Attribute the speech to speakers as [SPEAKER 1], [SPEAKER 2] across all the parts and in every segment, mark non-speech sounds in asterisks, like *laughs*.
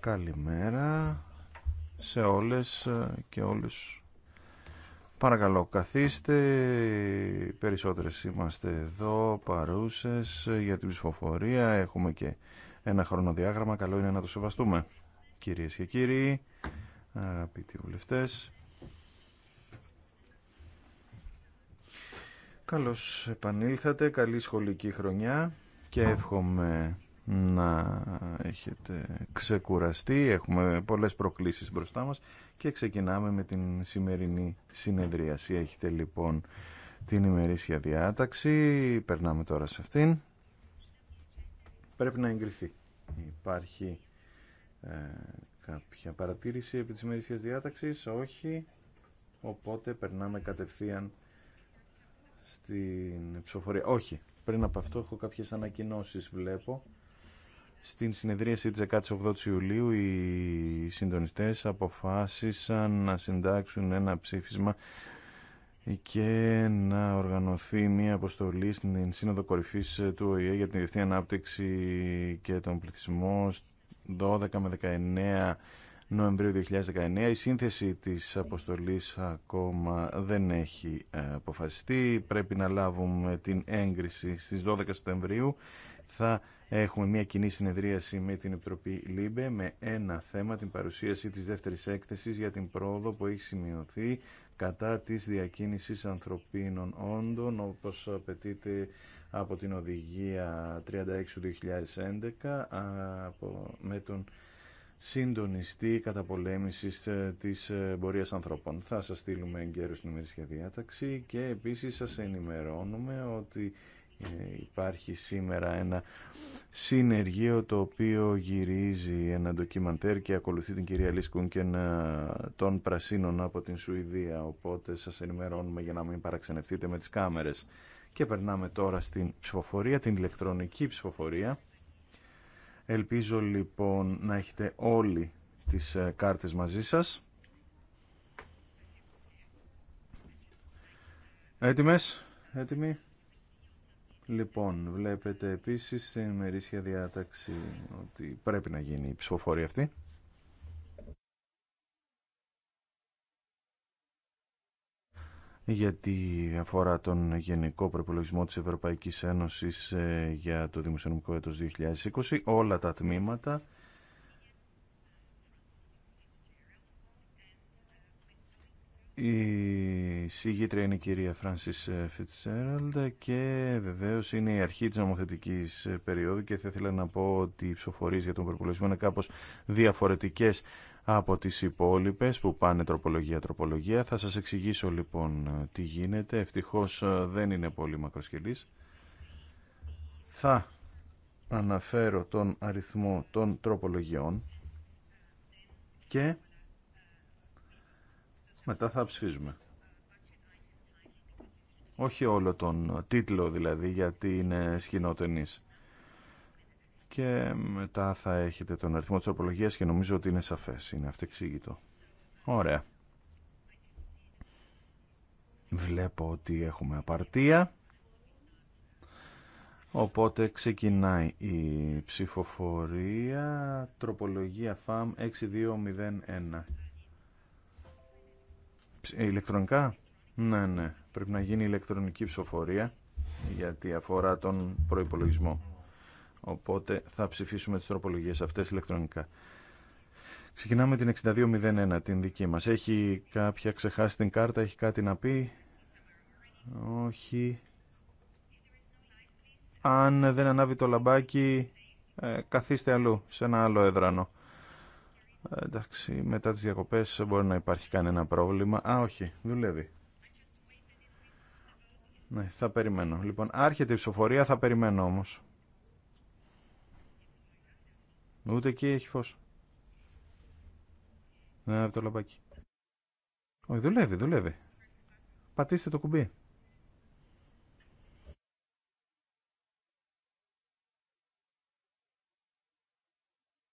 [SPEAKER 1] Καλημέρα σε όλες ε, και όλους. Παρακαλώ καθίστε, Οι περισσότερες είμαστε εδώ παρούσες ε, για την ψηφοφορία, έχουμε και ένα χρονοδιάγραμμα, καλό είναι να το σεβαστούμε. Κυρίες και κύριοι, αγαπητοί βουλευτές, Καλώς επανήλθατε, καλή σχολική χρονιά και εύχομαι να έχετε ξεκουραστεί. Έχουμε πολλές προκλήσεις μπροστά μας και ξεκινάμε με την σημερινή συνεδρίαση. Έχετε λοιπόν την ημερήσια διάταξη. Περνάμε τώρα σε αυτήν. Πρέπει να εγκριθεί. Υπάρχει ε, κάποια παρατήρηση επί της ημερήσιας διάταξης. Όχι. Οπότε περνάμε κατευθείαν στην ψηφοφορία. Όχι. Πριν από αυτό έχω κάποιες ανακοινώσεις βλέπω. Στην συνεδρίαση της 18 Ιουλίου οι συντονιστές αποφάσισαν να συντάξουν ένα ψήφισμα και να οργανωθεί μια αποστολή στην Σύνοδο Κορυφής του ΟΗΕ για την Διευθύνη Ανάπτυξη και τον πληθυσμό 12 με 19 Νοεμβρίου 2019. Η σύνθεση της αποστολής ακόμα δεν έχει ε, αποφασιστεί. Πρέπει να λάβουμε την έγκριση στις 12 Σεπτεμβρίου. Θα έχουμε μια κοινή συνεδρίαση με την Επιτροπή ΛΥΜΠΕ με ένα θέμα, την παρουσίαση της δεύτερης έκθεσης για την πρόοδο που έχει σημειωθεί κατά της διακίνησης ανθρωπίνων όντων, όπως απαιτείται από την Οδηγία 36 2011, με τον συντονιστή καταπολέμηση τη ε, πορεία ανθρώπων. Θα σα στείλουμε εγκαίρω την ημερήσια διάταξη και επίση σα ενημερώνουμε ότι ε, υπάρχει σήμερα ένα συνεργείο το οποίο γυρίζει ένα ντοκιμαντέρ και ακολουθεί την κυρία Λίσκουνκεν ε, των Πρασίνων από την Σουηδία οπότε σα ενημερώνουμε για να μην παραξενευτείτε με τι κάμερε. και περνάμε τώρα στην ψηφοφορία, την ηλεκτρονική ψηφοφορία Ελπίζω λοιπόν να έχετε όλοι τις ε, κάρτες μαζί σας. Έτοιμες, έτοιμοι. Λοιπόν, βλέπετε επίσης στην ημερήσια διάταξη ότι πρέπει να γίνει η ψηφοφορία αυτή. γιατί αφορά τον Γενικό Προπολογισμό της Ευρωπαϊκής Ένωσης ε, για το Δημοσιονομικό έτος 2020, όλα τα τμήματα. Η συγγήτρια είναι η κυρία Φράνσις ε, Φιτσέραλντ και βεβαίως είναι η αρχή της νομοθετικής ε, περίοδου και θα ήθελα να πω ότι οι ψηφοφορίες για τον προπολογισμό είναι κάπως διαφορετικές από τις υπόλοιπες που πάνε τροπολογία-τροπολογία. Θα σας εξηγήσω λοιπόν τι γίνεται. Ευτυχώς ε, δεν είναι πολύ μακροσκελής. Θα αναφέρω τον αριθμό των τροπολογιών και μετά θα ψηφίζουμε. Όχι όλο τον τίτλο δηλαδή γιατί είναι σκηνοτενής και μετά θα έχετε τον αριθμό της τροπολογίας και νομίζω ότι είναι σαφές, είναι αυτεξήγητο. Ωραία. Βλέπω ότι έχουμε απαρτία. Οπότε ξεκινάει η ψηφοφορία. Τροπολογία FAM 6201. Ε, ηλεκτρονικά. Ναι, ναι. Πρέπει να γίνει ηλεκτρονική ψηφοφορία γιατί αφορά τον προϋπολογισμό. Οπότε θα ψηφίσουμε τις τροπολογίες αυτές ηλεκτρονικά. Ξεκινάμε την 6201, την δική μας. Έχει κάποια ξεχάσει την κάρτα, έχει κάτι να πει. Όχι. Αν δεν ανάβει το λαμπάκι, ε, καθίστε αλλού, σε ένα άλλο έδρανο. Ε, εντάξει, μετά τις διακοπές μπορεί να υπάρχει κανένα πρόβλημα. Α, όχι, δουλεύει. Ναι, θα περιμένω. Λοιπόν, άρχεται η ψηφοφορία, θα περιμένω όμως. Ούτε εκεί έχει φως. Να, το λαμπάκι. Όχι, δουλεύει, δουλεύει. Πατήστε το κουμπί.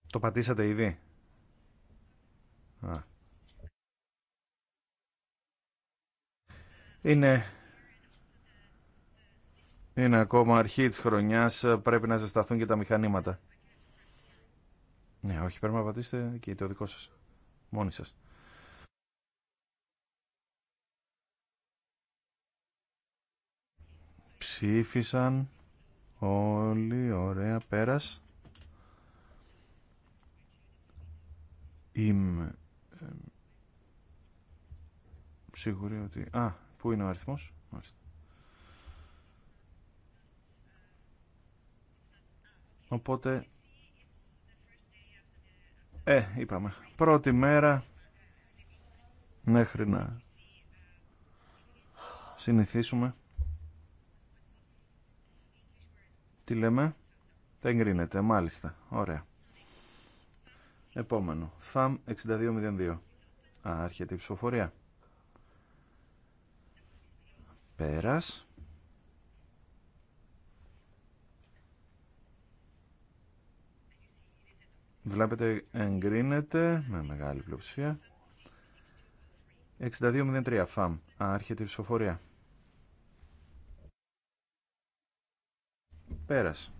[SPEAKER 1] Το πατήσατε ήδη. Α. Είναι... Είναι ακόμα αρχή της χρονιάς, πρέπει να ζεσταθούν και τα μηχανήματα. Ναι, όχι, πρέπει να πατήσετε και το δικό σας. Μόνοι σας. Ψήφισαν όλοι, ωραία, πέρας. Είμαι ε, σίγουρη ότι... Α, πού είναι ο αριθμός. Οπότε ε, είπαμε. Πρώτη μέρα μέχρι να συνηθίσουμε. Τι λέμε. Δεν γρίνεται. Μάλιστα. Ωραία. Επόμενο. FAM 6202. Α, έρχεται η ψηφοφορία. Πέρας. Βλέπετε εγκρίνεται με μεγάλη πλειοψηφία. 6203 ΦΑΜ. Άρχεται η ψηφοφορία. Πέρας.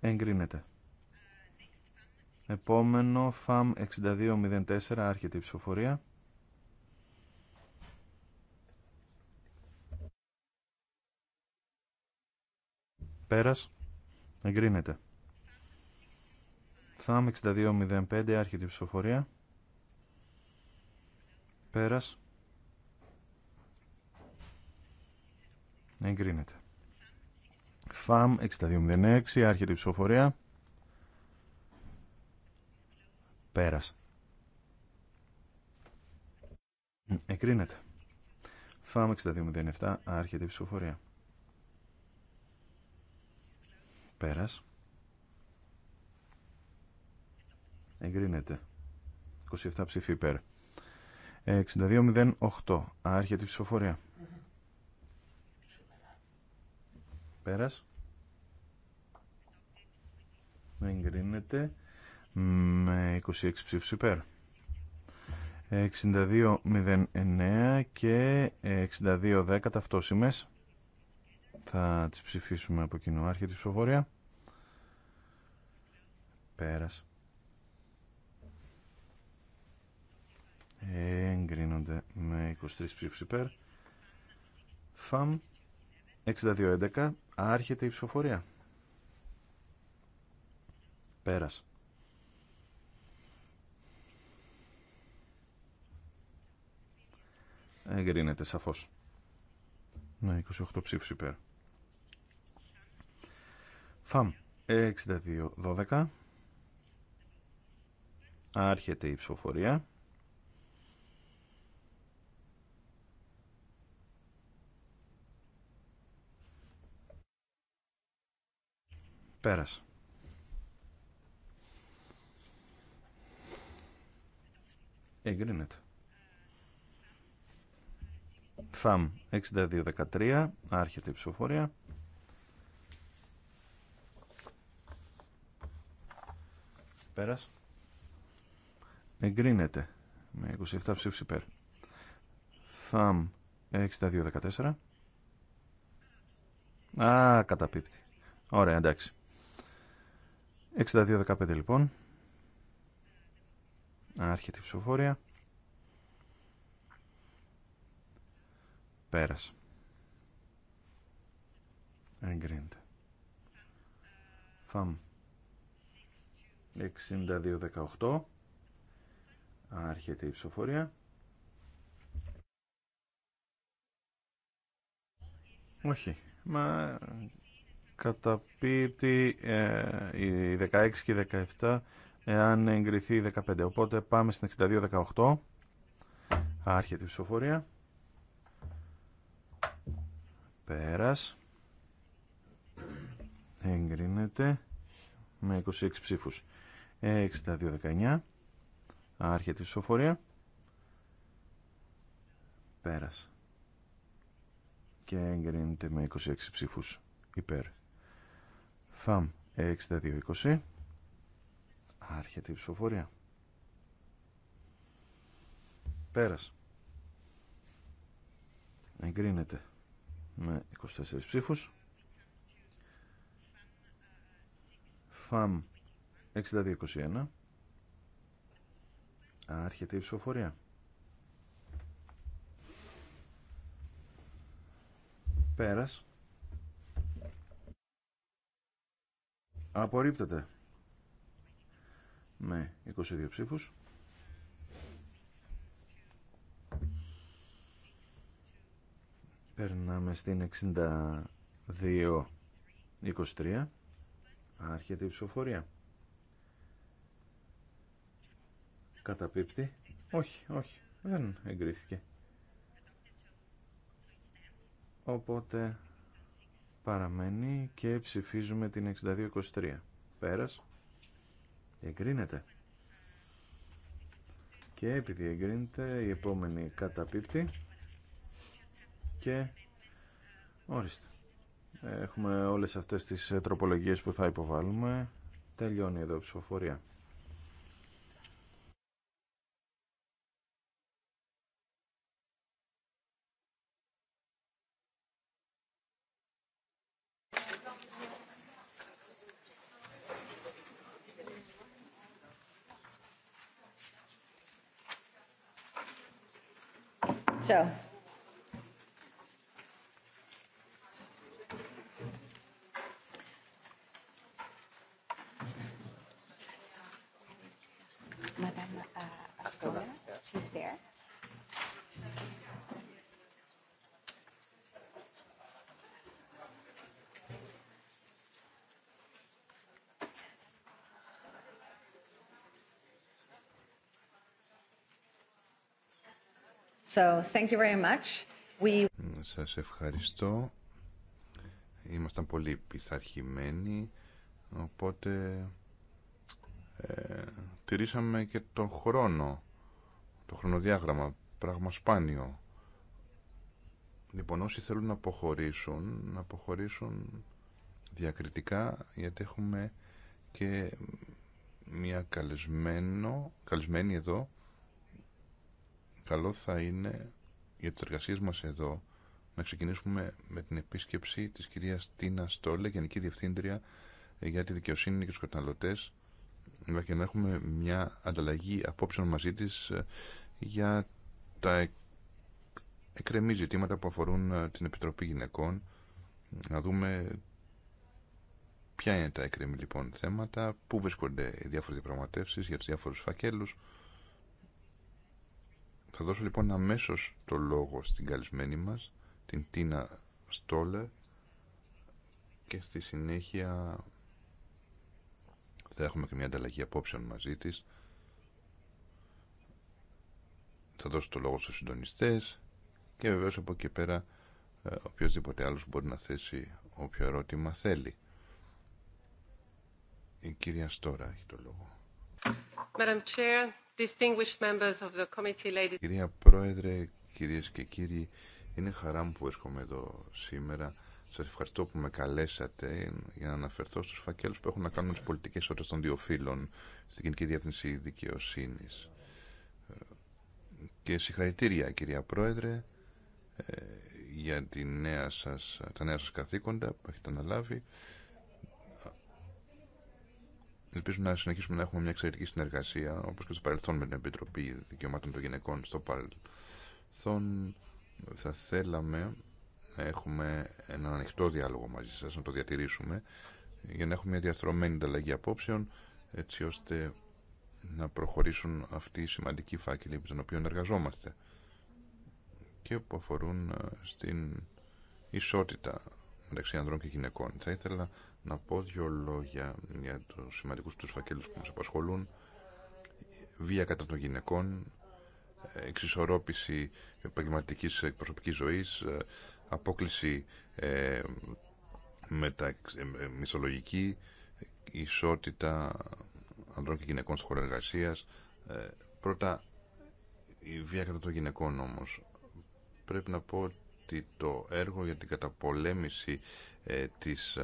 [SPEAKER 1] Εγκρίνεται. Επόμενο ΦΑΜ 6204. Άρχεται η ψηφοφορία. Πέρας. Εγκρίνεται. ΘΑΜ 6205 άρχεται η ψηφοφορία πέρας εγκρίνεται ΦΑΜ 6206 άρχεται η ψηφοφορία πέρας εγκρίνεται ΦΑΜ 6207 άρχεται η ψηφοφορία πέρας Εγκρίνεται. 27 ψήφοι υπέρ. 62-08. Ε, άρχεται η ψηφοφορία. Πέρας. Εγκρίνεται με 26 ψήφους υπέρ. 6209 και 62-10 ε, ταυτόσημες. Θα τις ψηφίσουμε από κοινό. Άρχεται η ψηφοφορία. Πέρας. εγκρίνονται με 23 ψήφους υπέρ. ΦΑΜ 62-11. άρχεται η ψηφοφορία. Πέρας. Εγκρίνεται σαφώς. Με ναι, 28 ψήφους υπέρ. ΦΑΜ 62-12. άρχεται η ψηφοφορία. Πέρασε. Εγκρίνεται. ΦΑΜ 6213, άρχεται η ψηφοφορία. Πέρας. Εγκρίνεται με 27 ψήφους υπέρ. ΦΑΜ 6214. Α, καταπίπτει. Ωραία, εντάξει. 62-15 λοιπόν. Άρχεται η ψηφοφορία. Πέρασε. Εγκρίνεται. Φαμ. 62-18. Άρχεται η ψηφοφορία. Όχι. Μα καταπίτη ε, οι 16 και 17 εάν εγκριθεί η 15. Οπότε πάμε στην 62-18. Άρχεται η ψηφοφορία. Πέρας. Εγκρίνεται με 26 ψήφους. 62-19. Ε, Άρχεται η ψηφοφορία. Πέρας. Και εγκρίνεται με 26 ψήφους υπέρ. ΦΑΜ 6220 άρχεται η ψηφοφορία πέρας εγκρίνεται με 24 ψήφους ΦΑΜ 6221 άρχεται η ψηφοφορία πέρας Απορρίπτεται. Με 22 ψήφους. Περνάμε στην 62-23. Άρχεται η ψηφοφορία. Καταπίπτει. Όχι, όχι. Δεν εγκρίθηκε. Οπότε παραμένει και ψηφίζουμε την 6223. Πέρας. Εγκρίνεται. Και επειδή εγκρίνεται η επόμενη καταπίπτει και ορίστε. Έχουμε όλες αυτές τις τροπολογίες που θα υποβάλουμε. Τελειώνει εδώ η ψηφοφορία.
[SPEAKER 2] So,
[SPEAKER 3] Σας ευχαριστώ. Ήμασταν πολύ πειθαρχημένοι, οπότε ε, τηρήσαμε και το χρόνο, το χρονοδιάγραμμα, πράγμα σπάνιο. Λοιπόν, όσοι θέλουν να αποχωρήσουν, να αποχωρήσουν διακριτικά, γιατί έχουμε και μια καλεσμένο, καλεσμένη εδώ, καλό θα είναι για τις εργασίες μας εδώ να ξεκινήσουμε με την επίσκεψη της κυρίας Τίνα Στόλε, Γενική Διευθύντρια για τη Δικαιοσύνη και τους Καταναλωτές και να έχουμε μια ανταλλαγή απόψεων μαζί της ε, για τα εκκρεμή ζητήματα που αφορούν ε, την Επιτροπή Γυναικών να δούμε ποια είναι τα εκκρεμή λοιπόν θέματα, πού βρίσκονται οι διάφορες διαπραγματεύσεις για τους διάφορους φακέλους θα δώσω λοιπόν αμέσως το λόγο στην καλυσμένη μας, την Τίνα Στόλε και στη συνέχεια θα έχουμε και μια ανταλλαγή απόψεων μαζί της. Θα δώσω το λόγο στους συντονιστές και βεβαίως από εκεί πέρα ε, οποιοδήποτε άλλος μπορεί να θέσει όποιο ερώτημα θέλει. Η κυρία Στόρα έχει το λόγο.
[SPEAKER 2] Madam Chair,
[SPEAKER 3] Κυρία Πρόεδρε, κυρίες και κύριοι, είναι χαρά μου που έρχομαι εδώ σήμερα. Σας ευχαριστώ που με καλέσατε για να αναφερθώ στους φακέλους που έχουν να κάνουν τις πολιτικές ισότητες των δύο φύλων στην Κοινική Διεύθυνση Δικαιοσύνης. Και συγχαρητήρια κυρία Πρόεδρε ε, για τη σας, τα νέα σας καθήκοντα που έχετε αναλάβει. Ελπίζουμε να συνεχίσουμε να έχουμε μια εξαιρετική συνεργασία, όπω και στο παρελθόν με την Επιτροπή Δικαιωμάτων των Γυναικών. Στο παρελθόν θα θέλαμε να έχουμε έναν ανοιχτό διάλογο μαζί σα, να το διατηρήσουμε, για να έχουμε μια διαστρωμένη ανταλλαγή απόψεων, έτσι ώστε να προχωρήσουν αυτοί οι σημαντικοί φάκελοι με τον οποίο εργαζόμαστε και που αφορούν ε, στην ισότητα μεταξύ ανδρών και γυναικών. Θα ήθελα να πω δύο λόγια για τους σημαντικούς τους φακέλους που μας απασχολούν. Βία κατά των γυναικών, εξισορρόπηση επαγγελματική προσωπικής ζωής, απόκληση ε, μετα, ε, ε, ισότητα ανδρών και γυναικών στο χώρο εργασία. Ε, πρώτα, η βία κατά των γυναικών όμως. Πρέπει να πω ότι το έργο για την καταπολέμηση ε, της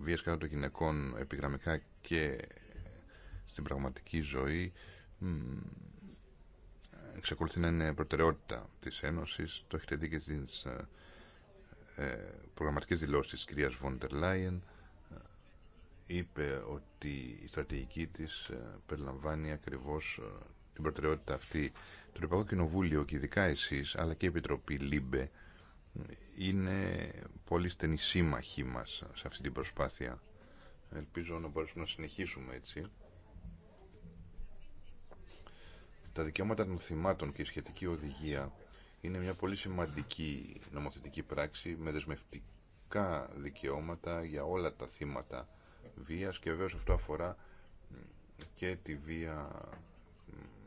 [SPEAKER 3] βίας κατά των γυναικών επιγραμμικά και ε, στην πραγματική ζωή εξακολουθεί να είναι προτεραιότητα της Ένωσης. Το έχετε δει και στις ε, ε προγραμματικές δηλώσεις της κυρίας Βόντερ Λάιεν. Ε, είπε ότι η στρατηγική της περιλαμβάνει ακριβώς την προτεραιότητα αυτή. Το Ευρωπαϊκό Κοινοβούλιο και ειδικά εσείς, αλλά και η Επιτροπή ΛΥΜΠΕ, είναι πολύ στενή σύμμαχή μας σε αυτή την προσπάθεια. Ελπίζω να μπορέσουμε να συνεχίσουμε έτσι. Τα δικαιώματα των θυμάτων και η σχετική οδηγία είναι μια πολύ σημαντική νομοθετική πράξη με δεσμευτικά δικαιώματα για όλα τα θύματα βίας και βέβαια αυτό αφορά και τη βία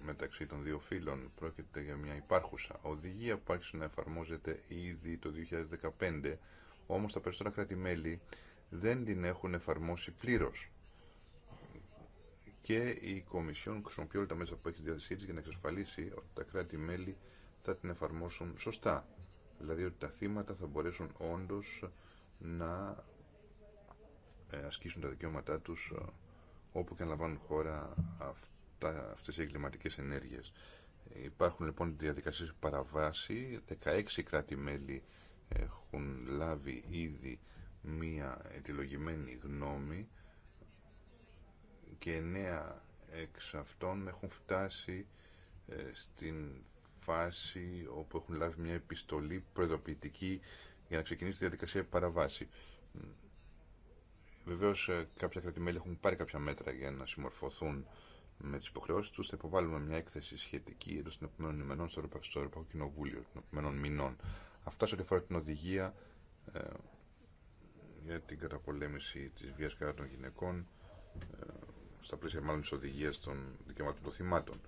[SPEAKER 3] μεταξύ των δύο φύλων. Πρόκειται για μια υπάρχουσα οδηγία που άρχισε να εφαρμόζεται ήδη το 2015, όμως τα περισσότερα κράτη-μέλη δεν την έχουν εφαρμόσει πλήρως. Και η Κομισιόν χρησιμοποιεί όλα τα μέσα που έχει διαθεσή για να εξασφαλίσει ότι τα κράτη-μέλη θα την εφαρμόσουν σωστά. Δηλαδή ότι τα θύματα θα μπορέσουν όντως να ε, ασκήσουν τα δικαιώματά τους ε, όπου και να λαμβάνουν χώρα αυτή αυτά, αυτές οι εγκληματικές ενέργειες. Υπάρχουν λοιπόν διαδικασίες παραβάση, 16 κράτη-μέλη έχουν λάβει ήδη μία ετυλογημένη γνώμη και 9 εξ αυτών έχουν φτάσει ε, στην φάση όπου έχουν λάβει μια επιστολή προεδοποιητική για να ξεκινήσει τη διαδικασία παραβάση. παραβάση. Ε, κάποια κράτη-μέλη έχουν πάρει κάποια μέτρα για να συμμορφωθούν με τις υποχρεώσεις τους θα υποβάλουμε μια έκθεση σχετική εντός των επόμενων ημερών στο Ευρωπαϊκό Κοινοβούλιο, των επόμενων μηνών. Αυτά σε ό,τι αφορά την οδηγία ε, για την καταπολέμηση της βίας κατά των γυναικών ε, στα πλαίσια μάλλον της οδηγίας των δικαιωμάτων των θυμάτων.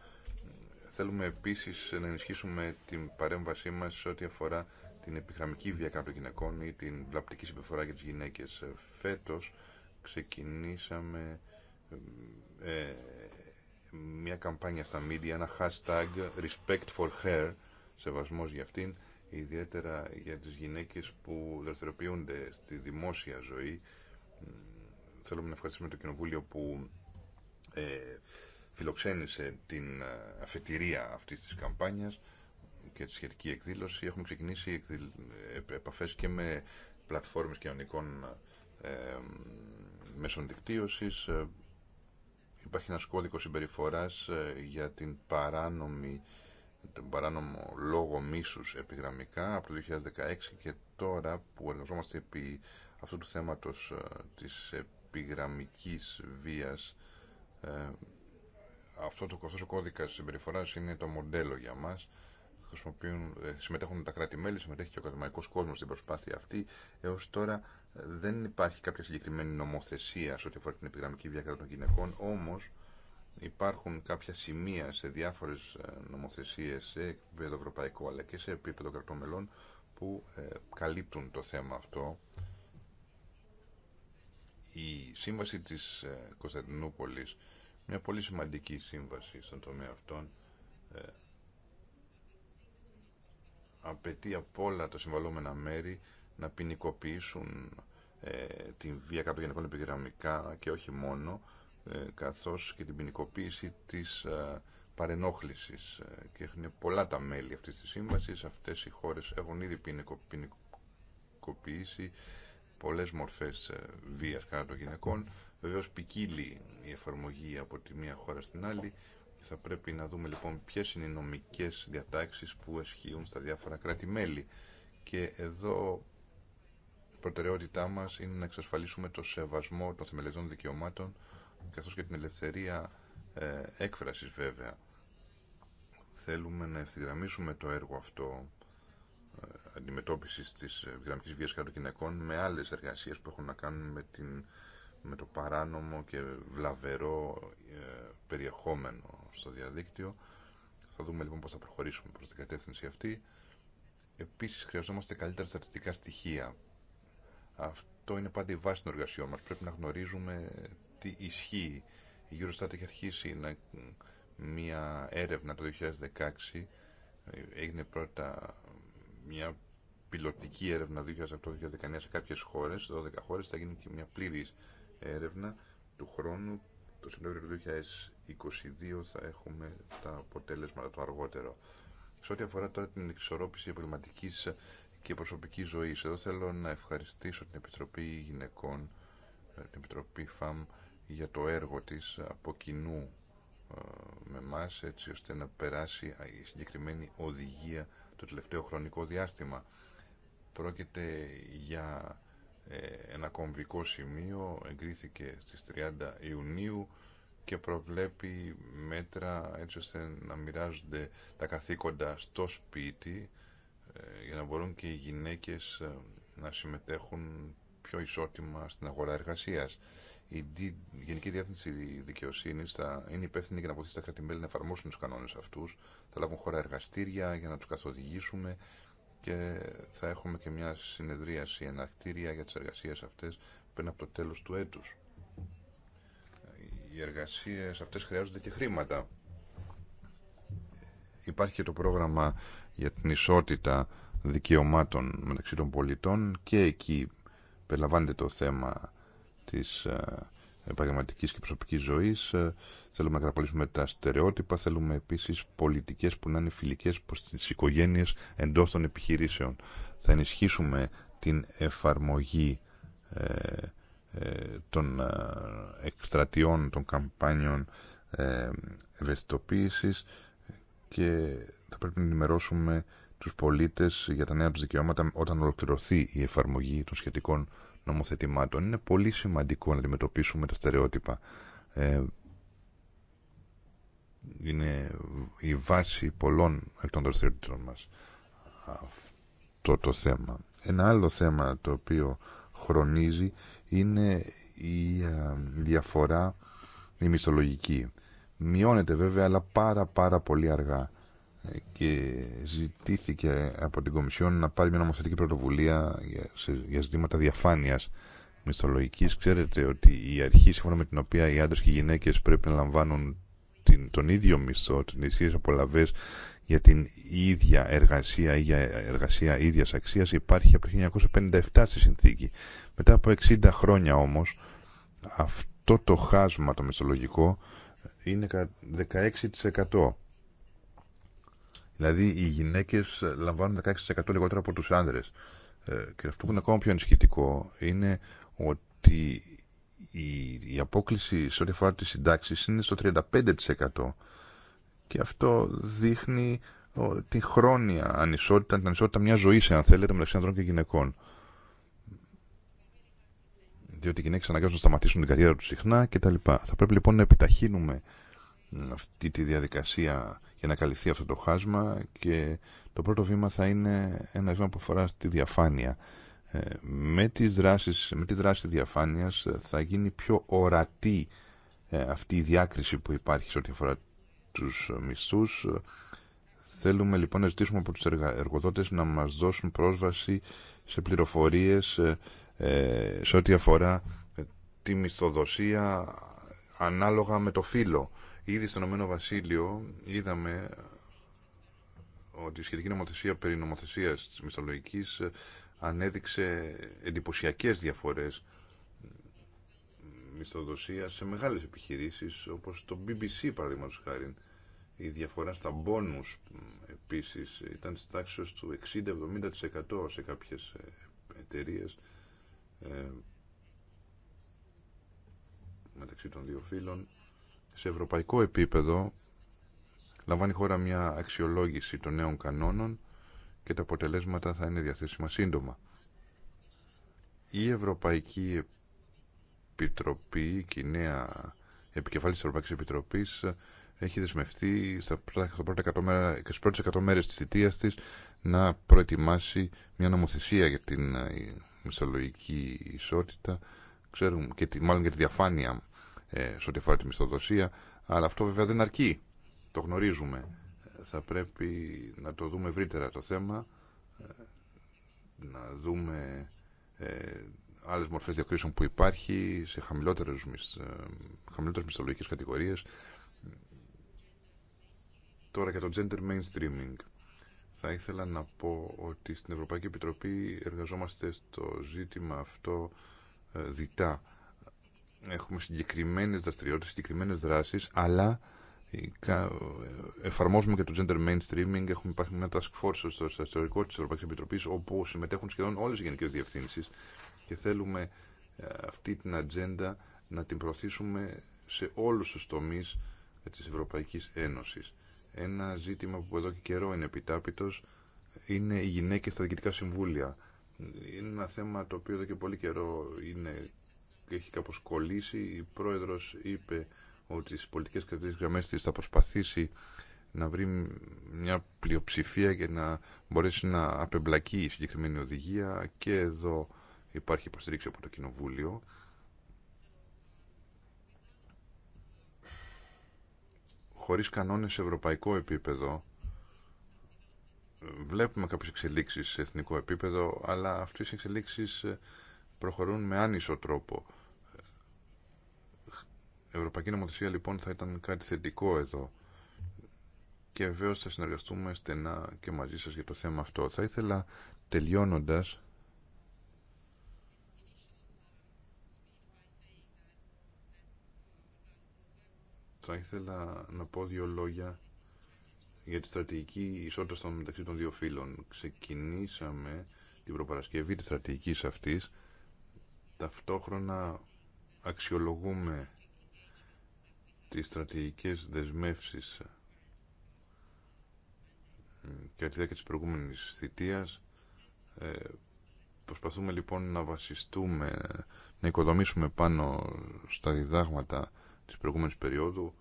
[SPEAKER 3] Θέλουμε επίσης να ενισχύσουμε την παρέμβασή μας σε ό,τι αφορά την επιχραμική βία κατά των γυναικών ή την βλαπτική συμπεριφορά για τις γυναίκες. Φέτο ξεκινήσαμε ε, μια καμπάνια στα media, ένα hashtag respect for her, σεβασμός για αυτήν, ιδιαίτερα για τις γυναίκες που δραστηριοποιούνται στη δημόσια ζωή. Θέλουμε να ευχαριστήσουμε το Κοινοβούλιο που ε, φιλοξένησε την ε, αφετηρία αυτής της καμπάνιας και τη σχετική εκδήλωση. Έχουμε ξεκινήσει ε, επαφές και με πλατφόρμες κοινωνικών ε, μέσων δικτύωσης. Ε, Υπάρχει ένας κώδικος συμπεριφοράς ε, για την παράνομη, τον παράνομο λόγο μίσου επιγραμμικά από το 2016 και τώρα που εργαζόμαστε επί αυτού του θέματος ε, της επιγραμμικής βίας ε, αυτό το ο κώδικα συμπεριφορά είναι το μοντέλο για μας συμμετέχουν τα κράτη-μέλη, συμμετέχει και ο καθημαϊκός κόσμος στην προσπάθεια αυτή. Έως τώρα δεν υπάρχει κάποια συγκεκριμένη νομοθεσία σε ό,τι αφορά την επιγραμμική βία των γυναικών, όμως υπάρχουν κάποια σημεία σε διάφορες ε, νομοθεσίες σε επίπεδο ευρωπαϊκό αλλά και σε επίπεδο κρατών που ε, καλύπτουν το θέμα αυτό. Η σύμβαση της ε, Κωνσταντινούπολη μια πολύ σημαντική σύμβαση στον τομέα αυτών, απαιτεί από όλα τα συμβαλόμενα μέρη να ποινικοποιήσουν ε, την βία κάτω γενικών επιγραμμικά και όχι μόνο, ε, καθώς και την ποινικοποίηση της ε, παρενόχλησης. Και έχουν πολλά τα μέλη αυτής της σύμβασης. Αυτές οι χώρες έχουν ήδη ποινικοποίησει πολλές μορφές βίας κατά των γυναικών. Βεβαίως ποικίλει η εφαρμογή από τη μία χώρα στην άλλη. Θα πρέπει να δούμε λοιπόν ποιες είναι οι νομικές διατάξεις που ισχύουν στα διάφορα κράτη-μέλη. Και εδώ προτεραιότητά μας είναι να εξασφαλίσουμε το σεβασμό των θεμελιωδών δικαιωμάτων καθώς και την ελευθερία ε, έκφρασης βέβαια. Θέλουμε να ευθυγραμμίσουμε το έργο αυτό ε, αντιμετώπισης της γραμμικής ε, βίας κατά γυναικών με άλλες εργασίες που έχουν να κάνουν με, την, με το παράνομο και βλαβερό ε, περιεχόμενο στο διαδίκτυο. Θα δούμε λοιπόν πώς θα προχωρήσουμε προς την κατεύθυνση αυτή. Επίσης χρειαζόμαστε καλύτερα στατιστικά στοιχεία αυτό είναι πάντα η βάση των εργασιών μας. Πρέπει να γνωρίζουμε τι ισχύει. Η Eurostat έχει αρχίσει να... μια έρευνα το 2016. Έγινε πρώτα μια πιλωτική το 2008-2019 σε κάποιες χώρες, 12 χώρες. Θα γίνει και μια πλήρης έρευνα του χρόνου. Το Σεπτέμβριο του 2022 θα έχουμε τα αποτέλεσματα το αργότερο. Σε ό,τι αφορά τώρα την εξορρόπηση επαγγελματική και προσωπική ζωή. Εδώ θέλω να ευχαριστήσω την Επιτροπή Γυναικών, ε, την Επιτροπή ΦΑΜ για το έργο της από κοινού ε, με εμά έτσι ώστε να περάσει η συγκεκριμένη οδηγία το τελευταίο χρονικό διάστημα. Πρόκειται για ε, ένα κομβικό σημείο, εγκρίθηκε στις 30 Ιουνίου και προβλέπει μέτρα έτσι ώστε να μοιράζονται τα καθήκοντα στο σπίτι ε, για να μπορούν και οι γυναίκες ε, να συμμετέχουν πιο ισότιμα στην αγορά εργασίας. Η Γενική Διεύθυνση Δικαιοσύνη θα είναι υπεύθυνη για να βοηθήσει τα κρατημέλη να εφαρμόσουν του κανόνε αυτού. Θα λάβουν χώρα εργαστήρια για να του καθοδηγήσουμε και θα έχουμε και μια συνεδρίαση εναρκτήρια για τι εργασίε αυτέ πριν από το τέλο του έτου. Οι εργασίε αυτέ χρειάζονται και χρήματα. Υπάρχει και το πρόγραμμα για την ισότητα δικαιωμάτων μεταξύ των πολιτών και εκεί περιλαμβάνεται το θέμα της ε, επαγγελματική και προσωπική ζωής. Ε, θέλουμε να καταπολύσουμε τα στερεότυπα. Θέλουμε επίσης πολιτικές που να είναι φιλικές προς τις οικογένειες εντός των επιχειρήσεων. Θα ενισχύσουμε την εφαρμογή ε, των εκστρατιών, των καμπάνιων ε, και θα πρέπει να ενημερώσουμε τους πολίτες για τα νέα τους δικαιώματα όταν ολοκληρωθεί η εφαρμογή των σχετικών νομοθετημάτων. Είναι πολύ σημαντικό να αντιμετωπίσουμε τα στερεότυπα. Ε, είναι η βάση πολλών εκ των δραστηριοτήτων μας αυτό το θέμα. Ένα άλλο θέμα το οποίο χρονίζει είναι η διαφορά η μισθολογική. Μειώνεται βέβαια αλλά πάρα πάρα πολύ αργά και ζητήθηκε από την Κομισιόν να πάρει μια νομοθετική πρωτοβουλία για ζητήματα διαφάνειας μισθολογικής. Ξέρετε ότι η αρχή σύμφωνα με την οποία οι άντρες και οι γυναίκες πρέπει να λαμβάνουν την, τον ίδιο μισθό, τις ίδιες απολαβές για την ίδια εργασία ή για εργασία ίδιας αξίας υπάρχει από το 1957 στη συνθήκη. Μετά από 60 χρόνια όμως αυτό το χάσμα το μισθολογικό είναι 16% Δηλαδή οι γυναίκε λαμβάνουν 16% λιγότερο από του άνδρε. Ε, και αυτό που είναι ακόμα πιο ενισχυτικό είναι ότι η, η απόκληση σε ό,τι αφορά τι συντάξει είναι στο 35%. Και αυτό δείχνει την χρόνια ανισότητα, την ανισότητα μια ζωή, αν θέλετε, μεταξύ ανδρών και γυναικών. Διότι οι γυναίκε αναγκάζονται να σταματήσουν την καριέρα του συχνά κτλ. Θα πρέπει λοιπόν να επιταχύνουμε αυτή τη διαδικασία για να καλυφθεί αυτό το χάσμα και το πρώτο βήμα θα είναι ένα βήμα που αφορά στη διαφάνεια. Ε, με, τις δράσεις, με τη δράση διαφάνειας ε, θα γίνει πιο ορατή ε, αυτή η διάκριση που υπάρχει σε ό,τι αφορά τους μισθούς. Θέλουμε λοιπόν να ζητήσουμε από τους εργοδότες να μας δώσουν πρόσβαση σε πληροφορίες σε ό,τι αφορά τη μισθοδοσία ανάλογα με το φύλλο. Ήδη στον Ηνωμένο Βασίλειο είδαμε ότι η σχετική νομοθεσία περί νομοθεσίας τη μισθολογικής ε, ανέδειξε εντυπωσιακέ διαφορές μισθοδοσία σε μεγάλες επιχειρήσεις όπως το BBC παραδείγματο χάρη. Η διαφορά στα μπόνους επίσης ήταν τη τάξη του 60-70% σε κάποιες ε, εταιρείε ε, μεταξύ των δύο φύλων. Σε ευρωπαϊκό επίπεδο λαμβάνει η χώρα μια αξιολόγηση των νέων κανόνων και τα αποτελέσματα θα είναι διαθέσιμα σύντομα. Η Ευρωπαϊκή Επιτροπή και η νέα επικεφάλη της Ευρωπαϊκής Επιτροπής έχει δεσμευτεί στα πρώτα 100 στις πρώτες 100 μέρες της θητείας της να προετοιμάσει μια νομοθεσία για την ε, μισθολογική ισότητα ξέρουμε, και τη, μάλλον για τη διαφάνεια ε, σε ό,τι αφορά τη μισθοδοσία, αλλά αυτό βέβαια δεν αρκεί. Το γνωρίζουμε. Ε, θα πρέπει να το δούμε ευρύτερα το θέμα, ε, να δούμε ε, άλλες μορφές διακρίσεων που υπάρχει σε χαμηλότερε ε, χαμηλότερες μισθολογικές κατηγορίες. Τώρα για το gender mainstreaming. Θα ήθελα να πω ότι στην Ευρωπαϊκή Επιτροπή εργαζόμαστε στο ζήτημα αυτό διτά έχουμε συγκεκριμένε δραστηριότητε, συγκεκριμένε δράσει, αλλά εφαρμόζουμε και το gender mainstreaming, έχουμε υπάρχει μια task force στο ιστορικό της Ευρωπαϊκής Επιτροπής, όπου συμμετέχουν σχεδόν όλε οι γενικέ διευθύνσεις και θέλουμε ε, αυτή την ατζέντα να την προωθήσουμε σε όλου του τομεί ε, τη Ευρωπαϊκή Ένωση. Ένα ζήτημα που εδώ και καιρό είναι επιτάπητο είναι οι γυναίκε στα διοικητικά συμβούλια. Είναι ένα θέμα το οποίο εδώ και πολύ καιρό είναι έχει κάπως κολλήσει. Η πρόεδρος είπε ότι στι πολιτικέ κρατικέ γραμμέ τη θα προσπαθήσει να βρει μια πλειοψηφία για να μπορέσει να απεμπλακεί η συγκεκριμένη οδηγία και εδώ υπάρχει υποστήριξη από το Κοινοβούλιο. Χωρίς κανόνες σε ευρωπαϊκό επίπεδο βλέπουμε κάποιες εξελίξεις σε εθνικό επίπεδο αλλά αυτές οι εξελίξεις προχωρούν με άνισο τρόπο. Ευρωπαϊκή νομοθεσία λοιπόν θα ήταν κάτι θετικό εδώ και βεβαίω θα συνεργαστούμε στενά και μαζί σας για το θέμα αυτό. Θα ήθελα τελειώνοντας θα ήθελα να πω δύο λόγια για τη στρατηγική ισότητα μεταξύ των δύο φύλων. Ξεκινήσαμε την προπαρασκευή της στρατηγικής αυτής. Ταυτόχρονα αξιολογούμε τις στρατηγικές δεσμεύσεις και τη διάρκεια της προηγούμενης θητείας ε, προσπαθούμε λοιπόν να βασιστούμε να οικοδομήσουμε πάνω στα διδάγματα της προηγούμενης περίοδου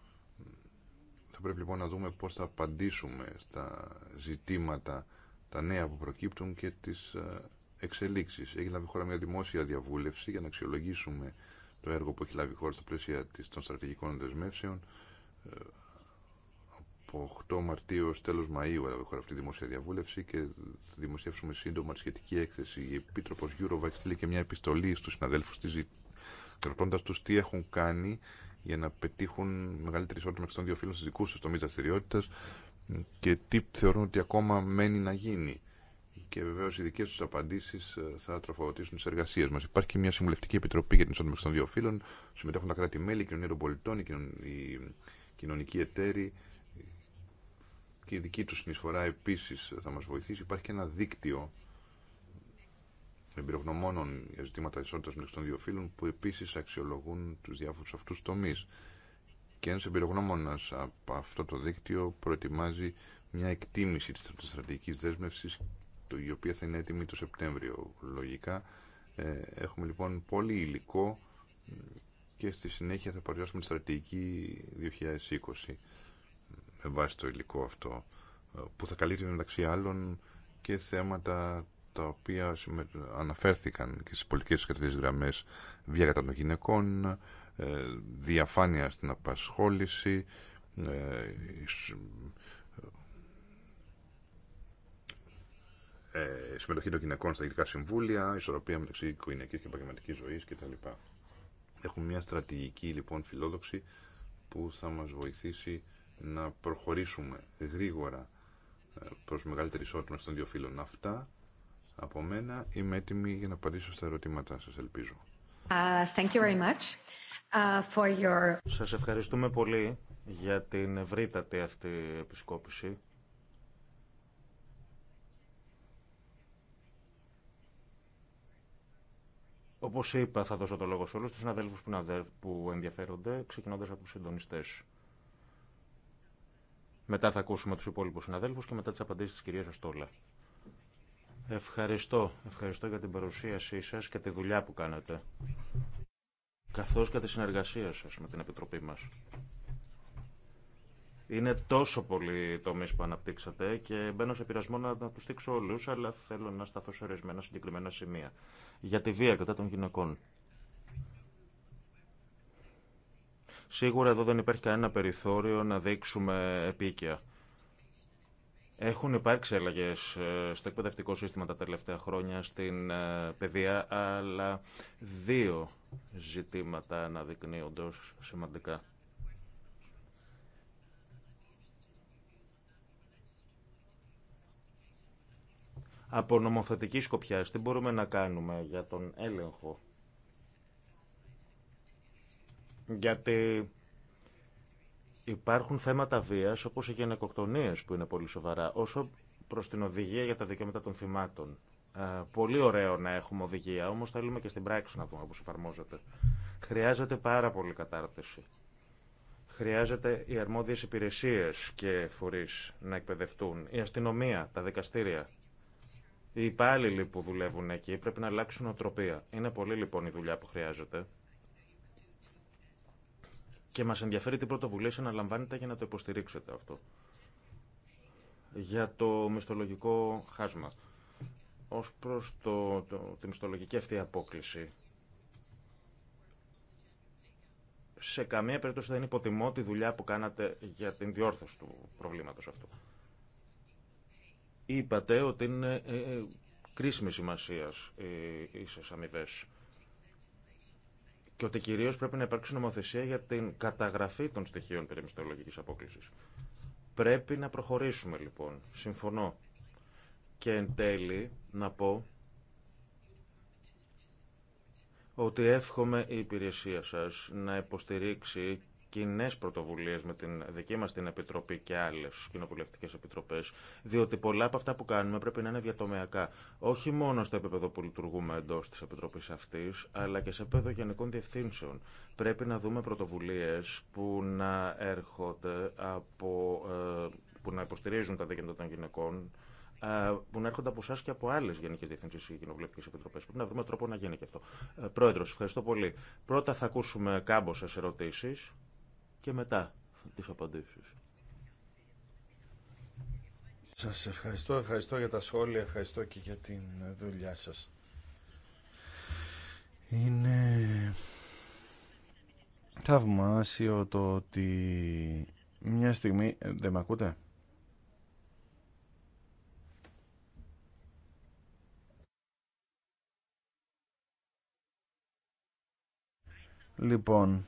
[SPEAKER 3] θα πρέπει λοιπόν να δούμε πώς θα απαντήσουμε στα ζητήματα τα νέα που προκύπτουν και τις ε, εξελίξεις. Έγινε να χώρα μια δημόσια διαβούλευση για να αξιολογήσουμε το έργο που έχει λάβει η χώρα στα πλαίσια των στρατηγικών δεσμεύσεων. Ε, από 8 Μαρτίου ως τέλος Μαΐου έλαβε χώρα αυτή η δημόσια διαβούλευση και θα δημοσιεύσουμε σύντομα τη σχετική έκθεση. Η Επίτροπος Γιούροβα έχει στείλει και μια επιστολή στους συναδέλφους της ρωτώντας τους τι έχουν κάνει για να πετύχουν μεγαλύτερη ισότητα μεταξύ των δύο φίλων στις δικούς τους τομείς δραστηριότητα και τι θεωρούν ότι ακόμα μένει να γίνει και βεβαίω οι δικέ του απαντήσει ε, θα τροφοδοτήσουν τι εργασίε μα. Υπάρχει και μια συμβουλευτική επιτροπή για την ισότητα των δύο φύλων. Συμμετέχουν τα κράτη-μέλη, η κοινωνία των πολιτών, οι κοινωνικοί εταίροι και η δική του συνεισφορά επίση θα μα βοηθήσει. Υπάρχει και ένα δίκτυο εμπειρογνωμόνων για ζητήματα ισότητα μεταξύ των δύο φύλων που επίση αξιολογούν του διάφορου αυτού τομεί. Και ένα εμπειρογνώμονα από αυτό το δίκτυο προετοιμάζει μια εκτίμηση τη στρατηγική δέσμευση η οποία θα είναι έτοιμη το Σεπτέμβριο λογικά. Ε, έχουμε λοιπόν πολύ υλικό και στη συνέχεια θα παρουσιάσουμε τη στρατηγική 2020 με βάση το υλικό αυτό ε, που θα καλύπτει μεταξύ άλλων και θέματα τα οποία αναφέρθηκαν και στις πολιτικές κρατικές γραμμές βία των γυναικών, ε, διαφάνεια στην απασχόληση, ε, συμμετοχή των γυναικών στα ειδικά συμβούλια, ισορροπία μεταξύ οικογενειακή και επαγγελματική ζωής κτλ. Έχουμε μια στρατηγική λοιπόν φιλόδοξη που θα μα βοηθήσει να προχωρήσουμε γρήγορα ε, προς μεγαλύτερη ισότητα των δύο φύλων. Αυτά από μένα είμαι έτοιμη για να απαντήσω στα ερωτήματά σα ελπίζω.
[SPEAKER 2] Uh, Uh, your...
[SPEAKER 3] Σας ευχαριστούμε πολύ για την ευρύτατη
[SPEAKER 4] αυτή επισκόπηση Όπω είπα, θα δώσω το λόγο σε όλου του συναδέλφου που ενδιαφέρονται, ξεκινώντα από του συντονιστέ. Μετά θα ακούσουμε του υπόλοιπου συναδέλφου και μετά τι απαντήσει τη κυρία Αστόλα. Ευχαριστώ. Ευχαριστώ για την παρουσίασή σα και τη δουλειά που κάνατε. Καθώ και τη συνεργασία σα με την Επιτροπή μα. Είναι τόσο πολλοί τομεί που αναπτύξατε και μπαίνω σε πειρασμό να του δείξω όλου, αλλά θέλω να σταθώ σε ορισμένα συγκεκριμένα σημεία. Για τη βία κατά των γυναικών. Σίγουρα εδώ δεν υπάρχει κανένα περιθώριο να δείξουμε επίκαια. Έχουν υπάρξει αλλαγέ ε, στο εκπαιδευτικό σύστημα τα τελευταία χρόνια στην ε, παιδεία, αλλά δύο ζητήματα αναδεικνύονται σημαντικά. Από νομοθετική σκοπιά, τι μπορούμε να κάνουμε για τον έλεγχο. Γιατί υπάρχουν θέματα βίας όπως οι γενεκοκτονίες που είναι πολύ σοβαρά όσο προς την οδηγία για τα δικαιώματα των θυμάτων. Ε, πολύ ωραίο να έχουμε οδηγία, όμως θέλουμε και στην πράξη να δούμε πώς εφαρμόζεται. Χρειάζεται πάρα πολύ κατάρτιση. Χρειάζεται οι αρμόδιες υπηρεσίες και φορείς να εκπαιδευτούν, η αστυνομία, τα δικαστήρια. Οι υπάλληλοι που δουλεύουν εκεί πρέπει να αλλάξουν οτροπία. Είναι πολύ λοιπόν η δουλειά που χρειάζεται. Και μας ενδιαφέρει τι να αναλαμβάνετε για να το υποστηρίξετε αυτό. Για το μισθολογικό χάσμα. Ως προς το, τη μισθολογική αυτή απόκληση. Σε καμία περίπτωση δεν υποτιμώ τη δουλειά που κάνατε για την διόρθωση του προβλήματος αυτού. Είπατε ότι είναι ε, ε, κρίσιμη σημασία ε, οι ίσε αμοιβέ. Και ότι κυρίω πρέπει να υπάρξει νομοθεσία για την καταγραφή των στοιχείων περί απόκληση. Πρέπει να προχωρήσουμε λοιπόν. Συμφωνώ. Και εν τέλει να πω ότι εύχομαι η υπηρεσία σας να υποστηρίξει κοινέ πρωτοβουλίε με την δική μα την Επιτροπή και άλλε κοινοβουλευτικέ επιτροπέ, διότι πολλά από αυτά που κάνουμε πρέπει να είναι διατομεακά. Όχι μόνο στο επίπεδο που λειτουργούμε εντό τη Επιτροπή αυτή, αλλά και σε επίπεδο γενικών διευθύνσεων. Πρέπει να δούμε πρωτοβουλίε που να έρχονται από. Ε, που να υποστηρίζουν τα δίκαια των γυναικών, ε, που να έρχονται από εσά και από άλλε γενικέ διευθύνσει ή κοινοβουλευτικέ επιτροπέ. Πρέπει να βρούμε τρόπο να γίνει και αυτό. Ε, Πρόεδρο, ευχαριστώ πολύ. Πρώτα θα ακούσουμε κάμποσε ερωτήσει και μετά τις απαντήσεις.
[SPEAKER 1] Σας ευχαριστώ, ευχαριστώ για τα σχόλια, ευχαριστώ και για την δουλειά σας. Είναι θαυμάσιο το ότι μια στιγμή... Ε, δεν με ακούτε? Λοιπόν,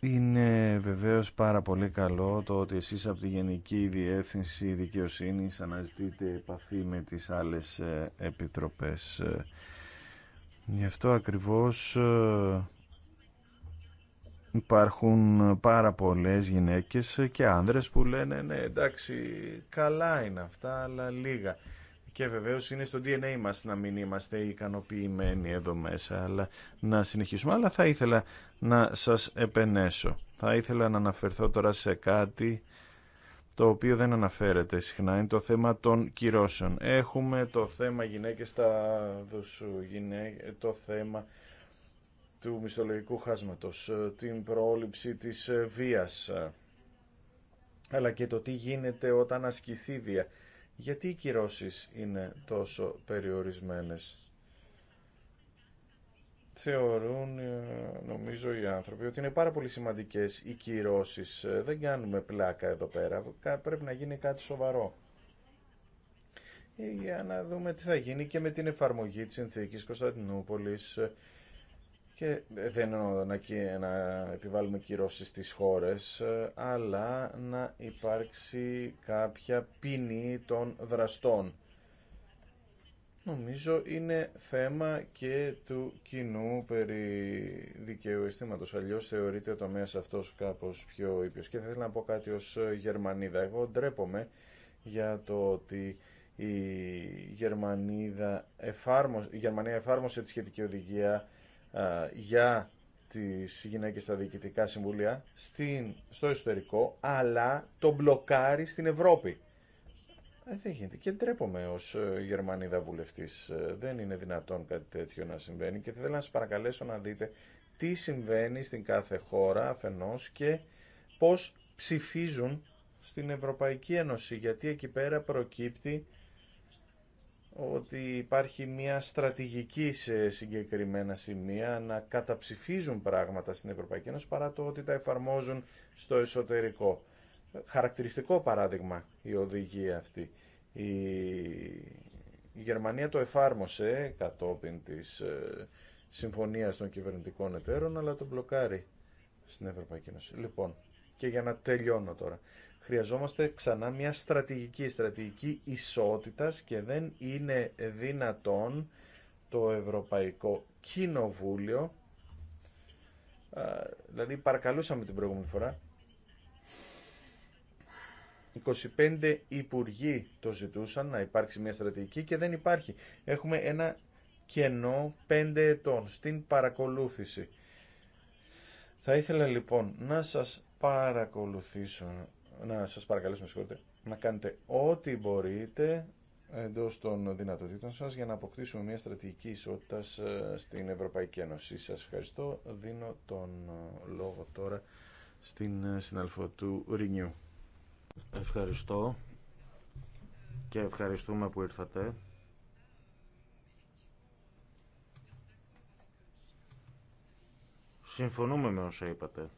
[SPEAKER 1] Είναι βεβαίως πάρα πολύ καλό το ότι εσείς από τη Γενική Διεύθυνση Δικαιοσύνης αναζητείτε επαφή με τις άλλες ε, επιτροπές. Γι' αυτό ακριβώς ε, υπάρχουν πάρα πολλές γυναίκες και άνδρες που λένε ναι εντάξει καλά είναι αυτά αλλά λίγα. Και βεβαίως είναι στο DNA μας να μην είμαστε ικανοποιημένοι εδώ μέσα, αλλά να συνεχίσουμε. Αλλά θα ήθελα να σας επενέσω. Θα ήθελα να αναφερθώ τώρα σε κάτι το οποίο δεν αναφέρεται συχνά, είναι το θέμα των κυρώσεων. Έχουμε το θέμα γυναίκες στα δουσού, το θέμα του μισθολογικού χάσματος, ε, την πρόληψη της ε, βίας, ε, αλλά και το τι γίνεται όταν ασκηθεί βία. Γιατί οι κυρώσεις είναι τόσο περιορισμένες. Θεωρούν, ε, νομίζω οι άνθρωποι, ότι είναι πάρα πολύ σημαντικές οι κυρώσεις. Ε, δεν κάνουμε πλάκα εδώ πέρα. Πρέπει να γίνει κάτι σοβαρό. Ε, για να δούμε τι θα γίνει και με την εφαρμογή της συνθήκης Κωνσταντινούπολης και ε, δεν εννοώ να, να επιβάλλουμε κυρώσεις στις χώρες, ε, αλλά να υπάρξει κάποια ποινή των δραστών. Νομίζω είναι θέμα και του κοινού περί δικαίου αισθήματο. Αλλιώ θεωρείται ο τομέα αυτό κάπω πιο ήπιο. Και θα ήθελα να πω κάτι ω ε, Γερμανίδα. Εγώ ντρέπομαι για το ότι η Γερμανίδα η Γερμανία εφάρμοσε τη σχετική οδηγία ε, για τι γυναίκες στα διοικητικά συμβούλια στο εσωτερικό, αλλά το μπλοκάρει στην Ευρώπη. Ε, δεν γίνεται και ντρέπομαι ως ε, Γερμανίδα βουλευτής. Δεν είναι δυνατόν κάτι τέτοιο να συμβαίνει και θα ήθελα να σας παρακαλέσω να δείτε τι συμβαίνει στην κάθε χώρα αφενός και πώς ψηφίζουν στην Ευρωπαϊκή Ένωση, γιατί εκεί πέρα προκύπτει ότι υπάρχει μια στρατηγική σε συγκεκριμένα σημεία να καταψηφίζουν πράγματα στην Ευρωπαϊκή Ένωση παρά το ότι τα εφαρμόζουν στο εσωτερικό. Χαρακτηριστικό παράδειγμα η οδηγία αυτή. Η, Γερμανία το εφάρμοσε κατόπιν της ε, συμφωνίας των κυβερνητικών εταίρων αλλά το μπλοκάρει στην Ευρωπαϊκή Ένωση. Λοιπόν, και για να τελειώνω τώρα χρειαζόμαστε ξανά μια στρατηγική, στρατηγική ισότητας και δεν είναι δυνατόν το Ευρωπαϊκό Κοινοβούλιο, δηλαδή παρακαλούσαμε την προηγούμενη φορά, 25 υπουργοί το ζητούσαν να υπάρξει μια στρατηγική και δεν υπάρχει. Έχουμε ένα κενό 5 ετών στην παρακολούθηση. Θα ήθελα λοιπόν να σας παρακολουθήσω να σας παρακαλέσουμε συγχωρείτε, να κάνετε ό,τι μπορείτε εντό των δυνατοτήτων σας για να αποκτήσουμε μια στρατηγική ισότητα ε, στην Ευρωπαϊκή Ένωση. Σας ευχαριστώ. Δίνω τον ε, λόγο τώρα στην ε, συναλφό του Ρινιού. Ευχαριστώ και ευχαριστούμε που ήρθατε.
[SPEAKER 4] Συμφωνούμε με όσα είπατε.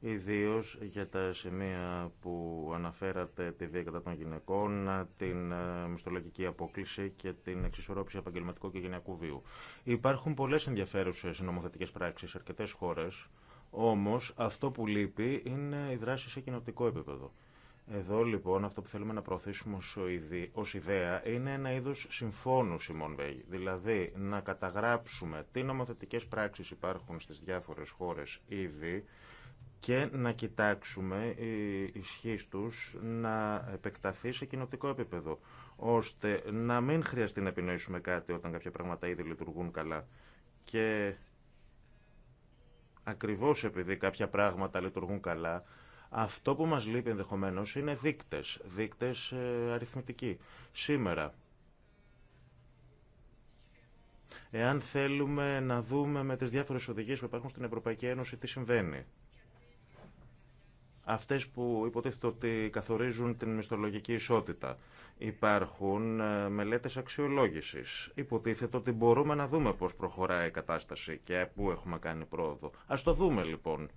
[SPEAKER 4] ιδίω για τα σημεία που αναφέρατε, τη βία των γυναικών, την ε, μισθολογική απόκληση και την εξισορρόπηση επαγγελματικού και γενιακού βίου. Υπάρχουν πολλές ενδιαφέρουσες νομοθετικές πράξεις σε αρκετές χώρες, όμως αυτό που λείπει είναι η δράση σε κοινοτικό επίπεδο. Εδώ λοιπόν αυτό που θέλουμε να προωθήσουμε ως ιδέα είναι ένα είδος συμφώνου Σιμών Βέγη. Δηλαδή να καταγράψουμε τι νομοθετικές πράξεις υπάρχουν στις διάφορες χώρες ήδη και να κοιτάξουμε η ισχύ του να επεκταθεί σε κοινοτικό επίπεδο, ώστε να μην χρειαστεί να επινοήσουμε κάτι όταν κάποια πράγματα ήδη λειτουργούν καλά. Και ακριβώς επειδή κάποια πράγματα λειτουργούν καλά, αυτό που μας λείπει ενδεχομένως είναι δείκτες, δείκτες ε, αριθμητικοί. Σήμερα, εάν θέλουμε να δούμε με τις διάφορες οδηγίες που υπάρχουν στην Ευρωπαϊκή Ένωση τι συμβαίνει, αυτές που υποτίθεται ότι καθορίζουν την μισθολογική ισότητα. Υπάρχουν ε, μελέτες αξιολόγησης. Υποτίθεται ότι μπορούμε να δούμε πώς προχωράει η κατάσταση και πού έχουμε κάνει πρόοδο. Ας το δούμε λοιπόν.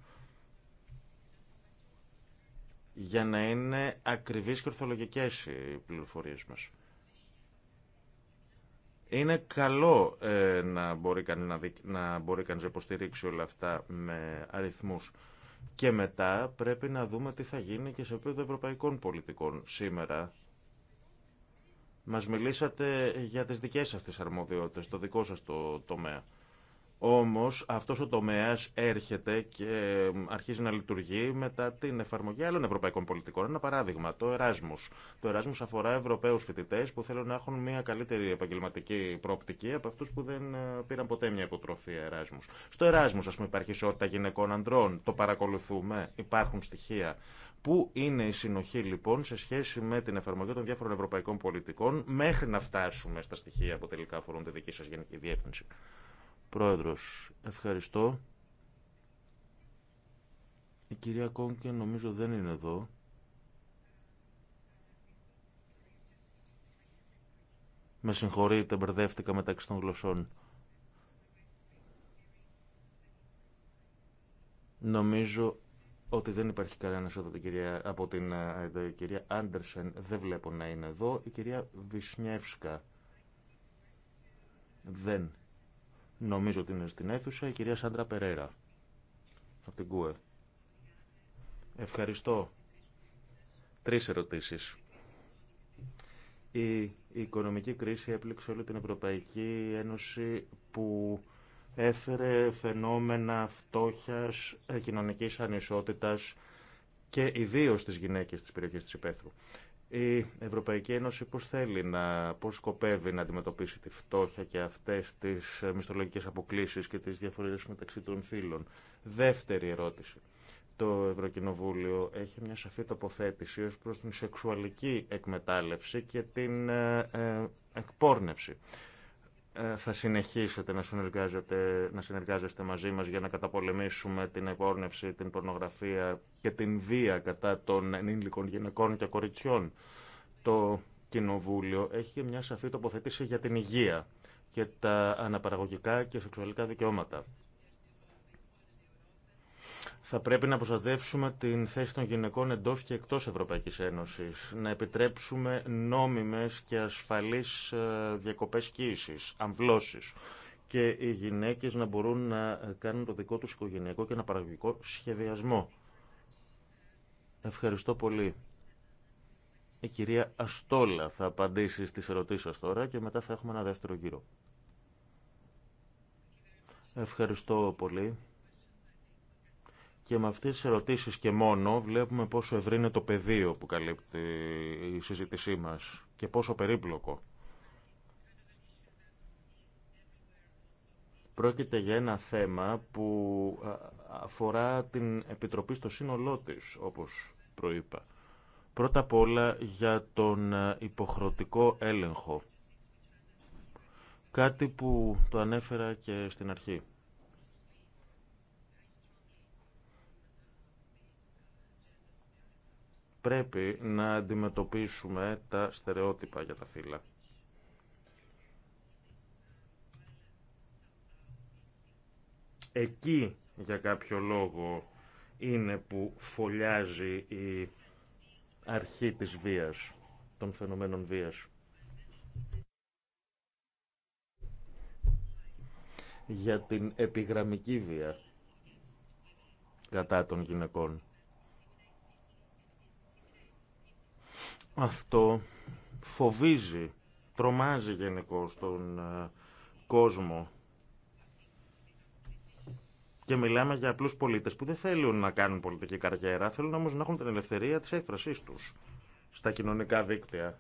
[SPEAKER 4] Για να είναι ακριβείς και ορθολογικές οι πληροφορίες μας. Είναι καλό ε, να μπορεί κανείς να, να, μπορεί να υποστηρίξει όλα αυτά με αριθμούς. Και μετά πρέπει να δούμε τι θα γίνει και σε επίπεδο ευρωπαϊκών πολιτικών. Σήμερα μας μιλήσατε για τις δικές σας τις αρμοδιότητες, το δικό σας το τομέα. Όμως αυτό ο τομέας έρχεται και αρχίζει να λειτουργεί μετά την εφαρμογή άλλων ευρωπαϊκών πολιτικών. Ένα παράδειγμα, το εράσμο. Το Εράσμους αφορά Ευρωπαίους φοιτητές που θέλουν να έχουν μια καλύτερη επαγγελματική προοπτική από αυτούς που δεν ε, πήραν ποτέ μια υποτροφία εράσμου. Στο Εράσμους ας πούμε υπάρχει ισότητα γυναικών ανδρών, το παρακολουθούμε, υπάρχουν στοιχεία. Πού είναι η συνοχή λοιπόν σε σχέση με την εφαρμογή των διάφορων ευρωπαϊκών πολιτικών μέχρι να φτάσουμε στα στοιχεία που τελικά αφορούν τη δική σα γενική διεύθυνση. Πρόεδρος, ευχαριστώ. Η κυρία Κόνκε νομίζω δεν είναι εδώ. Με συγχωρείτε, μπερδεύτηκα μεταξύ των γλωσσών. Νομίζω ότι δεν υπάρχει κανένα από την κυρία, από ε, την, κυρία Άντερσεν. Δεν βλέπω να είναι εδώ. Η κυρία Βυσνιεύσκα. Δεν νομίζω ότι είναι στην αίθουσα, η κυρία Σάντρα Περέρα από την ΚΟΕ. Ευχαριστώ. Τρεις ερωτήσεις. Η οικονομική κρίση έπληξε όλη την Ευρωπαϊκή Ένωση που έφερε φαινόμενα φτώχειας, ε, κοινωνικής ανισότητας και ιδίως στι γυναίκες της περιοχής της Υπέθρου η Ευρωπαϊκή Ένωση πώς θέλει να, πώς σκοπεύει να αντιμετωπίσει τη φτώχεια και αυτές τις μισθολογικές αποκλήσεις και τις διαφορές μεταξύ των φύλων. Δεύτερη ερώτηση. Το Ευρωκοινοβούλιο έχει μια σαφή τοποθέτηση ως προς την σεξουαλική εκμετάλλευση και την ε, ε, εκπόρνευση. Ε, θα συνεχίσετε να συνεργάζεστε, να συνεργάζεστε μαζί μας για να καταπολεμήσουμε την επόρνευση, την πορνογραφία και την βία κατά των ενήλικων γυναικών και κοριτσιών. Το Κοινοβούλιο έχει μια σαφή τοποθέτηση για την υγεία και τα αναπαραγωγικά και σεξουαλικά δικαιώματα. Θα πρέπει να προστατεύσουμε την θέση των γυναικών εντός και εκτός Ευρωπαϊκής Ένωσης, να επιτρέψουμε νόμιμες και ασφαλείς ε, διακοπές κοίησης, αμβλώσεις και οι γυναίκες να μπορούν να κάνουν το δικό τους οικογενειακό και ένα παραγωγικό σχεδιασμό. Ευχαριστώ πολύ. Η κυρία Αστόλα θα απαντήσει στις ερωτήσεις σας τώρα και μετά θα έχουμε ένα δεύτερο γύρο. Ευχαριστώ πολύ. Και με αυτές τις ερωτήσεις και μόνο βλέπουμε πόσο ευρύ είναι το πεδίο που καλύπτει η συζήτησή μας και πόσο περίπλοκο. Πρόκειται για ένα θέμα που αφορά την Επιτροπή στο σύνολό της, όπως προείπα. Πρώτα απ' όλα για τον υποχρεωτικό έλεγχο. Κάτι που το ανέφερα και στην αρχή. Πρέπει να αντιμετωπίσουμε τα στερεότυπα για τα φύλλα. Εκεί, για κάποιο λόγο, είναι που φωλιάζει η αρχή της βίας, των φαινομένων βίας. Για την επιγραμμική βία κατά των γυναικών. Αυτό φοβίζει, τρομάζει γενικώ τον ε, κόσμο και μιλάμε για απλούς πολίτες που δεν θέλουν να κάνουν πολιτική καριέρα, θέλουν όμως να έχουν την ελευθερία της έκφρασής τους στα κοινωνικά δίκτυα.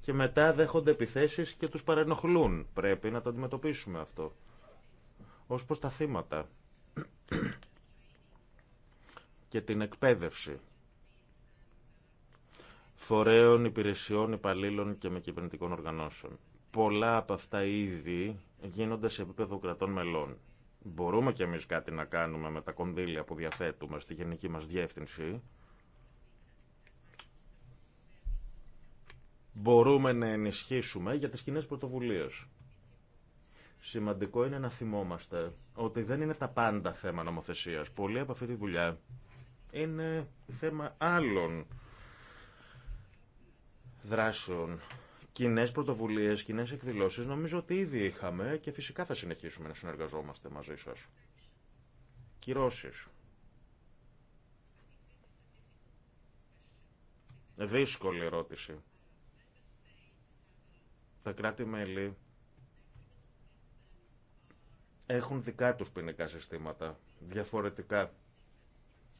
[SPEAKER 4] Και μετά δέχονται επιθέσεις και τους παρενοχλούν. Πρέπει να το αντιμετωπίσουμε αυτό. Ως προς τα θύματα και την εκπαίδευση φορέων, υπηρεσιών, υπαλλήλων και με κυβερνητικών οργανώσεων. Πολλά από αυτά ήδη γίνονται σε επίπεδο κρατών μελών. Μπορούμε κι εμείς κάτι να κάνουμε με τα κονδύλια που διαθέτουμε στη γενική μας διεύθυνση. Μπορούμε να ενισχύσουμε για τις κοινέ πρωτοβουλίες. Σημαντικό είναι να θυμόμαστε ότι δεν είναι τα πάντα θέμα νομοθεσίας. Πολλοί από αυτή τη δουλειά είναι θέμα άλλων δράσεων, κοινέ πρωτοβουλίε, κοινέ εκδηλώσει, νομίζω ότι ήδη είχαμε και φυσικά θα συνεχίσουμε να συνεργαζόμαστε μαζί σα. Κυρώσει. Δύσκολη ερώτηση. Τα κράτη-μέλη έχουν δικά τους ποινικά συστήματα, διαφορετικά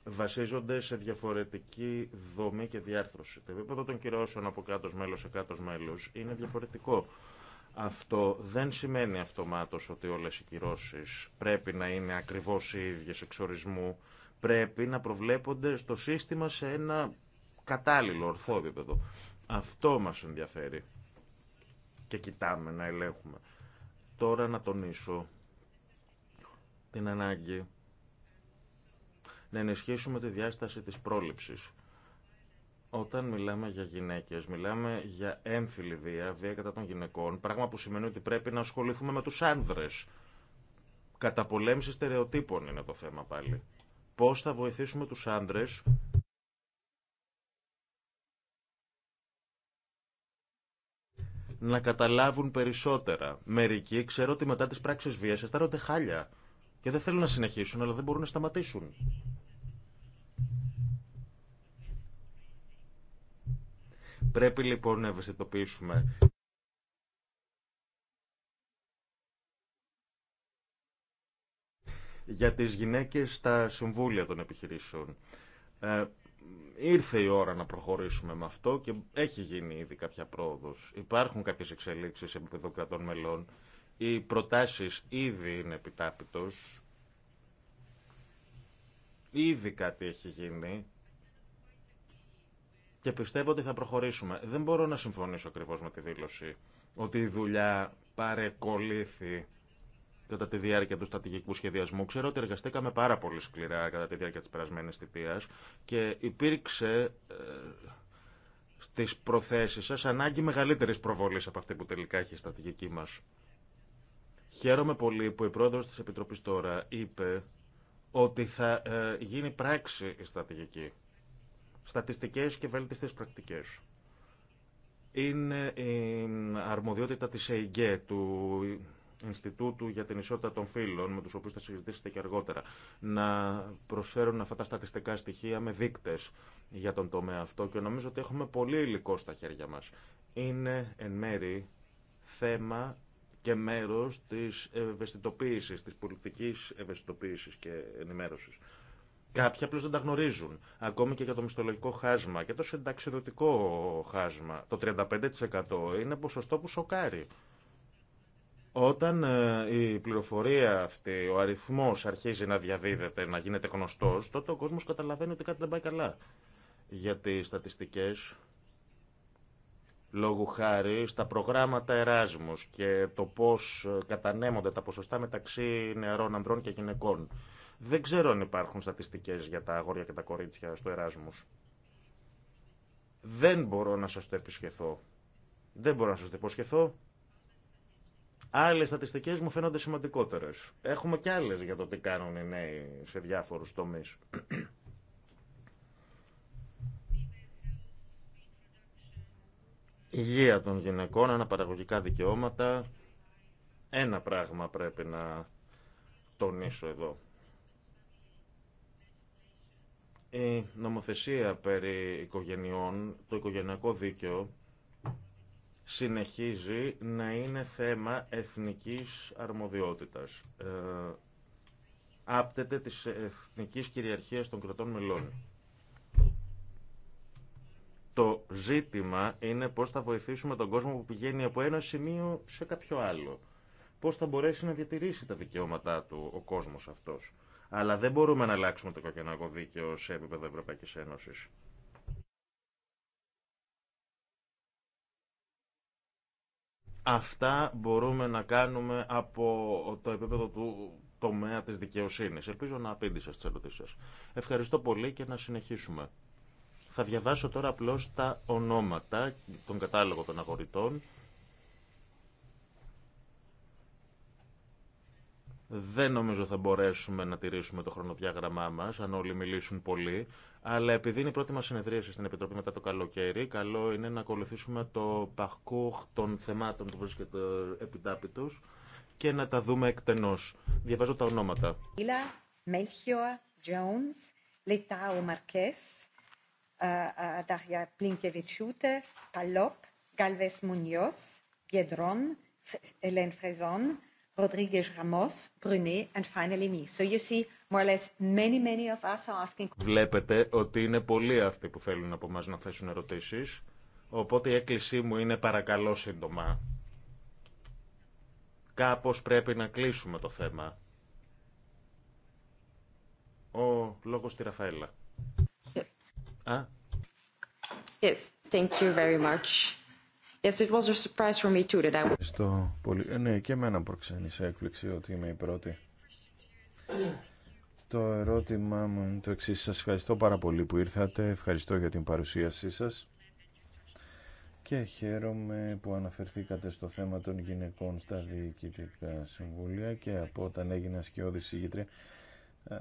[SPEAKER 4] βασίζονται σε διαφορετική δομή και διάρθρωση. Το επίπεδο των κυρώσεων από κάτω μέλο σε κράτο μέλο είναι διαφορετικό. Αυτό δεν σημαίνει αυτομάτως ότι όλες οι κυρώσει πρέπει να είναι ακριβώ οι ίδιε εξορισμού. Πρέπει να προβλέπονται στο σύστημα σε ένα κατάλληλο, ορθό επίπεδο. Αυτό μα ενδιαφέρει και κοιτάμε να ελέγχουμε. Τώρα να τονίσω την ανάγκη να ενισχύσουμε τη διάσταση της πρόληψης. Όταν μιλάμε για γυναίκες, μιλάμε για έμφυλη βία, βία κατά των γυναικών, πράγμα που σημαίνει ότι πρέπει να ασχοληθούμε με τους άνδρες. Καταπολέμηση στερεοτύπων είναι το θέμα πάλι. Πώς θα βοηθήσουμε τους άνδρες να καταλάβουν περισσότερα. Μερικοί ξέρω ότι μετά τι πράξει βία αισθάνονται χάλια και δεν θέλουν να συνεχίσουν, αλλά δεν μπορούν να σταματήσουν. Πρέπει λοιπόν να ευαισθητοποιήσουμε για τις γυναίκες στα συμβούλια των επιχειρήσεων. Ε, ήρθε η ώρα να προχωρήσουμε με αυτό και έχει γίνει ήδη κάποια πρόοδος. Υπάρχουν κάποιες εξελίξεις σε επίπεδο κρατών μελών. Οι προτάσεις ήδη είναι επιτάπητος. Ήδη κάτι έχει γίνει και πιστεύω ότι θα προχωρήσουμε. Δεν μπορώ να συμφωνήσω ακριβώς με τη δήλωση ότι η δουλειά παρεκολύθη κατά τη διάρκεια του στρατηγικού σχεδιασμού. Ξέρω ότι εργαστήκαμε πάρα πολύ σκληρά κατά τη διάρκεια της περασμένης θητείας και υπήρξε στι ε, στις προθέσεις σας ανάγκη μεγαλύτερης προβολής από αυτή που τελικά έχει η στρατηγική μας. Χαίρομαι πολύ που η πρόεδρος της Επιτροπής τώρα είπε ότι θα ε, γίνει πράξη η στρατηγική στατιστικές και βέλτιστες πρακτικές. Είναι η αρμοδιότητα της ΕΙΓΕ, του Ινστιτούτου για την Ισότητα των Φύλων, με τους οποίους θα συζητήσετε και αργότερα, να προσφέρουν αυτά τα στατιστικά στοιχεία με δείκτες για τον τομέα αυτό και νομίζω ότι έχουμε πολύ υλικό στα χέρια μας. Είναι εν μέρη θέμα και μέρος της ευαισθητοποίησης, της πολιτικής ευαισθητοποίησης και ενημέρωσης. Κάποιοι απλώ δεν τα γνωρίζουν. Ακόμη και για το μισθολογικό χάσμα και το συνταξιδοτικό χάσμα. Το 35% είναι ποσοστό που σοκάρει. Όταν ε, η πληροφορία αυτή, ο αριθμός αρχίζει να διαδίδεται, να γίνεται γνωστός, τότε ο κόσμος καταλαβαίνει ότι κάτι δεν πάει καλά. Γιατί οι στατιστικές, λόγου χάρη, στα προγράμματα Εράσμους και το πώς ε, κατανέμονται τα ποσοστά μεταξύ νεαρών ανδρών και γυναικών, δεν ξέρω αν υπάρχουν στατιστικές για τα αγόρια και τα κορίτσια στο Εράσμους. Δεν μπορώ να σα το επισκεφθώ. Δεν μπορώ να σα το υποσχεθώ. Άλλες στατιστικές μου φαίνονται σημαντικότερες. Έχουμε και άλλες για το τι κάνουν οι νέοι σε διάφορους τομείς. Υγεία των γυναικών, αναπαραγωγικά δικαιώματα. Ένα πράγμα πρέπει να τονίσω εδώ. Η νομοθεσία περί οικογενειών, το οικογενειακό δίκαιο, συνεχίζει να είναι θέμα εθνικής αρμοδιότητας. Ε, άπτεται της εθνικής κυριαρχίας των κρατών μελών. Το ζήτημα είναι πώς θα βοηθήσουμε τον κόσμο που πηγαίνει από ένα σημείο σε κάποιο άλλο. Πώς θα μπορέσει να διατηρήσει τα δικαιώματά του ο κόσμος αυτός. Αλλά δεν μπορούμε να αλλάξουμε το κοκκινάκο δίκαιο σε επίπεδο Ευρωπαϊκής Ένωσης. Αυτά μπορούμε να κάνουμε από το επίπεδο του τομέα της δικαιοσύνης. Ελπίζω να απήντησα στις ερωτήσεις σας. Ευχαριστώ πολύ και να συνεχίσουμε. Θα διαβάσω τώρα απλώς τα ονόματα, τον κατάλογο των αγορητών Δεν νομίζω θα μπορέσουμε να τηρήσουμε το χρονοδιάγραμμά μα, αν όλοι μιλήσουν πολύ. Αλλά επειδή είναι η πρώτη μα συνεδρίαση στην Επιτροπή μετά το καλοκαίρι, καλό είναι να ακολουθήσουμε το παχκούχ των θεμάτων που βρίσκεται επιτάπητο και να τα δούμε εκτενώ. Διαβάζω τα ονόματα.
[SPEAKER 2] Μίλα, Μέλχιο, Τζόουν, Λιτάου, Μαρκέ, ε, ε, Πλίνκεβιτσούτε, Παλόπ, Γκάλβε Μουνιό, Ελέν Φρεζόν,
[SPEAKER 4] Βλέπετε ότι είναι πολλοί αυτοί που θέλουν από εμά να θέσουν ερωτήσεις. Οπότε η έκκλησή μου είναι παρακαλώ σύντομα. Κάπως πρέπει να κλείσουμε το θέμα. Ο λόγος στη Ραφαέλα. Yes. Α?
[SPEAKER 2] Yes, thank you very much. Yes, it was a surprise for me too that I...
[SPEAKER 1] Ευχαριστώ πολύ. Ε, ναι, και εμένα προξένησε έκπληξη ότι είμαι η πρώτη. Το ερώτημά μου είναι το εξή, σα ευχαριστώ πάρα πολύ που ήρθατε. Ευχαριστώ για την παρουσίασή σα Και χαίρομαι που αναφερθήκατε στο θέμα των γυναικών στα διοικητικά συμβούλια και από όταν έγινα σκιώδη συγγήτρια ε,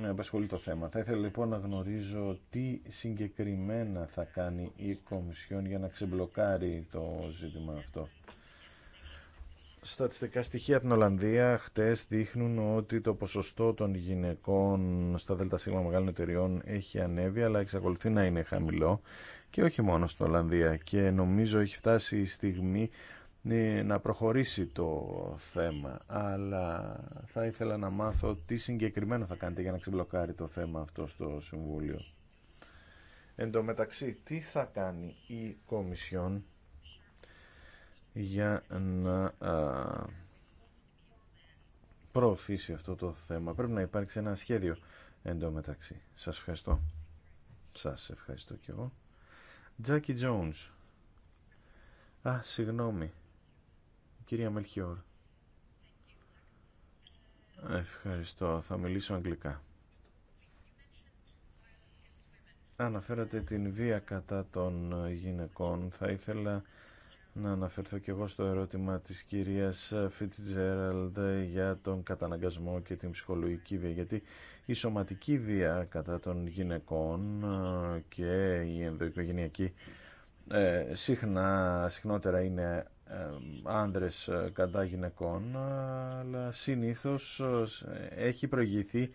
[SPEAKER 1] με απασχολεί το θέμα. Θα ήθελα λοιπόν να γνωρίζω τι συγκεκριμένα θα κάνει η Κομισιόν για να ξεμπλοκάρει το ζήτημα αυτό. Στατιστικά στοιχεία από την Ολλανδία χτες δείχνουν ότι το ποσοστό των γυναικών στα ΔΣ μεγάλων εταιριών έχει ανέβει αλλά εξακολουθεί να είναι χαμηλό και όχι μόνο στην Ολλανδία και νομίζω έχει φτάσει η στιγμή ναι, να προχωρήσει το θέμα, αλλά θα ήθελα να μάθω τι συγκεκριμένα θα κάνετε για να ξεμπλοκάρει το θέμα αυτό στο Συμβούλιο. Εν τω μεταξύ, τι θα κάνει η Κομισιόν για να προωθήσει αυτό το θέμα. Πρέπει να υπάρξει ένα σχέδιο εν τω μεταξύ. Σας ευχαριστώ. Σας ευχαριστώ κι εγώ. Τζάκι Jones. Α, συγγνώμη. Κυρία Μελχιόρ. Ευχαριστώ. Θα μιλήσω αγγλικά. Αναφέρατε την βία κατά των γυναικών. Θα ήθελα να αναφερθώ και εγώ στο ερώτημα της κυρίας Fitzgerald για τον καταναγκασμό και την ψυχολογική βία. Γιατί η σωματική βία κατά των γυναικών ε, και η ενδοοικογενειακή ε, συχνά, συχνότερα είναι ε, άνδρες ε, κατά γυναικών ε, αλλά συνήθως έχει προηγηθεί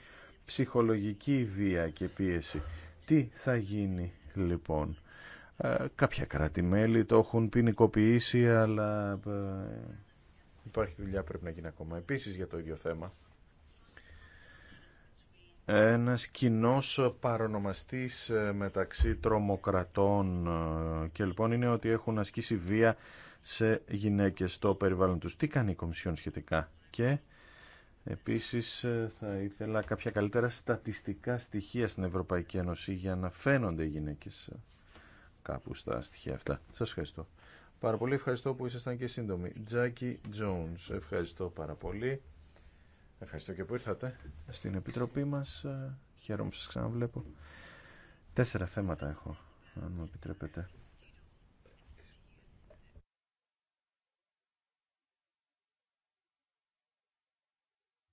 [SPEAKER 1] ψυχολογική βία και πίεση. Τι θα γίνει λοιπόν. Κάποια κράτη-μέλη το έχουν ποινικοποιήσει αλλά υπάρχει δουλειά πρέπει να γίνει ακόμα. Επίσης για το ίδιο θέμα ένας κοινό παρονομαστής μεταξύ τρομοκρατών και λοιπόν είναι ότι έχουν ασκήσει βία σε γυναίκες στο περιβάλλον τους. Τι κάνει η Κομισιόν σχετικά και επίσης ε, θα ήθελα κάποια καλύτερα στατιστικά στοιχεία στην Ευρωπαϊκή Ένωση για να φαίνονται οι γυναίκες ε, κάπου στα στοιχεία αυτά. Σας ευχαριστώ. Πάρα πολύ ευχαριστώ που ήσασταν και σύντομοι. Τζάκι Jones, ευχαριστώ πάρα πολύ. Ευχαριστώ και που ήρθατε στην Επιτροπή μας. Ε, χαίρομαι που σας ξαναβλέπω. Τέσσερα θέματα έχω, αν μου επιτρέπετε.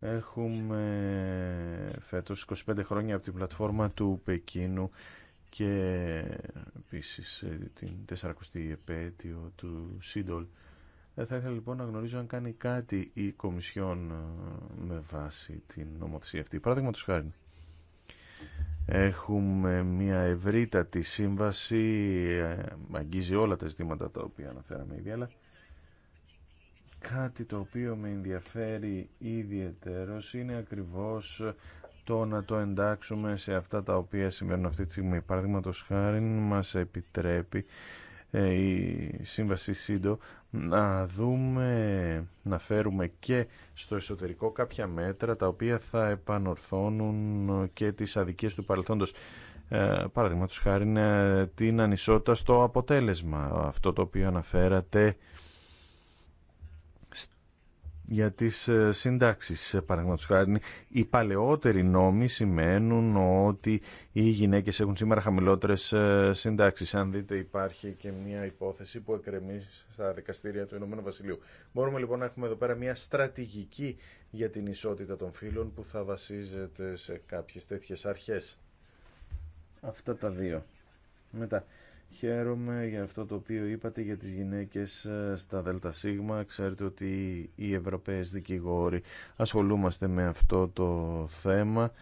[SPEAKER 1] Έχουμε φέτος 25 χρόνια από την πλατφόρμα του Πεκίνου και επίσης ε, την 40η επέτειο του Σίντολ. Ε, θα ήθελα λοιπόν να γνωρίζω αν κάνει κάτι η Κομισιόν ε, με βάση την νομοθεσία αυτή. Παράδειγμα του χάρη. Έχουμε μια ευρύτατη σύμβαση, αγγίζει όλα τα ζητήματα τα οποία αναφέραμε ήδη, αλλά κάτι το οποίο με ενδιαφέρει ιδιαιτέρως είναι ακριβώς το να το εντάξουμε σε αυτά τα οποία συμβαίνουν αυτή τη στιγμή. Παραδείγματο χάρη μας επιτρέπει ε, η σύμβαση ΣΥΝΤΟ να δούμε, να φέρουμε και στο εσωτερικό κάποια μέτρα τα οποία θα επανορθώνουν και τις αδικίες του παρελθόντος. Ε, παραδείγματος χάρη ε, την ανισότητα στο αποτέλεσμα, αυτό το οποίο αναφέρατε για τις ε, συντάξεις παραδείγματος χάρη οι παλαιότεροι νόμοι σημαίνουν ότι οι γυναίκες έχουν σήμερα χαμηλότερες ε, συντάξεις αν δείτε υπάρχει και μια υπόθεση που εκκρεμεί στα δικαστήρια του Ηνωμένου Βασιλείου μπορούμε λοιπόν να έχουμε εδώ πέρα μια στρατηγική για την ισότητα των φύλων που θα βασίζεται σε κάποιες τέτοιες αρχές αυτά τα δύο μετά Χαίρομαι για αυτό το οποίο είπατε για τις γυναίκες ε, στα ΔΣ. Ξέρετε ότι οι Ευρωπαίες δικηγόροι ασχολούμαστε με αυτό το θέμα.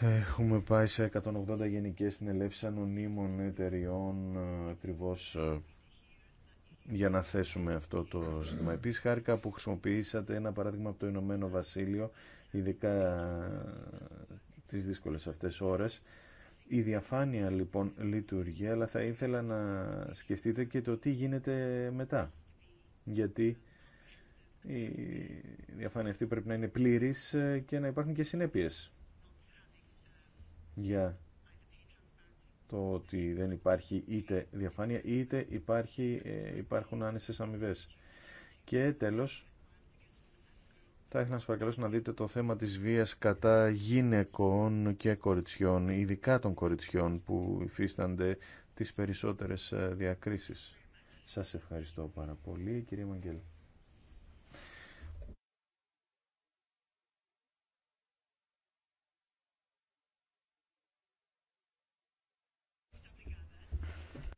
[SPEAKER 1] Έχουμε πάει σε 180 γενικές συνελεύσεις ανωνύμων εταιριών ε, ακριβώ ε, για να θέσουμε αυτό το ζήτημα. Επίσης χάρηκα που χρησιμοποιήσατε ένα παράδειγμα από το Ηνωμένο Βασίλειο, ειδικά τις δύσκολες αυτές ώρες η διαφάνεια λοιπόν λειτουργεί, αλλά θα ήθελα να σκεφτείτε και το τι γίνεται μετά. Γιατί η διαφάνεια αυτή πρέπει να είναι πλήρης ε, και να υπάρχουν και συνέπειες για το ότι δεν υπάρχει είτε διαφάνεια είτε υπάρχει, ε, υπάρχουν άνεσες αμοιβέ. Και τέλος, θα ήθελα να σας παρακαλώ να δείτε το θέμα της βίας κατά γυναικών και κοριτσιών, ειδικά των κοριτσιών που υφίστανται τις περισσότερες ε, διακρίσεις. Σας ευχαριστώ πάρα πολύ, κύριε Μαγγέλ.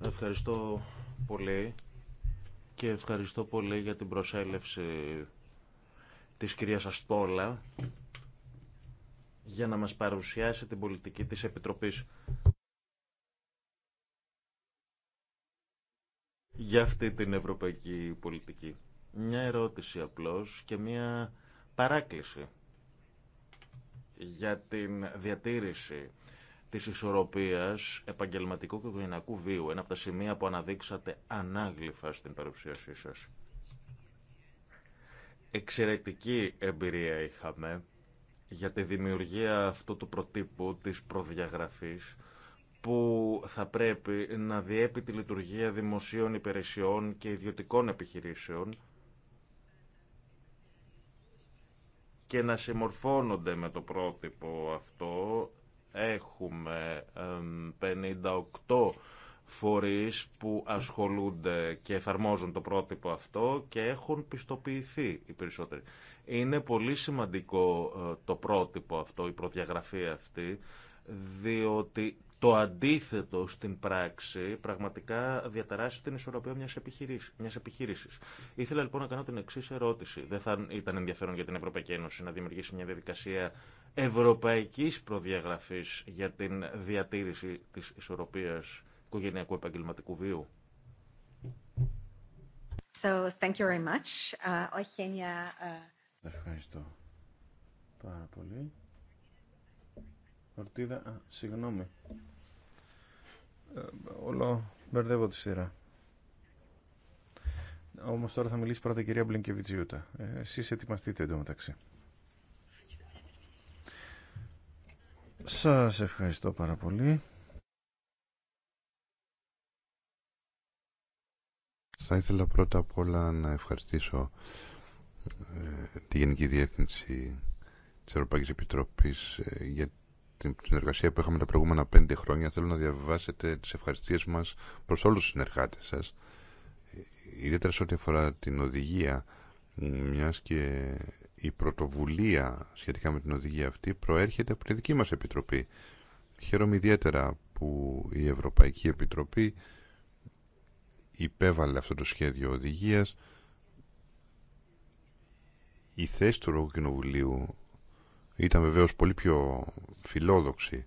[SPEAKER 4] Ευχαριστώ πολύ και ευχαριστώ πολύ για την προσέλευση της κυρίας Αστόλα για να μας παρουσιάσει την πολιτική της Επιτροπής για αυτή την ευρωπαϊκή πολιτική. Μια ερώτηση απλώς και μια παράκληση για την διατήρηση της ισορροπίας επαγγελματικού και οικογενειακού βίου, ένα από τα σημεία που αναδείξατε ανάγλυφα στην παρουσίασή σας. Εξαιρετική εμπειρία είχαμε για τη δημιουργία αυτού του προτύπου της προδιαγραφής που θα πρέπει να διέπει τη λειτουργία δημοσίων υπηρεσιών και ιδιωτικών επιχειρήσεων και να συμμορφώνονται με το πρότυπο αυτό. Έχουμε 58 φορείς που ασχολούνται και εφαρμόζουν το πρότυπο αυτό και έχουν πιστοποιηθεί οι περισσότεροι. Είναι πολύ σημαντικό ε, το πρότυπο αυτό, η προδιαγραφή αυτή, διότι το αντίθετο στην πράξη πραγματικά διαταράσσει την ισορροπία μιας επιχειρήσης. Μιας Ήθελα λοιπόν να κάνω την εξή ερώτηση. Δεν θα ήταν ενδιαφέρον για την Ευρωπαϊκή Ένωση να δημιουργήσει μια διαδικασία ευρωπαϊκής προδιαγραφής για την διατήρηση της ισορροπίας οικογενειακού επαγγελματικού βίου.
[SPEAKER 2] So, thank you very much. Uh, Eugenia, uh...
[SPEAKER 1] Ευχαριστώ πάρα πολύ. Ορτίδα, α, συγγνώμη. Ε, όλο μπερδεύω τη σειρά. Όμως τώρα θα μιλήσει πρώτα η κυρία Μπλενκεβιτζιούτα. Ε, εσείς ετοιμαστείτε εντωμεταξύ. Σας ευχαριστώ πάρα πολύ.
[SPEAKER 3] Θα ήθελα πρώτα απ' όλα να ευχαριστήσω ε, τη Γενική Διεύθυνση της Ευρωπαϊκής Επιτροπής ε, για την συνεργασία που είχαμε τα προηγούμενα πέντε χρόνια. Θέλω να διαβάσετε τις ευχαριστίες μας προς όλους τους συνεργάτες σας. Ιδιαίτερα σε ό,τι αφορά την οδηγία, μιας και η πρωτοβουλία σχετικά με την οδηγία αυτή προέρχεται από τη δική μας Επιτροπή. Χαίρομαι ιδιαίτερα που η Ευρωπαϊκή Επιτροπή υπέβαλε αυτό το σχέδιο οδηγίας η θέση του Ευρωπαϊκού Κοινοβουλίου ήταν βεβαίως πολύ πιο φιλόδοξη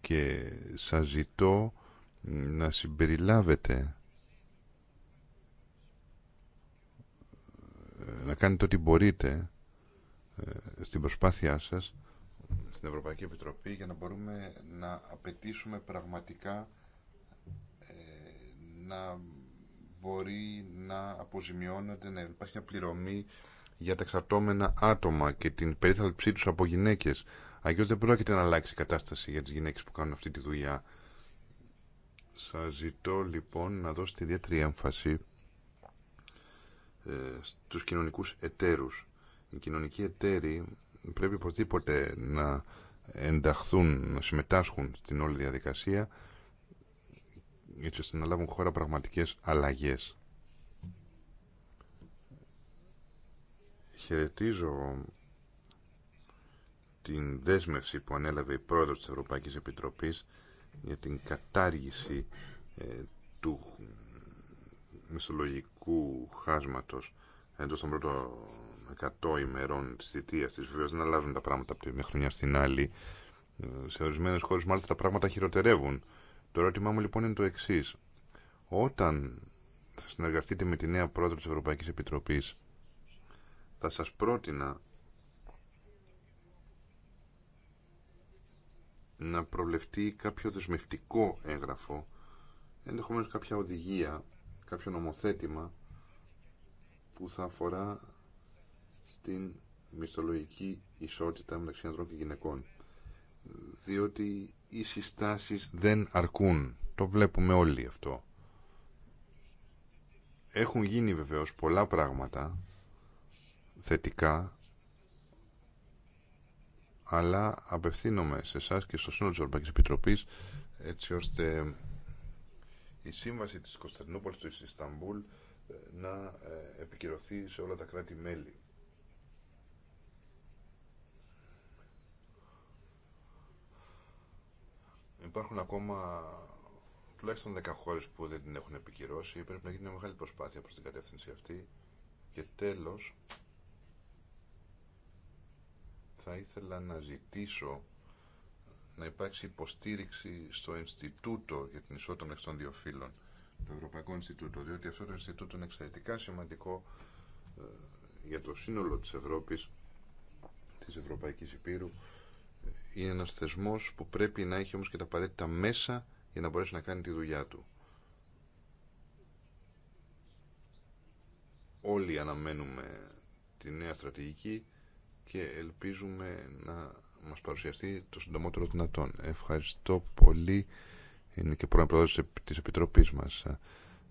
[SPEAKER 3] και σας ζητώ να συμπεριλάβετε να κάνετε ό,τι μπορείτε ε, στην προσπάθειά σας στην Ευρωπαϊκή Επιτροπή για να μπορούμε να απαιτήσουμε πραγματικά να μπορεί να αποζημιώνονται, να υπάρχει μια πληρωμή για τα εξαρτώμενα άτομα και την περίθαλψή τους από γυναίκες. Αγιώς δεν πρόκειται να αλλάξει η κατάσταση για τις γυναίκες που κάνουν αυτή τη δουλειά. Σας ζητώ λοιπόν να δώσετε ιδιαίτερη έμφαση ε, στους κοινωνικούς εταίρους. Οι κοινωνικοί εταίροι πρέπει οπωσδήποτε να ενταχθούν, να συμμετάσχουν στην όλη διαδικασία έτσι ώστε να λάβουν χώρα πραγματικές αλλαγές. Χαιρετίζω την δέσμευση που ανέλαβε η πρόεδρος της Ευρωπαϊκής Επιτροπής για την κατάργηση ε, του μισθολογικού χάσματος εντός των πρώτων 100 ημερών της θητείας της. Βεβαίως δεν αλλάζουν τα πράγματα από τη μια χρονιά στην άλλη. Ε, σε ορισμένες χώρες μάλιστα τα πράγματα χειροτερεύουν. Το ερώτημά μου λοιπόν είναι το εξή. Όταν θα συνεργαστείτε με τη νέα πρόεδρο της Ευρωπαϊκής Επιτροπής, θα σας πρότεινα να προβλεφτεί κάποιο δεσμευτικό έγγραφο, ενδεχομένως κάποια οδηγία, κάποιο νομοθέτημα που θα αφορά στην μισθολογική ισότητα μεταξύ ανδρών και γυναικών. Διότι οι συστάσεις δεν αρκούν. Το βλέπουμε όλοι αυτό. Έχουν γίνει βεβαίως πολλά πράγματα θετικά, αλλά απευθύνομαι σε εσά και στο σύνολο της Ευρωπαϊκής Επιτροπής έτσι ώστε η σύμβαση της Κωνσταντινούπολης του Ισταμπούλ ε, να ε, επικυρωθεί σε όλα τα κράτη-μέλη. Υπάρχουν ακόμα τουλάχιστον 10 χώρε που δεν την έχουν επικυρώσει. Πρέπει να γίνει μια μεγάλη προσπάθεια προ την κατεύθυνση αυτή. Και τέλο, θα ήθελα να ζητήσω να υπάρξει υποστήριξη στο Ινστιτούτο για την Ισότητα των δύο φύλων, το Ευρωπαϊκό Ινστιτούτο, διότι αυτό το Ινστιτούτο είναι εξαιρετικά σημαντικό ε, για το σύνολο της Ευρώπης, της Ευρωπαϊκής Υπήρου είναι ένας θεσμός που πρέπει να έχει όμως και τα απαραίτητα μέσα για να μπορέσει να κάνει τη δουλειά του. Όλοι αναμένουμε τη νέα στρατηγική και ελπίζουμε να μας παρουσιαστεί το συντομότερο δυνατόν. Ευχαριστώ πολύ. Είναι και πρώην πρόεδρος της Επιτροπής μας ε,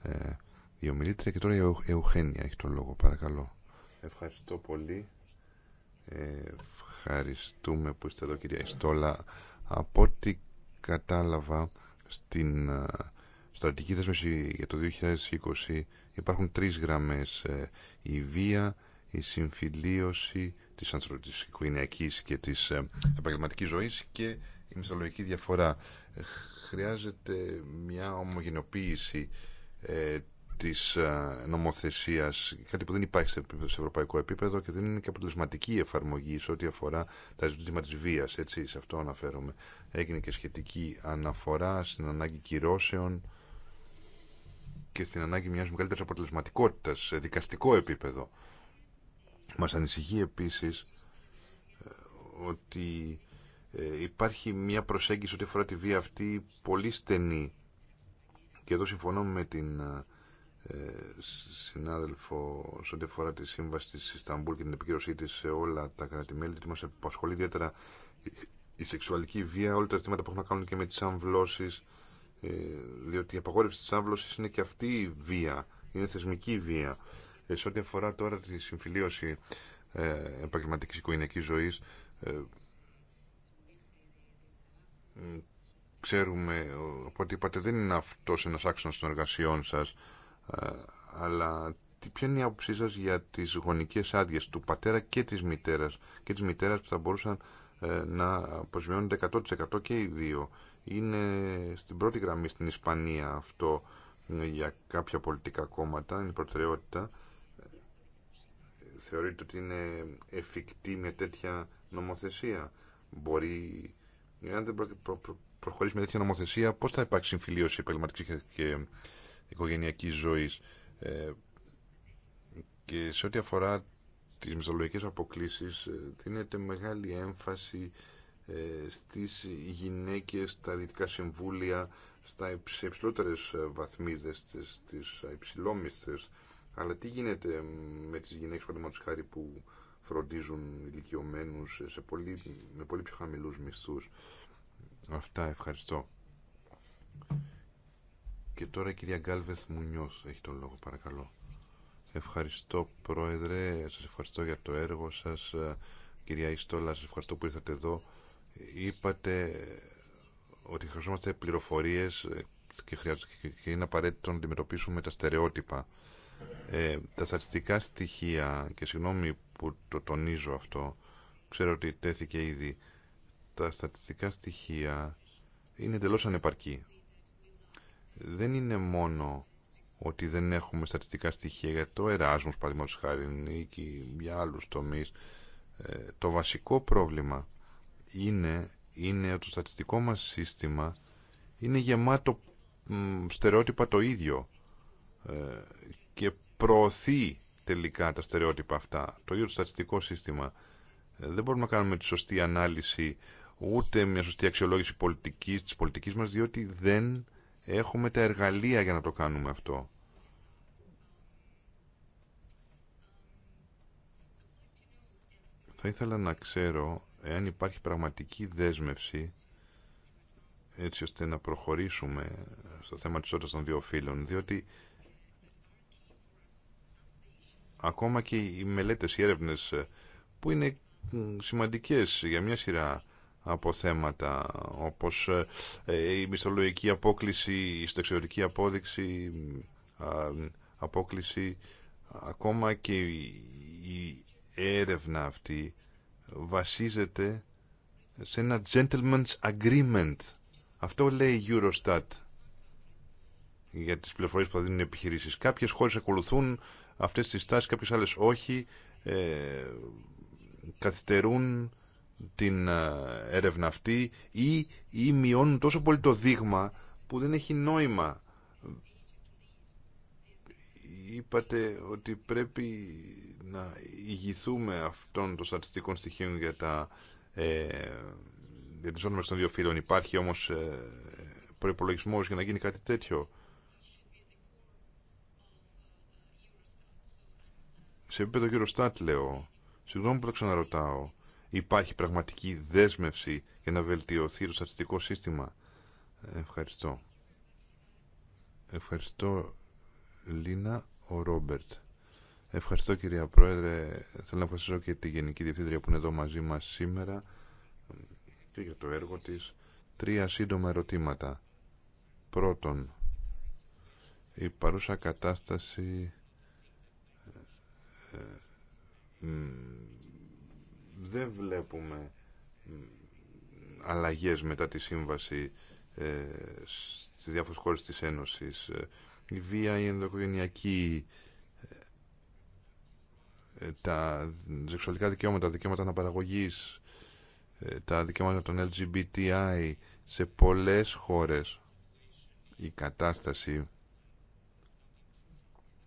[SPEAKER 3] ε, η ομιλήτρια και τώρα η Εουχένια έχει τον λόγο. Παρακαλώ. Ευχαριστώ πολύ. Ε, ευχαριστούμε που είστε εδώ κυρία Ιστόλα. Από ό,τι κατάλαβα στην ε, στρατική θέσμευση για το 2020 υπάρχουν τρεις γραμμές. Ε, η βία, η συμφιλίωση της, της και της ε, επαγγελματικής ζωής και η μισθολογική διαφορά. Χρειάζεται μια ομογενοποίηση της ε, νομοθεσίας, κάτι που δεν υπάρχει σε, ευρωπαϊκό επίπεδο και δεν είναι και αποτελεσματική εφαρμογή σε ό,τι αφορά τα ζητήματα της βίας, έτσι, σε αυτό αναφέρομαι. Έγινε και σχετική αναφορά στην ανάγκη κυρώσεων και στην ανάγκη μιας μεγαλύτερης αποτελεσματικότητας σε δικαστικό επίπεδο. Μας ανησυχεί επίσης ε, ότι ε, υπάρχει μια προσέγγιση ό,τι αφορά τη βία αυτή πολύ στενή και εδώ συμφωνώ με την ε, συνάδελφο σε ό,τι αφορά τη σύμβαση της Ισταμπούλ και την επικύρωσή της σε όλα τα κράτη-μέλη, γιατί μας απασχολεί ιδιαίτερα η σεξουαλική βία, όλα τα ζητήματα που έχουν να κάνουν και με τις αμβλώσεις, ε, διότι η απαγόρευση της αμβλώσης είναι και αυτή η βία, είναι θεσμική βία. Ε, σε ό,τι αφορά τώρα τη συμφιλίωση επαγγελματικής οικογενειακής ζωής, ξέρουμε, οπότε είπατε, δεν είναι αυτός ένας άξονα των εργασιών σας, ε, αλλά ποια είναι η άποψή σα για τις γονικές άδειε του πατέρα και της μητέρας και τη μητέρα που θα μπορούσαν ε, να προσμειώνονται 100% και οι δύο. Είναι στην πρώτη γραμμή στην Ισπανία αυτό ε, για κάποια πολιτικά κόμματα, είναι προτεραιότητα. Θεωρείτε ότι είναι εφικτή με τέτοια νομοθεσία. Μπορεί, αν δεν προχωρήσει με τέτοια νομοθεσία, πώς θα υπάρξει συμφιλίωση επαγγελματική και οικογενειακής ζωής. Ε, και σε ό,τι αφορά τις μυθολογικές αποκλήσεις ε, δίνεται μεγάλη έμφαση ε, στις γυναίκες, στα δυτικά συμβούλια, στα υψηλότερες ε, βαθμίδες, στις, Αλλά τι γίνεται με τις γυναίκες, παραδείγματος χάρη, που φροντίζουν ηλικιωμένους με πολύ πιο χαμηλούς μισθού. Αυτά, ευχαριστώ. Και τώρα η κυρία Γκάλβεθ Μουνιός έχει τον λόγο, παρακαλώ. Ευχαριστώ Πρόεδρε, σας ευχαριστώ για το έργο σας. Κυρία Ιστόλα, σας ευχαριστώ που ήρθατε εδώ. Είπατε ε, ότι χρειαζόμαστε πληροφορίες ε, και, και είναι απαραίτητο να αντιμετωπίσουμε τα στερεότυπα. Ε, τα στατιστικά στοιχεία, και συγγνώμη που το τονίζω αυτό, ξέρω ότι τέθηκε ήδη, τα στατιστικά στοιχεία είναι εντελώ ανεπαρκή δεν είναι μόνο ότι δεν έχουμε στατιστικά στοιχεία για το Εράσμος, παραδείγματο χάρη, ή για άλλου τομεί. Ε, το βασικό πρόβλημα είναι, είναι ότι το στατιστικό μας σύστημα είναι γεμάτο στερεότυπα το ίδιο ε, και προωθεί τελικά τα στερεότυπα αυτά. Το ίδιο το στατιστικό σύστημα. Ε, δεν μπορούμε να κάνουμε τη σωστή ανάλυση ούτε μια σωστή αξιολόγηση πολιτικής, της πολιτικής μας διότι δεν Έχουμε τα εργαλεία για να το κάνουμε αυτό. Θα ήθελα να ξέρω εάν υπάρχει πραγματική δέσμευση έτσι ώστε να προχωρήσουμε στο θέμα της όρτας των δύο φίλων, διότι ακόμα και οι μελέτες, οι έρευνες που είναι σημαντικές για μια σειρά από θέματα όπως ε, η μισθολογική απόκληση, η στεξιωτική απόδειξη, απόκληση, ακόμα και η έρευνα αυτή βασίζεται σε ένα gentleman's agreement. Αυτό λέει η Eurostat για τις πληροφορίες που θα δίνουν οι επιχειρήσεις. Κάποιες χώρες ακολουθούν αυτές τις τάσεις κάποιες άλλες όχι, ε, καθυστερούν την ε, έρευνα αυτή ή, ή μειώνουν τόσο πολύ το δείγμα που δεν έχει νόημα. Είπατε ότι πρέπει να ηγηθούμε αυτών των στατιστικών στοιχείων για τα ε, για τις όνομες των δύο φύλων. Υπάρχει όμως ε, προϋπολογισμός για να γίνει κάτι τέτοιο. Σε επίπεδο κύριο Στάτ λέω, συγγνώμη που το ξαναρωτάω, υπάρχει πραγματική δέσμευση για να βελτιωθεί το στατιστικό σύστημα. Ε, ευχαριστώ. Ευχαριστώ Λίνα ο Ρόμπερτ. Ευχαριστώ κυρία Πρόεδρε. Θέλω να ευχαριστήσω και τη Γενική Διευθύντρια που είναι εδώ μαζί μας σήμερα και για το έργο της. Τρία σύντομα ερωτήματα. Πρώτον, η παρούσα κατάσταση ε, δεν βλέπουμε αλλαγές μετά τη σύμβαση ε, στις διάφορες χώρες της Ένωσης. Ε, η βία, η ενδοκογενειακή, ε, τα σεξουαλικά δικαιώματα, δικαιώματα αναπαραγωγής, ε, τα δικαιώματα των LGBTI σε πολλές χώρες η κατάσταση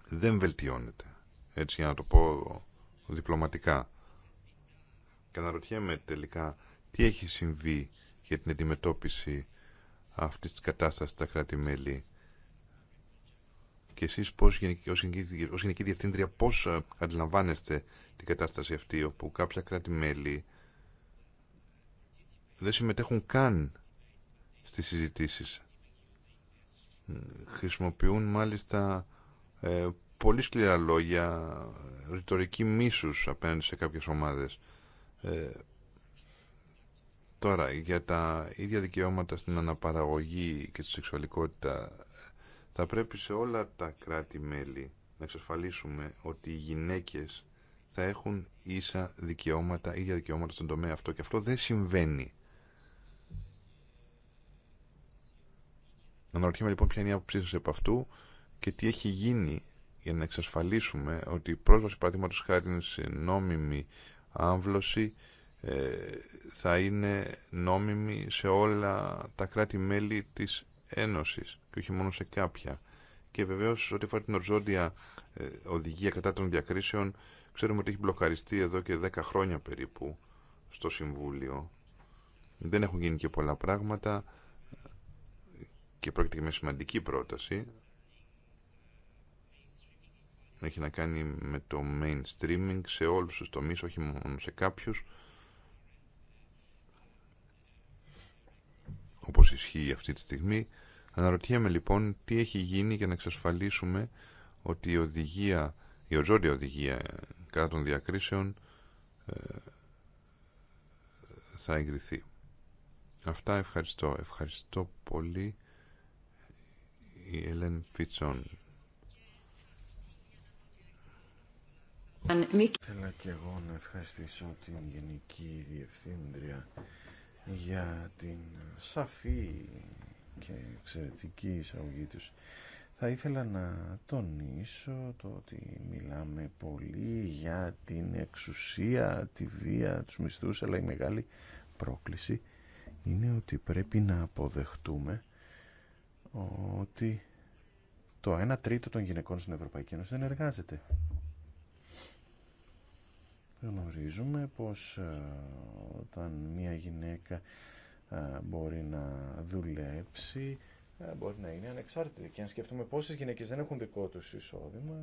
[SPEAKER 3] δεν βελτιώνεται. Έτσι για να το πω διπλωματικά. Και αναρωτιέμαι τελικά τι έχει συμβεί για την αντιμετώπιση αυτής της κατάστασης στα κράτη-μέλη. Και εσείς πώς, ως Γενική Διευθύντρια πώς ε, αντιλαμβάνεστε την κατάσταση αυτή όπου κάποια κράτη-μέλη δεν συμμετέχουν καν στις συζητήσεις. Χρησιμοποιούν μάλιστα ε, πολύ σκληρά λόγια, ρητορική μίσους απέναντι σε κάποιες ομάδες. Ε, τώρα, για τα ίδια δικαιώματα στην αναπαραγωγή και τη σεξουαλικότητα, θα πρέπει σε όλα τα κράτη-μέλη να εξασφαλίσουμε ότι οι γυναίκες θα έχουν ίσα δικαιώματα, ίδια δικαιώματα στον τομέα αυτό και αυτό δεν συμβαίνει. Αναρωτιέμαι λοιπόν ποια είναι η άποψή σας επ' αυτού και τι έχει γίνει για να εξασφαλίσουμε ότι η πρόσβαση παραδείγματο χάρη σε νόμιμη άμβλωση ε, θα είναι νόμιμη σε όλα τα κράτη-μέλη της Ένωσης και όχι μόνο σε κάποια. Και βεβαίως ό,τι αφορά την οριζόντια ε, οδηγία κατά των διακρίσεων ξέρουμε ότι έχει μπλοκαριστεί εδώ και 10 χρόνια περίπου στο Συμβούλιο. Δεν έχουν γίνει και πολλά πράγματα και πρόκειται για μια σημαντική πρόταση έχει να κάνει με το mainstreaming σε όλους τους τομείς, όχι μόνο σε κάποιους. Όπως ισχύει αυτή τη στιγμή. Αναρωτιέμαι λοιπόν τι έχει γίνει για να εξασφαλίσουμε ότι η οδηγία, η οζόρια οδηγία κατά των διακρίσεων ε, θα εγκριθεί. Αυτά ευχαριστώ. Ευχαριστώ πολύ η Ελένη Φίτσον.
[SPEAKER 1] Θέλω και εγώ να ευχαριστήσω την Γενική Διευθύντρια για την σαφή και εξαιρετική εισαγωγή τους. Θα ήθελα να τονίσω το ότι μιλάμε πολύ για την εξουσία, τη βία, τους μισθούς, αλλά η μεγάλη πρόκληση είναι ότι πρέπει να αποδεχτούμε ότι το 1 τρίτο των γυναικών στην Ευρωπαϊκή Ένωση δεν εργάζεται γνωρίζουμε πως ε, όταν μια γυναίκα ε, μπορεί να δουλέψει ε, μπορεί να είναι ανεξάρτητη και αν σκεφτούμε πόσες γυναίκες δεν έχουν δικό τους εισόδημα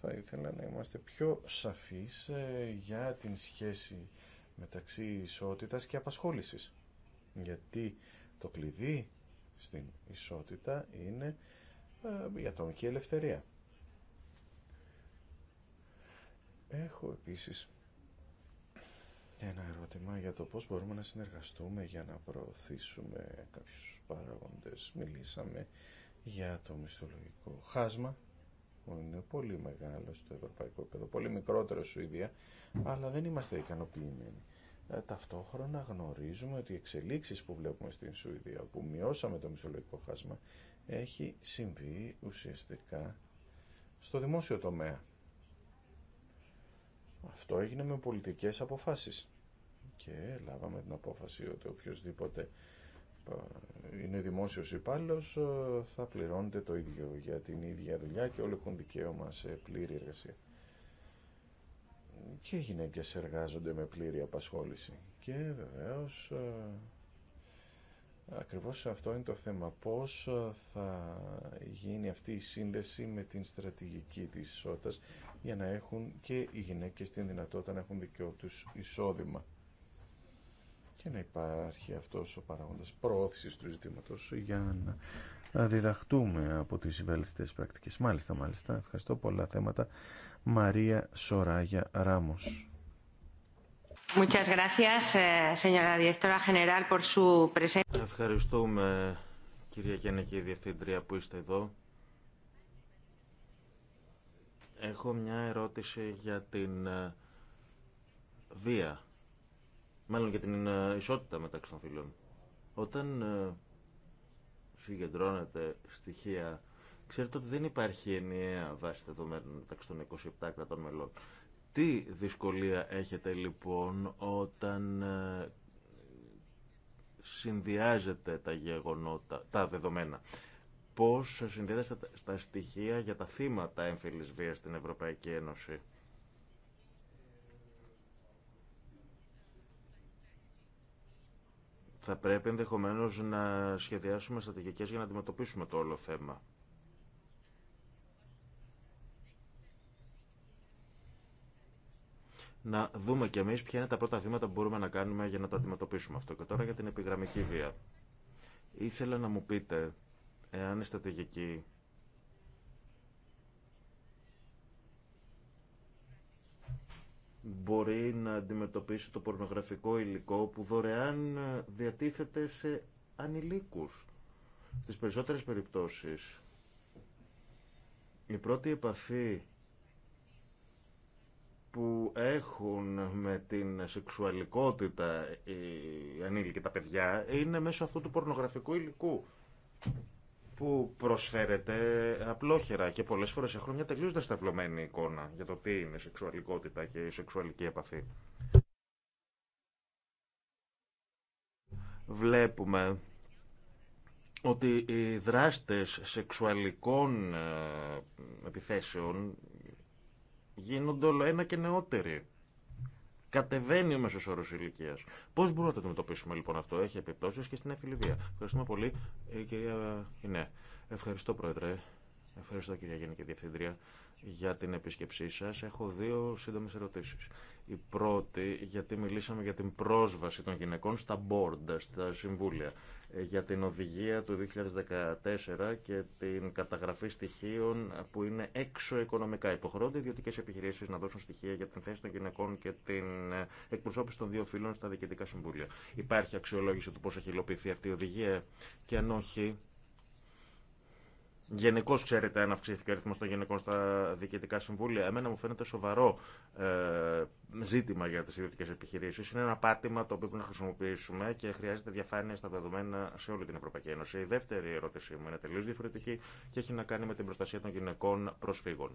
[SPEAKER 1] θα ήθελα να είμαστε πιο σαφείς για την σχέση μεταξύ ισότητας και απασχόλησης γιατί το κλειδί στην ισότητα είναι η ατομική ελευθερία Έχω επίσης ένα ερώτημα για το πώς μπορούμε να συνεργαστούμε για να προωθήσουμε κάποιους παραγόντες. Μιλήσαμε για το μισθολογικό χάσμα που είναι πολύ μεγάλο στο ευρωπαϊκό επίπεδο, πολύ μικρότερο στη Σουηδία, αλλά δεν είμαστε ικανοποιημένοι. Ε, ταυτόχρονα γνωρίζουμε ότι οι εξελίξεις που βλέπουμε στην Σουηδία, που μειώσαμε το μισθολογικό χάσμα, έχει συμβεί ουσιαστικά στο δημόσιο τομέα. Αυτό έγινε με πολιτικές αποφάσεις και λάβαμε την απόφαση ότι οποιοδήποτε ε, είναι δημόσιος υπάλληλο ε, θα πληρώνεται το ίδιο για την ίδια δουλειά και όλοι έχουν δικαίωμα σε πλήρη εργασία. Και οι γυναίκες εργάζονται με πλήρη απασχόληση και βεβαίως ε, Ακριβώς αυτό είναι το θέμα. Πώς ε, θα γίνει αυτή η σύνδεση με την στρατηγική της ισότητας για να έχουν και οι γυναίκες την δυνατότητα να έχουν δικαιό τους εισόδημα και να υπάρχει αυτός ο παράγοντας προώθησης του ζητήματος για να διδαχτούμε από τις βέλτιστες πρακτικές. Μάλιστα, μάλιστα. Ευχαριστώ πολλά θέματα. Μαρία Σοράγια Ράμος.
[SPEAKER 2] Eh,
[SPEAKER 4] Ευχαριστούμε, κυρία Γενική Διευθύντρια, που είστε εδώ. Έχω μια ερώτηση για την ε, βία, μάλλον για την ε, ισότητα μεταξύ των φίλων. Όταν ε, συγκεντρώνεται στοιχεία, ξέρετε ότι δεν υπάρχει ενιαία βάση δεδομένων μεταξύ των 27 κρατών μελών. Τι δυσκολία έχετε λοιπόν όταν ε, συνδυάζετε τα γεγονότα, τα δεδομένα. Πώς συνδυάζετε τα στοιχεία για τα θύματα έμφυλης βίας στην Ευρωπαϊκή Ένωση. Θα πρέπει ενδεχομένως να σχεδιάσουμε στρατηγικές για να αντιμετωπίσουμε το όλο θέμα. να δούμε κι εμείς ποια είναι τα πρώτα βήματα που μπορούμε να κάνουμε για να το αντιμετωπίσουμε αυτό. Και τώρα για την επιγραμμική βία. Ήθελα να μου πείτε, εάν η στρατηγική μπορεί να αντιμετωπίσει το πορνογραφικό υλικό που δωρεάν διατίθεται σε ανηλίκους. Στις περισσότερες περιπτώσεις η πρώτη επαφή που έχουν με την σεξουαλικότητα οι ανήλικοι τα παιδιά είναι μέσω αυτού του πορνογραφικού υλικού που προσφέρεται απλόχερα και πολλές φορές έχουν μια τελείως δεσταυλωμένη εικόνα για το τι είναι σεξουαλικότητα και η σεξουαλική επαφή. Βλέπουμε ότι οι δράστες σεξουαλικών ε, επιθέσεων γίνονται όλο ένα και νεότεροι. Κατεβαίνει ο μέσο όρο ηλικία. Πώ μπορούμε να το αντιμετωπίσουμε λοιπόν αυτό, έχει επιπτώσει και στην εφηλιβία. Ευχαριστούμε πολύ, ε, κυρία Ευχαριστώ, Πρόεδρε. Ευχαριστώ, κυρία Γενική Διευθύντρια για την επίσκεψή σας. Έχω δύο σύντομες ερωτήσεις. Η πρώτη, γιατί μιλήσαμε για την πρόσβαση των γυναικών στα board, στα συμβούλια, ε, για την οδηγία του 2014 και την καταγραφή στοιχείων που είναι έξω οικονομικά. Υποχρεώνται ιδιωτικέ επιχειρήσεις να δώσουν στοιχεία για την θέση των γυναικών και την ε, εκπροσώπηση των δύο φύλων στα διοικητικά συμβούλια. Υπάρχει αξιολόγηση του πώ έχει υλοποιηθεί αυτή η οδηγία και αν όχι, Γενικώ, ξέρετε, αν αυξήθηκε ο αριθμό των γυναικών στα διοικητικά συμβούλια. Εμένα μου φαίνεται σοβαρό ε, ζήτημα για τι ιδιωτικέ επιχειρήσει. Είναι ένα πάτημα το οποίο πρέπει να χρησιμοποιήσουμε και χρειάζεται διαφάνεια στα δεδομένα σε όλη την Ευρωπαϊκή Ένωση. Η δεύτερη ερώτησή μου είναι τελείω διαφορετική και έχει να κάνει με την προστασία των γυναικών προσφύγων.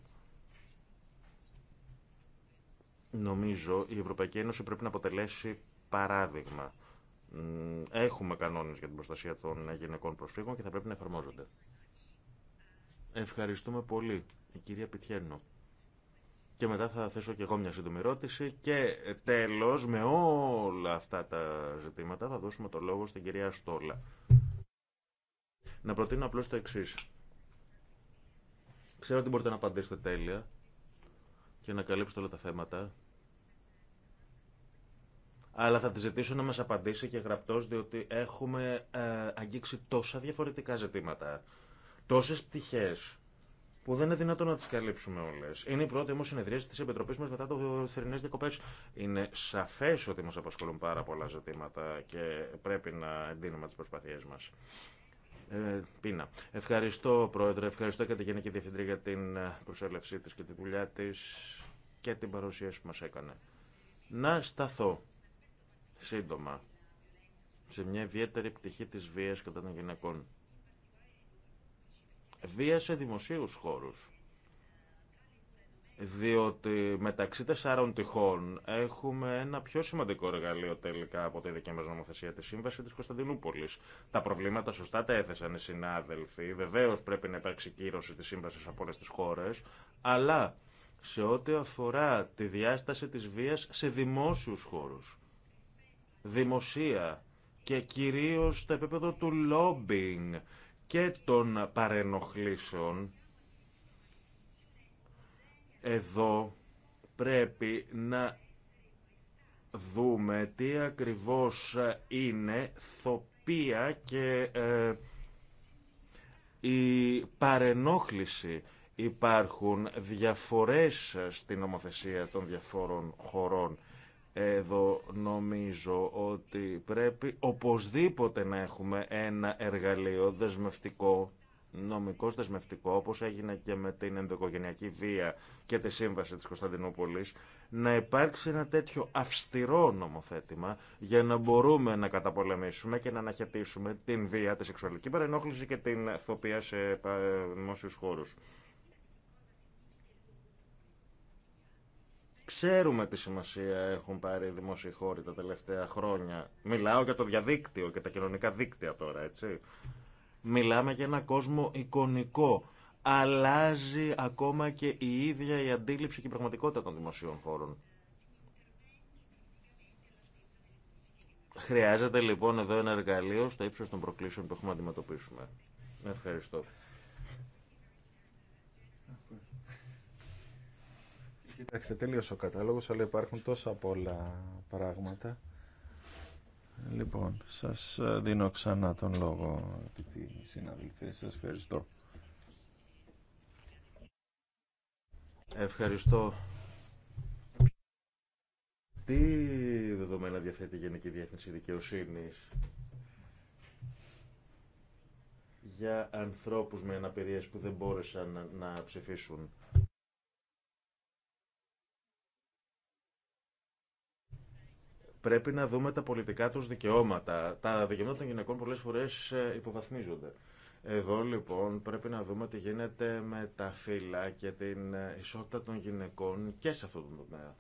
[SPEAKER 4] Νομίζω η Ευρωπαϊκή Ένωση πρέπει να αποτελέσει παράδειγμα. Έχουμε κανόνε για την προστασία των γυναικών προσφύγων και θα πρέπει να εφαρμόζονται. Ευχαριστούμε πολύ, η κυρία Πιτιέρνο. Και μετά θα θέσω και εγώ μια σύντομη ερώτηση. Και τέλος, με όλα αυτά τα ζητήματα, θα δώσουμε το λόγο στην κυρία Στόλα. Να προτείνω απλώς το εξή. Ξέρω ότι μπορείτε να απαντήσετε τέλεια και να καλύψετε όλα τα θέματα. Αλλά θα τη ζητήσω να μας απαντήσει και γραπτός, διότι έχουμε ε, αγγίξει τόσα διαφορετικά ζητήματα Τόσε πτυχέ που δεν είναι δυνατόν να τι καλύψουμε όλε. Είναι η πρώτη όμω συνεδρίαση τη Επιτροπή μα μετά το θερινέ διακοπέ. Είναι σαφέ ότι μα απασχολούν πάρα πολλά ζητήματα και πρέπει να εντείνουμε τι προσπαθίε μα. Ε, Ευχαριστώ, Πρόεδρε. Ευχαριστώ και τη Γενική Διευθυντρία για την ε, προσέλευσή τη και τη δουλειά τη και την παρουσίαση που μα έκανε. Να σταθώ σύντομα σε μια ιδιαίτερη πτυχή της βία κατά των γυναικών βία σε δημοσίους χώρους. Διότι μεταξύ τεσσάρων τυχών έχουμε ένα πιο σημαντικό εργαλείο τελικά από τη δική μας νομοθεσία, της Σύμβασης της Κωνσταντινούπολη. Τα προβλήματα σωστά τα έθεσαν οι συνάδελφοι. Βεβαίως πρέπει να υπάρξει κύρωση τη Σύμβαση από όλε τι χώρε. Αλλά σε ό,τι αφορά τη διάσταση της βίας σε δημόσιους χώρους, δημοσία και κυρίως στο επίπεδο του λόμπινγκ και των παρενοχλήσεων, εδώ πρέπει να δούμε τι ακριβώς είναι θοπία και ε, η παρενόχληση. Υπάρχουν διαφορές στην ομοθεσία των διαφόρων χωρών εδώ νομίζω ότι πρέπει οπωσδήποτε να έχουμε ένα εργαλείο δεσμευτικό, νομικό δεσμευτικό, όπως έγινε και με την ενδοοικογενειακή βία και τη σύμβαση της Κωνσταντινούπολης, να υπάρξει ένα τέτοιο αυστηρό νομοθέτημα για να μπορούμε να καταπολεμήσουμε και να αναχαιτήσουμε την βία, τη σεξουαλική παρενόχληση και την θοπία σε δημόσιου χώρου. Ξέρουμε τι σημασία έχουν πάρει οι δημόσιοι χώροι τα τελευταία χρόνια. Μιλάω για το διαδίκτυο και τα κοινωνικά δίκτυα τώρα, έτσι. Μιλάμε για ένα κόσμο εικονικό. Αλλάζει ακόμα και η ίδια η αντίληψη και η πραγματικότητα των δημοσίων χώρων. Χρειάζεται λοιπόν εδώ ένα εργαλείο στα ύψος των προκλήσεων που έχουμε να αντιμετωπίσουμε. Ευχαριστώ.
[SPEAKER 1] Κοιτάξτε, τελείωσε ο κατάλογος, αλλά υπάρχουν τόσα πολλά πράγματα. Λοιπόν, σας ε, δίνω ξανά τον λόγο, αγαπητοί συναδελφοί. Σας ευχαριστώ. Ευχαριστώ.
[SPEAKER 4] Τι δεδομένα διαθέτει η Γενική Διεύθυνση δικαιοσύνη. για ανθρώπους με αναπηρίες που δεν μπόρεσαν να ψηφίσουν. Πρέπει να δούμε τα πολιτικά τους δικαιώματα. Τα δικαιώματα των γυναικών πολλές φορές ε, υποβαθμίζονται. Εδώ λοιπόν πρέπει να δούμε τι γίνεται με τα φύλλα και την ε, ισότητα των γυναικών και σε αυτό το τομέα.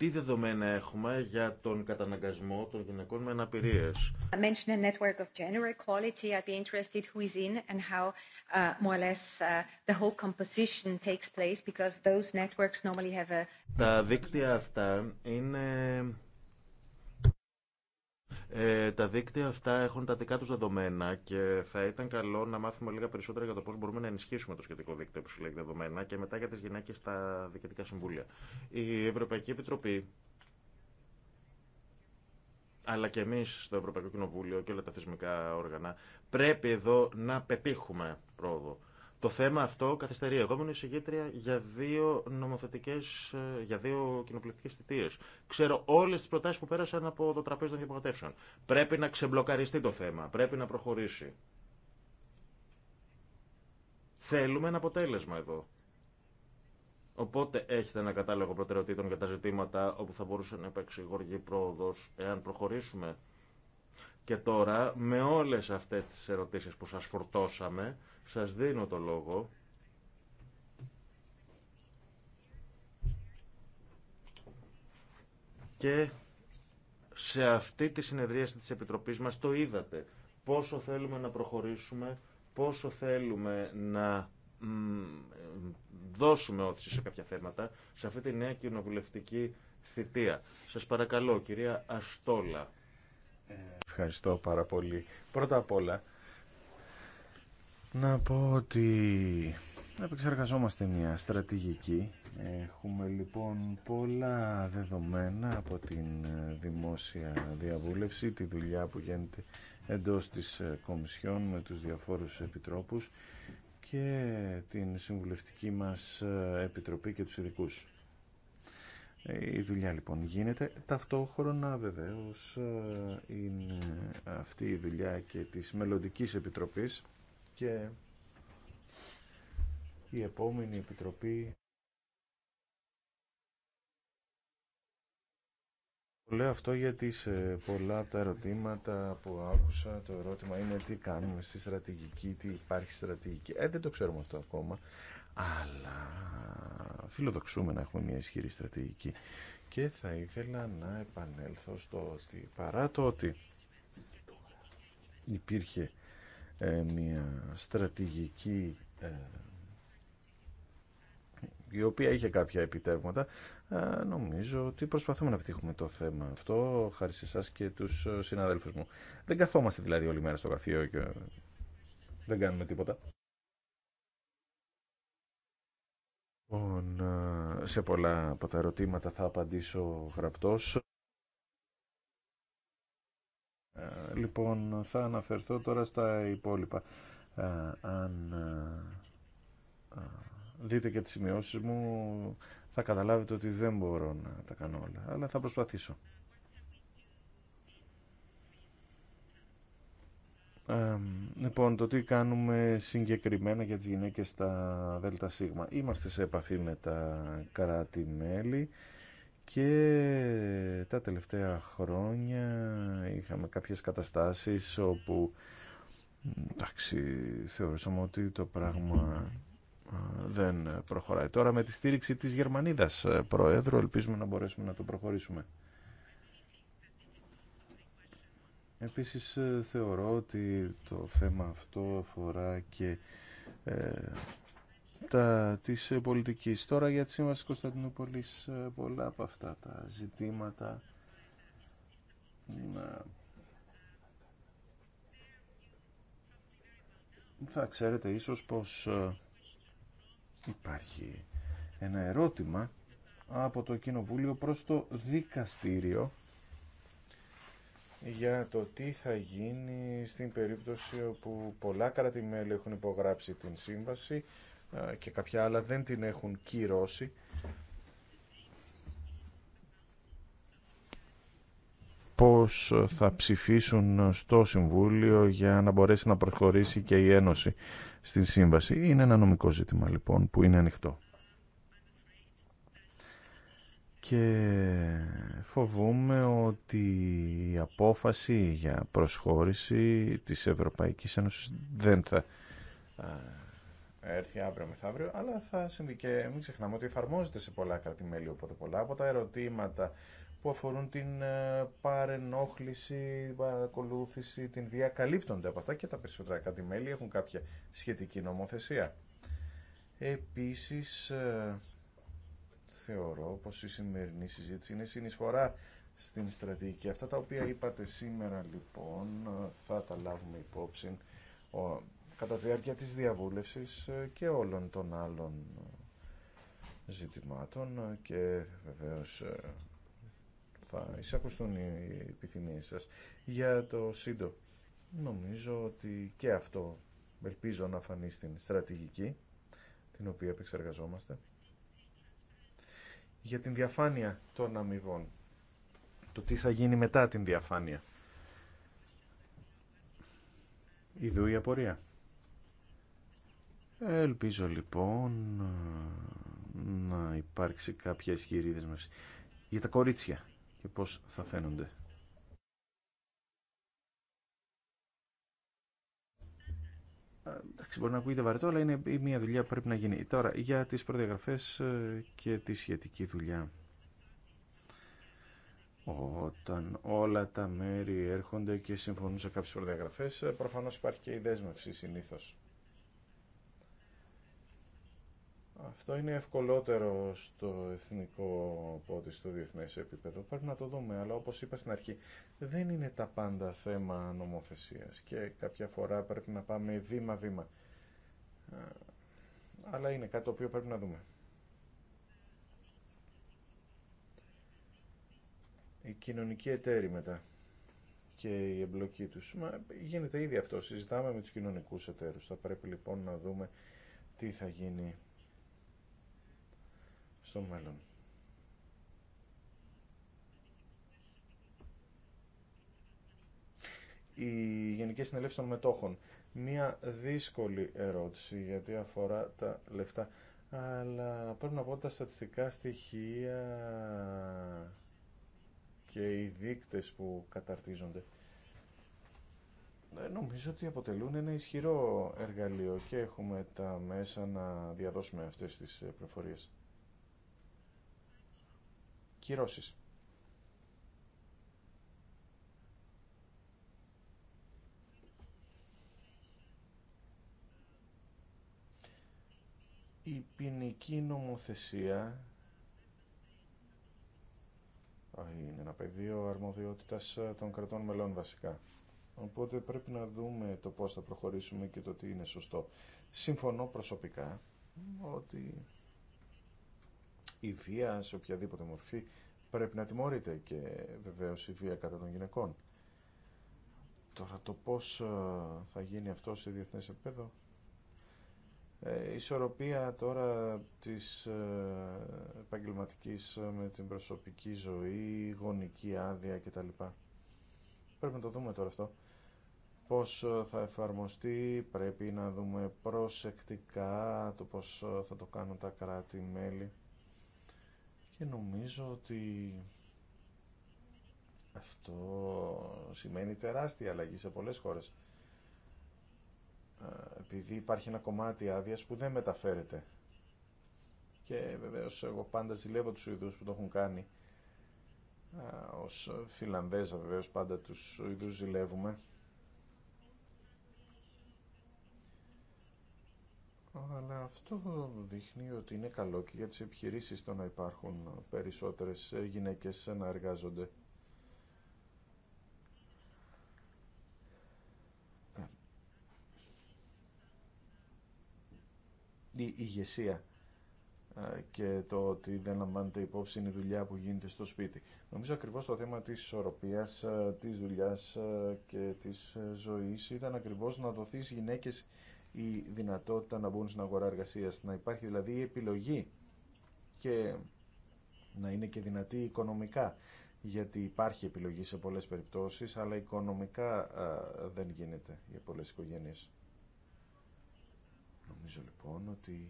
[SPEAKER 4] τι δεδομένα έχουμε για τον καταναγκασμό των γυναικών
[SPEAKER 2] με αναπηρίες. I mentioned a network of gender equality. I'd be interested who is in and how uh, more or less uh, the whole composition takes place because those networks normally have a...
[SPEAKER 4] Τα δίκτυα αυτά είναι ε, τα δίκτυα αυτά έχουν τα δικά του δεδομένα και θα ήταν καλό να μάθουμε λίγα περισσότερα για το πώ μπορούμε να ενισχύσουμε το σχετικό δίκτυο που συλλέγει δεδομένα και μετά για τι γυναίκε στα διοικητικά συμβούλια. Η Ευρωπαϊκή Επιτροπή αλλά και εμεί στο Ευρωπαϊκό Κοινοβούλιο και όλα τα θεσμικά όργανα, πρέπει εδώ να πετύχουμε πρόοδο. Το θέμα αυτό καθυστερεί. Εγώ ήμουν εισηγήτρια για δύο νομοθετικές, ε, για δύο κοινοπληκτικέ θητείες. Ξέρω όλε τι προτάσει που πέρασαν από το τραπέζι των διαπραγματεύσεων. Πρέπει να ξεμπλοκαριστεί το θέμα. Πρέπει να προχωρήσει. Θέλουμε ένα αποτέλεσμα εδώ. Οπότε έχετε ένα κατάλογο προτεραιοτήτων για τα ζητήματα όπου θα μπορούσε να υπάρξει γοργή πρόοδο εάν προχωρήσουμε. Και τώρα με όλες αυτές τις ερωτήσεις που σας φορτώσαμε σας δίνω το λόγο. Και σε αυτή τη συνεδρία της Επιτροπής μας το είδατε. Πόσο θέλουμε να προχωρήσουμε, πόσο θέλουμε να δώσουμε όθηση σε κάποια θέματα σε αυτή τη νέα κοινοβουλευτική θητεία. Σας παρακαλώ, κυρία Αστόλα.
[SPEAKER 1] Ευχαριστώ πάρα πολύ. Πρώτα απ' όλα να πω ότι επεξεργαζόμαστε μια στρατηγική. Έχουμε λοιπόν πολλά δεδομένα από την ε, δημόσια διαβούλευση, τη δουλειά που γίνεται εντός της ε, Κομισιόν με τους διαφόρους επιτρόπους και την συμβουλευτική μας ε, επιτροπή και τους ειδικού. Η δουλειά λοιπόν γίνεται. Ταυτόχρονα βεβαίως είναι αυτή η δουλειά και της μελλοντική επιτροπής και η επόμενη επιτροπή Λέω αυτό γιατί σε πολλά τα ερωτήματα που άκουσα το ερώτημα είναι τι κάνουμε στη στρατηγική, τι υπάρχει στρατηγική. Ε, δεν το ξέρουμε αυτό ακόμα, αλλά φιλοδοξούμε να έχουμε μια ισχυρή στρατηγική. Και θα ήθελα να επανέλθω στο ότι παρά το ότι υπήρχε ε, μια στρατηγική ε, η οποία είχε κάποια επιτεύγματα. Ε, νομίζω ότι προσπαθούμε να πετύχουμε το θέμα αυτό, χάρη σε εσάς και τους συναδέλφους μου. Δεν καθόμαστε δηλαδή όλη μέρα στο γραφείο και δεν κάνουμε τίποτα. Λοιπόν, σε πολλά από τα ερωτήματα θα απαντήσω γραπτός. Λοιπόν, θα αναφερθώ τώρα στα υπόλοιπα. Ε, αν ε, ε, δείτε και τις σημειώσεις μου, θα καταλάβετε ότι δεν μπορώ να τα κάνω όλα, αλλά θα προσπαθήσω. λοιπόν, το τι κάνουμε συγκεκριμένα για τις γυναίκες στα ΔΣ. Είμαστε σε επαφή με τα κράτη-μέλη και τα τελευταία χρόνια είχαμε κάποιες καταστάσεις όπου εντάξει, θεωρήσαμε ότι το πράγμα δεν προχωράει. Τώρα με τη στήριξη της Γερμανίδας ε, Προέδρου ελπίζουμε να μπορέσουμε να το προχωρήσουμε. Επίσης ε, θεωρώ ότι το θέμα αυτό αφορά και ε, τα, της πολιτικής. Τώρα για τη Σύμβαση Κωνσταντινούπολης ε, πολλά από αυτά τα ζητήματα θα ξέρετε ίσως πως ε, υπάρχει ένα ερώτημα από το Κοινοβούλιο προς το δικαστήριο για το τι θα γίνει στην περίπτωση όπου πολλά μέλη έχουν υπογράψει την σύμβαση και κάποια άλλα δεν την έχουν κυρώσει. Πώς ε, θα ψηφίσουν ε, στο Συμβούλιο για να μπορέσει να προχωρήσει και η Ένωση στην Σύμβαση. Είναι ένα νομικό ζήτημα λοιπόν που είναι ανοιχτό. Και φοβούμε ότι η απόφαση για προσχώρηση της Ευρωπαϊκής Ένωσης δεν θα έρθει αύριο μεθαύριο, αλλά θα συμβεί και μην ξεχνάμε ότι εφαρμόζεται σε πολλά οπότε πολλά από τα ερωτήματα που αφορούν την ε, παρενόχληση, την παρακολούθηση, την βία, από αυτά και τα περισσότερα έχουν κάποια σχετική νομοθεσία. Επίσης, ε, θεωρώ πως η σημερινή συζήτηση είναι συνεισφορά στην στρατηγική. Αυτά τα οποία είπατε σήμερα λοιπόν ε, θα τα λάβουμε υπόψη κατά τη διάρκεια της διαβούλευσης ε, και όλων των άλλων ε, ζητημάτων ε, και βεβαίως θα εισακουστούν οι επιθυμίες σας για το ΣΥΝΤΟ. Νομίζω ότι και αυτό ελπίζω να φανεί στην στρατηγική την οποία επεξεργαζόμαστε για την διαφάνεια των αμοιβών το τι θα γίνει μετά την διαφάνεια Ιδού η απορία Ελπίζω λοιπόν να υπάρξει κάποια ισχυρή δεσμεύση για τα κορίτσια και πώς θα φαίνονται. Εντάξει, μπορεί να ακούγεται βαρετό, αλλά είναι μια δουλειά που πρέπει να γίνει. Τώρα, για τις προδιαγραφές ε, και τη σχετική δουλειά. Όταν όλα τα μέρη έρχονται και συμφωνούν σε κάποιες προδιαγραφές, ε, προφανώς υπάρχει και η δέσμευση συνήθως. Αυτό είναι ευκολότερο στο εθνικό πόδι στο διεθνέ επίπεδο. Πρέπει να το δούμε, αλλά όπως είπα στην αρχή, δεν είναι τα πάντα θέμα νομοθεσία. και κάποια φορά πρέπει να πάμε βήμα-βήμα. Αλλά είναι κάτι το οποίο πρέπει να δούμε. Η κοινωνική εταίρη μετά και η εμπλοκή τους. Μα γίνεται ήδη αυτό. Συζητάμε με τους κοινωνικούς εταίρους. Θα πρέπει λοιπόν να δούμε τι θα γίνει στο μέλλον. Οι Γενικές Συνελεύσεις των Μετόχων. Μία δύσκολη ερώτηση γιατί αφορά τα λεφτά. Αλλά πρέπει να πω τα στατιστικά στοιχεία και οι δείκτες που καταρτίζονται ε, νομίζω ότι αποτελούν ένα ισχυρό εργαλείο και έχουμε τα μέσα να διαδώσουμε αυτές τις ε, πληροφορίες κυρώσεις. Η ποινική νομοθεσία είναι ένα πεδίο αρμοδιότητας ε, των κρατών μελών βασικά. Οπότε πρέπει να δούμε το πώς θα προχωρήσουμε και το τι είναι σωστό. Συμφωνώ προσωπικά ότι η βία σε οποιαδήποτε μορφή πρέπει να τιμωρείται και βεβαίως η βία κατά των γυναικών. Τώρα το πώς ε, θα γίνει αυτό σε διεθνές επίπεδο. Ε, η ισορροπία τώρα της ε, επαγγελματική με την προσωπική ζωή, γονική άδεια κτλ. Πρέπει να το δούμε τώρα αυτό. Πώς ε, θα εφαρμοστεί, πρέπει να δούμε προσεκτικά το πώς θα το κάνουν τα κράτη-μέλη και νομίζω ότι αυτό σημαίνει τεράστια αλλαγή σε πολλές χώρες ε, επειδή υπάρχει ένα κομμάτι άδεια που δεν μεταφέρεται και βεβαίω εγώ πάντα ζηλεύω τους Σουηδούς που το έχουν κάνει ε, ως Φιλανδέζα βεβαίως πάντα τους Σουηδούς ζηλεύουμε Αλλά αυτό δείχνει ότι είναι καλό και για τις επιχειρήσεις το να υπάρχουν περισσότερες γυναίκες να εργάζονται. Η ηγεσία και το ότι δεν λαμβάνεται υπόψη είναι η δουλειά που γίνεται στο σπίτι. Νομίζω ακριβώς το θέμα της ισορροπίας, της δουλειάς και της ε, ζωής ήταν ακριβώς να δοθεί γυναίκες η δυνατότητα να μπουν στην αγορά εργασίας, να υπάρχει δηλαδή η επιλογή και να είναι και δυνατή οικονομικά, γιατί υπάρχει επιλογή σε πολλές περιπτώσεις, αλλά οικονομικά δεν γίνεται για πολλές οικογένειες. Νομίζω λοιπόν ότι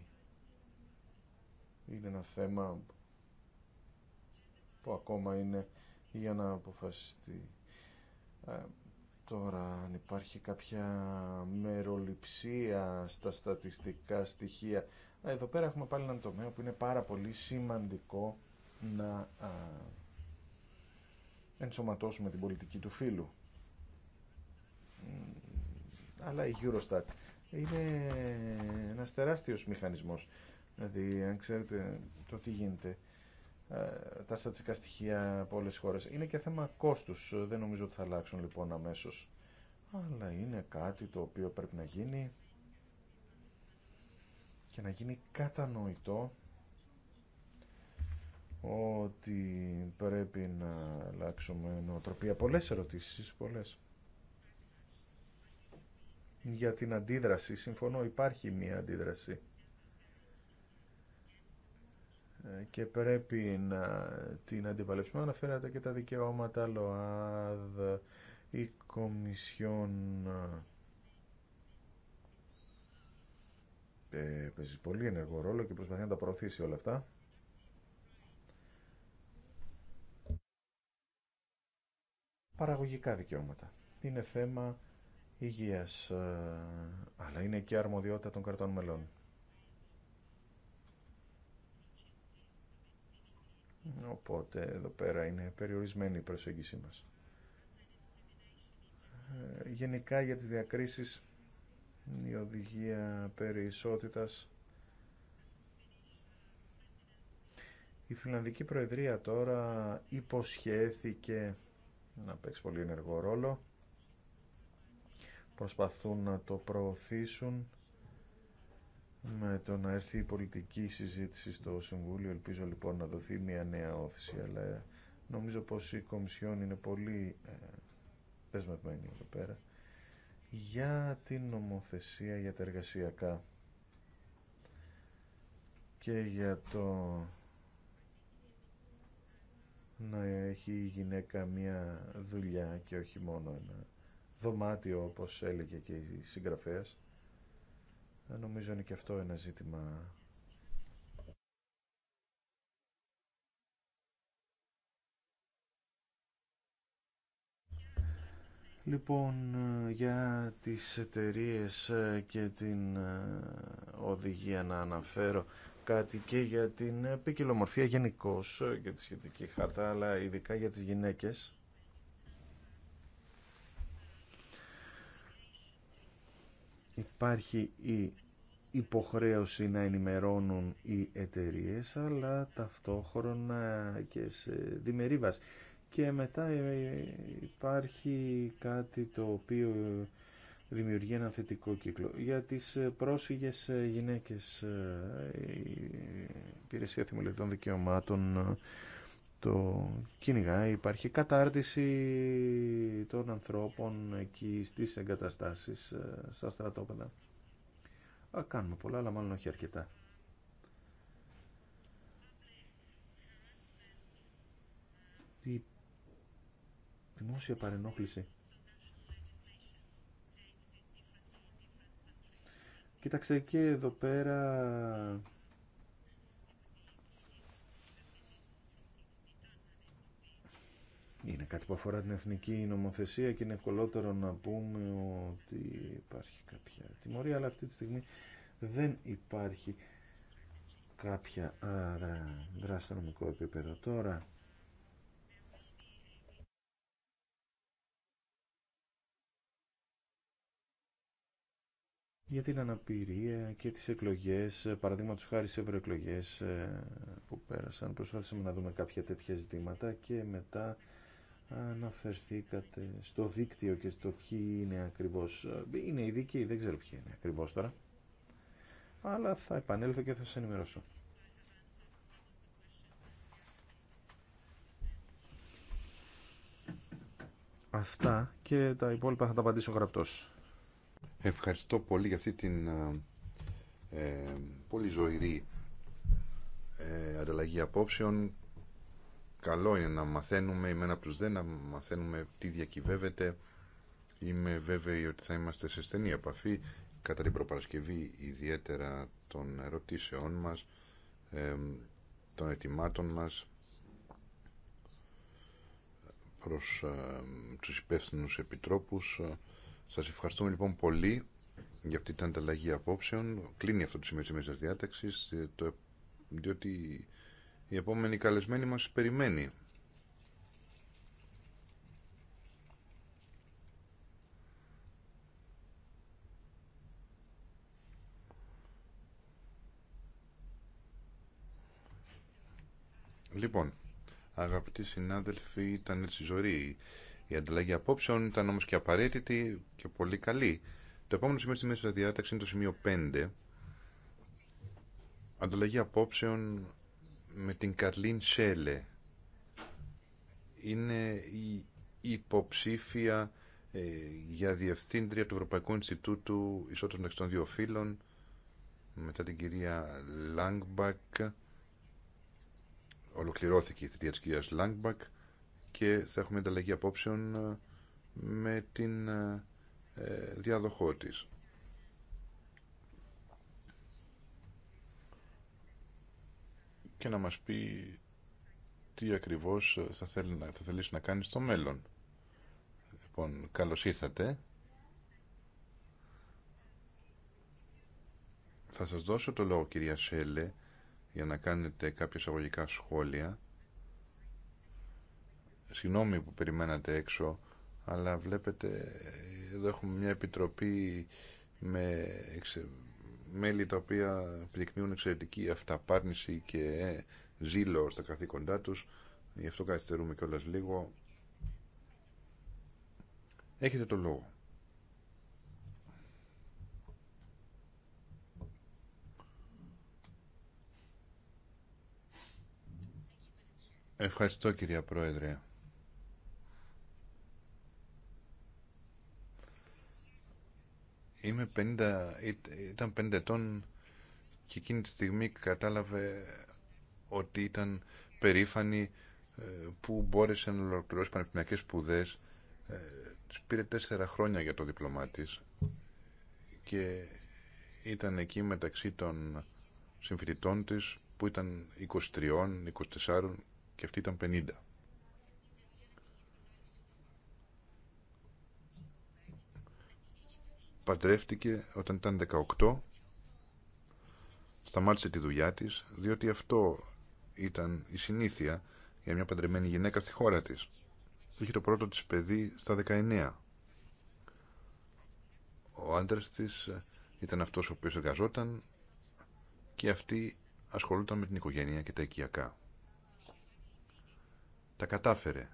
[SPEAKER 1] είναι ένα θέμα που ακόμα είναι για να αποφασιστεί Τώρα, αν υπάρχει κάποια μεροληψία στα στατιστικά στοιχεία, εδώ πέρα έχουμε πάλι έναν τομέα που είναι πάρα πολύ σημαντικό να ενσωματώσουμε την πολιτική του φίλου. Αλλά η Eurostat είναι ένας τεράστιος μηχανισμός. Δηλαδή, αν ξέρετε το τι γίνεται ε, τα στατιστικά στοιχεία από όλε χώρες. Είναι και θέμα κόστους, δεν νομίζω ότι θα αλλάξουν λοιπόν αμέσω. Αλλά είναι κάτι το οποίο πρέπει να γίνει και να γίνει κατανοητό ότι πρέπει να αλλάξουμε νοοτροπία. Πολλές ερωτήσεις, πολλές. Για την αντίδραση, συμφωνώ, υπάρχει μία αντίδραση ε, και πρέπει να την αντιπαλέψουμε. Αναφέρατε και τα δικαιώματα ΛΟΑΔ, η Κομισιόν ε, παίζει πολύ ενεργό ρόλο και προσπαθεί να τα προωθήσει όλα αυτά. Παραγωγικά δικαιώματα. Είναι θέμα υγείας, ε, αλλά είναι και αρμοδιότητα των κρατών μελών. Οπότε εδώ πέρα είναι περιορισμένη η προσέγγιση μας. Ε, γενικά για τις διακρίσεις η οδηγία περί ισότητας Η Φιλανδική Προεδρία τώρα υποσχέθηκε να παίξει πολύ ενεργό ρόλο. Προσπαθούν να το προωθήσουν με το να έρθει η πολιτική συζήτηση στο Συμβούλιο. Ελπίζω λοιπόν να δοθεί μια νέα όθηση, αλλά ε, νομίζω πως η Κομισιόν είναι πολύ ε, δεσμευμένη εδώ πέρα για την νομοθεσία για τα εργασιακά και για το να έχει η γυναίκα μια δουλειά και όχι μόνο ένα δωμάτιο όπως έλεγε και η συγγραφέας ε, νομίζω είναι και αυτό ένα ζήτημα Λοιπόν, ε, για τις εταιρείε ε, και την οδηγία να αναφέρω κάτι και για την ποικιλομορφία γενικώ για τη σχετική χάρτα, αλλά ειδικά για τις γυναίκες. Υπάρχει η υποχρέωση να ενημερώνουν οι εταιρείε, αλλά ταυτόχρονα και σε διμερή Και μετά ε, υπάρχει κάτι το οποίο δημιουργεί ένα θετικό κύκλο. Για τις ε, πρόσφυγες ε, γυναίκες, η Υπηρεσία Θεμελιωδών Δικαιωμάτων το κυνηγάει, υπάρχει κατάρτιση των ανθρώπων εκεί στις εγκαταστάσεις, στα στρατόπεδα. Α, κάνουμε πολλά, αλλά μάλλον όχι αρκετά. Η δημόσια παρενόχληση. Κοίταξε και εδώ πέρα Είναι κάτι που αφορά την εθνική νομοθεσία και είναι ευκολότερο να πούμε ότι υπάρχει κάποια τιμωρία, αλλά αυτή τη στιγμή δεν υπάρχει κάποια δράση στο νομικό επίπεδο. Τώρα, για την αναπηρία και τις εκλογές, παραδείγματος χάρη σε ευρωεκλογές ε, που πέρασαν. Προσπάθησαμε να δούμε κάποια τέτοια ζητήματα και μετά αναφερθήκατε στο δίκτυο και στο ποιοι είναι ακριβώς. Είναι ειδικοί, δεν ξέρω ποιοι είναι ακριβώς τώρα. Αλλά θα επανέλθω και θα σας ενημερώσω.
[SPEAKER 3] Αυτά
[SPEAKER 1] και τα υπόλοιπα θα τα απαντήσω γραπτός.
[SPEAKER 3] Ευχαριστώ πολύ για αυτή την ε, ε, πολύ ζωηρή ε, ανταλλαγή απόψεων καλό είναι να μαθαίνουμε, με ένα του δεν, να μαθαίνουμε τι διακυβεύεται. Είμαι βέβαιη ότι θα είμαστε σε στενή επαφή κατά την προπαρασκευή ιδιαίτερα των ερωτήσεών μας, των ετοιμάτων μας προς ε, τους υπεύθυνους επιτρόπους. Σας ευχαριστούμε λοιπόν πολύ για αυτή την ανταλλαγή απόψεων. Κλείνει αυτό το σημείο της διάταξης, ε, το, διότι η επόμενη καλεσμένη μας περιμένει. Λοιπόν, αγαπητοί συνάδελφοι, ήταν έτσι ζωή. Η ανταλλαγή απόψεων ήταν όμως και απαραίτητη και πολύ καλή. Το επόμενο σημείο στη μέση διάταξη είναι το σημείο 5. Ανταλλαγή απόψεων με την Καρλίν Σέλε. Είναι η υποψήφια ε, για διευθύντρια του Ευρωπαϊκού Ινστιτούτου Ισότητας μεταξύ των δύο φύλων μετά την κυρία Λάγκμπακ ολοκληρώθηκε η θητεία της κυρίας Λάγκμπακ και θα έχουμε ανταλλαγή απόψεων ε, με την ε, διάδοχό της. και να μας πει τι ακριβώς ε, θα, θέλει, θα θέλεις να κάνεις στο μέλλον. Λοιπόν, καλώς ήρθατε. Θα σας δώσω το λόγο κυρία Σέλε για να κάνετε κάποια αγωγικά σχόλια. Συγγνώμη που περιμένατε έξω, αλλά βλέπετε εδώ έχουμε μια επιτροπή με μέλη τα οποία επιδεικνύουν εξαιρετική αυταπάρνηση και ε, ζήλο στα καθήκοντά τους. Γι' αυτό καθυστερούμε κιόλας λίγο. Έχετε το λόγο. Ευχαριστώ κυρία Πρόεδρε. Είμαι 50, ήταν 50 ετών και εκείνη τη στιγμή κατάλαβε ότι ήταν περήφανη ε, που μπόρεσε να ολοκληρώσει πανεπιστημιακές σπουδέ. Ε, τη πήρε τέσσερα χρόνια για το διπλωμά τη και ήταν εκεί μεταξύ των συμφοιτητών τη που ήταν 23, 24 και αυτή ήταν 50. παντρεύτηκε όταν ήταν 18 σταμάτησε τη δουλειά της διότι αυτό ήταν η συνήθεια για μια παντρεμένη γυναίκα στη χώρα της είχε το πρώτο της παιδί στα 19 ο άντρας της ήταν αυτός ο οποίος εργαζόταν και αυτή ασχολούταν με την οικογένεια και τα οικιακά τα κατάφερε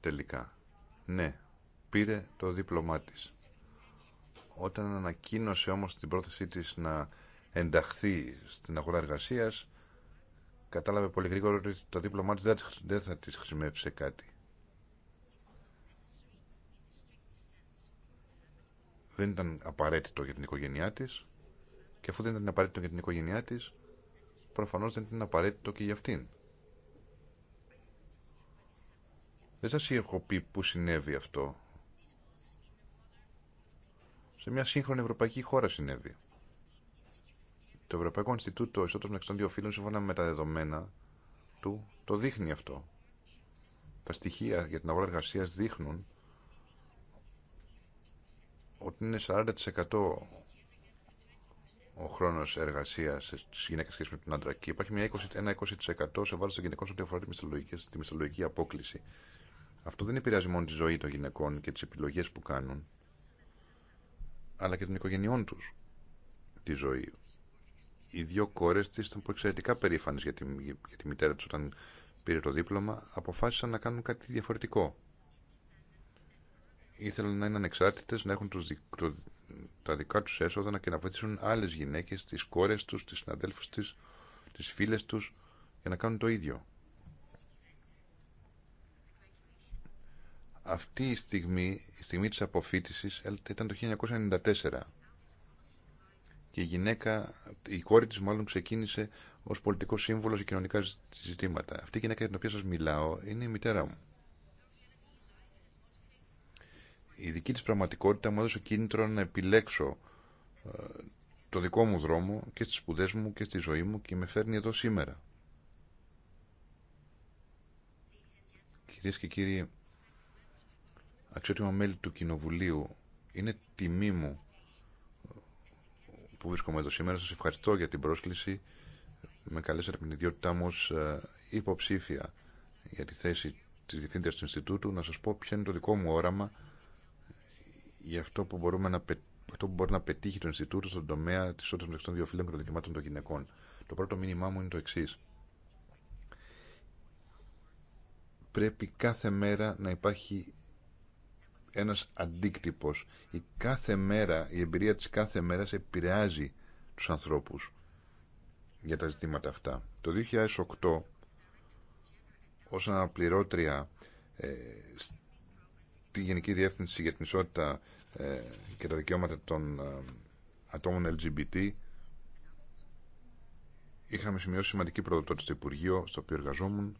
[SPEAKER 3] τελικά ναι πήρε το δίπλωμά της όταν ανακοίνωσε όμως την πρόθεσή της να ενταχθεί στην αγορά εργασίας, κατάλαβε πολύ γρήγορα ότι το δίπλωμά της δεν θα της χρησιμεύσει κάτι. Δεν ήταν απαραίτητο για την οικογένειά της και αφού δεν ήταν απαραίτητο για την οικογένειά της, προφανώς δεν ήταν απαραίτητο και για αυτήν. Δεν σας έχω πει που συνέβη αυτό σε μια σύγχρονη ευρωπαϊκή χώρα συνέβη. Το Ευρωπαϊκό Ινστιτούτο Ισότητα μεταξύ των δύο φύλων, σύμφωνα με τα δεδομένα του, το δείχνει αυτό. Τα στοιχεία για την αγορά εργασία δείχνουν ότι είναι 40% ο χρόνο εργασία τη γυναίκα σχέση με τον άντρα. Και υπάρχει μια 20, ένα 20% σε βάρο των γυναικών σε ό,τι αφορά τη μισθολογική απόκληση. Αυτό δεν επηρεάζει μόνο τη ζωή των γυναικών και τι επιλογέ που κάνουν, αλλά και των οικογενειών τους τη ζωή. Οι δύο κόρες της ήταν εξαιρετικά περήφανες για τη, για τη μητέρα τους όταν πήρε το δίπλωμα, αποφάσισαν να κάνουν κάτι διαφορετικό. Ήθελαν να είναι ανεξάρτητες, να έχουν το, τα δικά τους έσοδα και να βοηθήσουν άλλες γυναίκες, τις κόρες τους, τις συναδέλφους της, τις φίλες τους, για να κάνουν το ίδιο. αυτή η στιγμή, η στιγμή της αποφύτησης ε, ήταν το 1994 και η γυναίκα, η κόρη της μάλλον ξεκίνησε ως πολιτικό σύμβολο για κοινωνικά ζητήματα. Αυτή η γυναίκα για την οποία σας μιλάω είναι η μητέρα μου. Η δική της πραγματικότητα μου έδωσε κίνητρο να επιλέξω ε, το δικό μου δρόμο και στις σπουδέ μου και στη ζωή μου και με φέρνει εδώ σήμερα. Κυρίες και κύριοι, αξιότιμα μέλη του Κοινοβουλίου, είναι τιμή μου ε, που βρίσκομαι εδώ σήμερα. Σας ευχαριστώ για την πρόσκληση. Με καλέσατε από την ιδιότητά μου ως ε, υποψήφια για τη θέση της Διευθύντριας του Ινστιτούτου να σας πω ποιο είναι το δικό μου όραμα για αυτό που, μπορούμε να, αυτό που μπορεί να πετύχει το Ινστιτούτο στον τομέα της όρτας μεταξύ των δύο φίλων και των δικαιωμάτων των γυναικών. Το πρώτο μήνυμά μου είναι το εξή. Πρέπει κάθε μέρα να υπάρχει ένας αντίκτυπος. Η κάθε μέρα, η εμπειρία της κάθε μέρας επηρεάζει τους ανθρώπους για τα ζητήματα αυτά. Το 2008 ως αναπληρώτρια ε, στη Γενική Διεύθυνση για την Ισότητα ε, και τα Δικαιώματα των ε, Ατόμων LGBT είχαμε σημειώσει σημαντική προδοτότητα στο Υπουργείο στο οποίο εργαζόμουν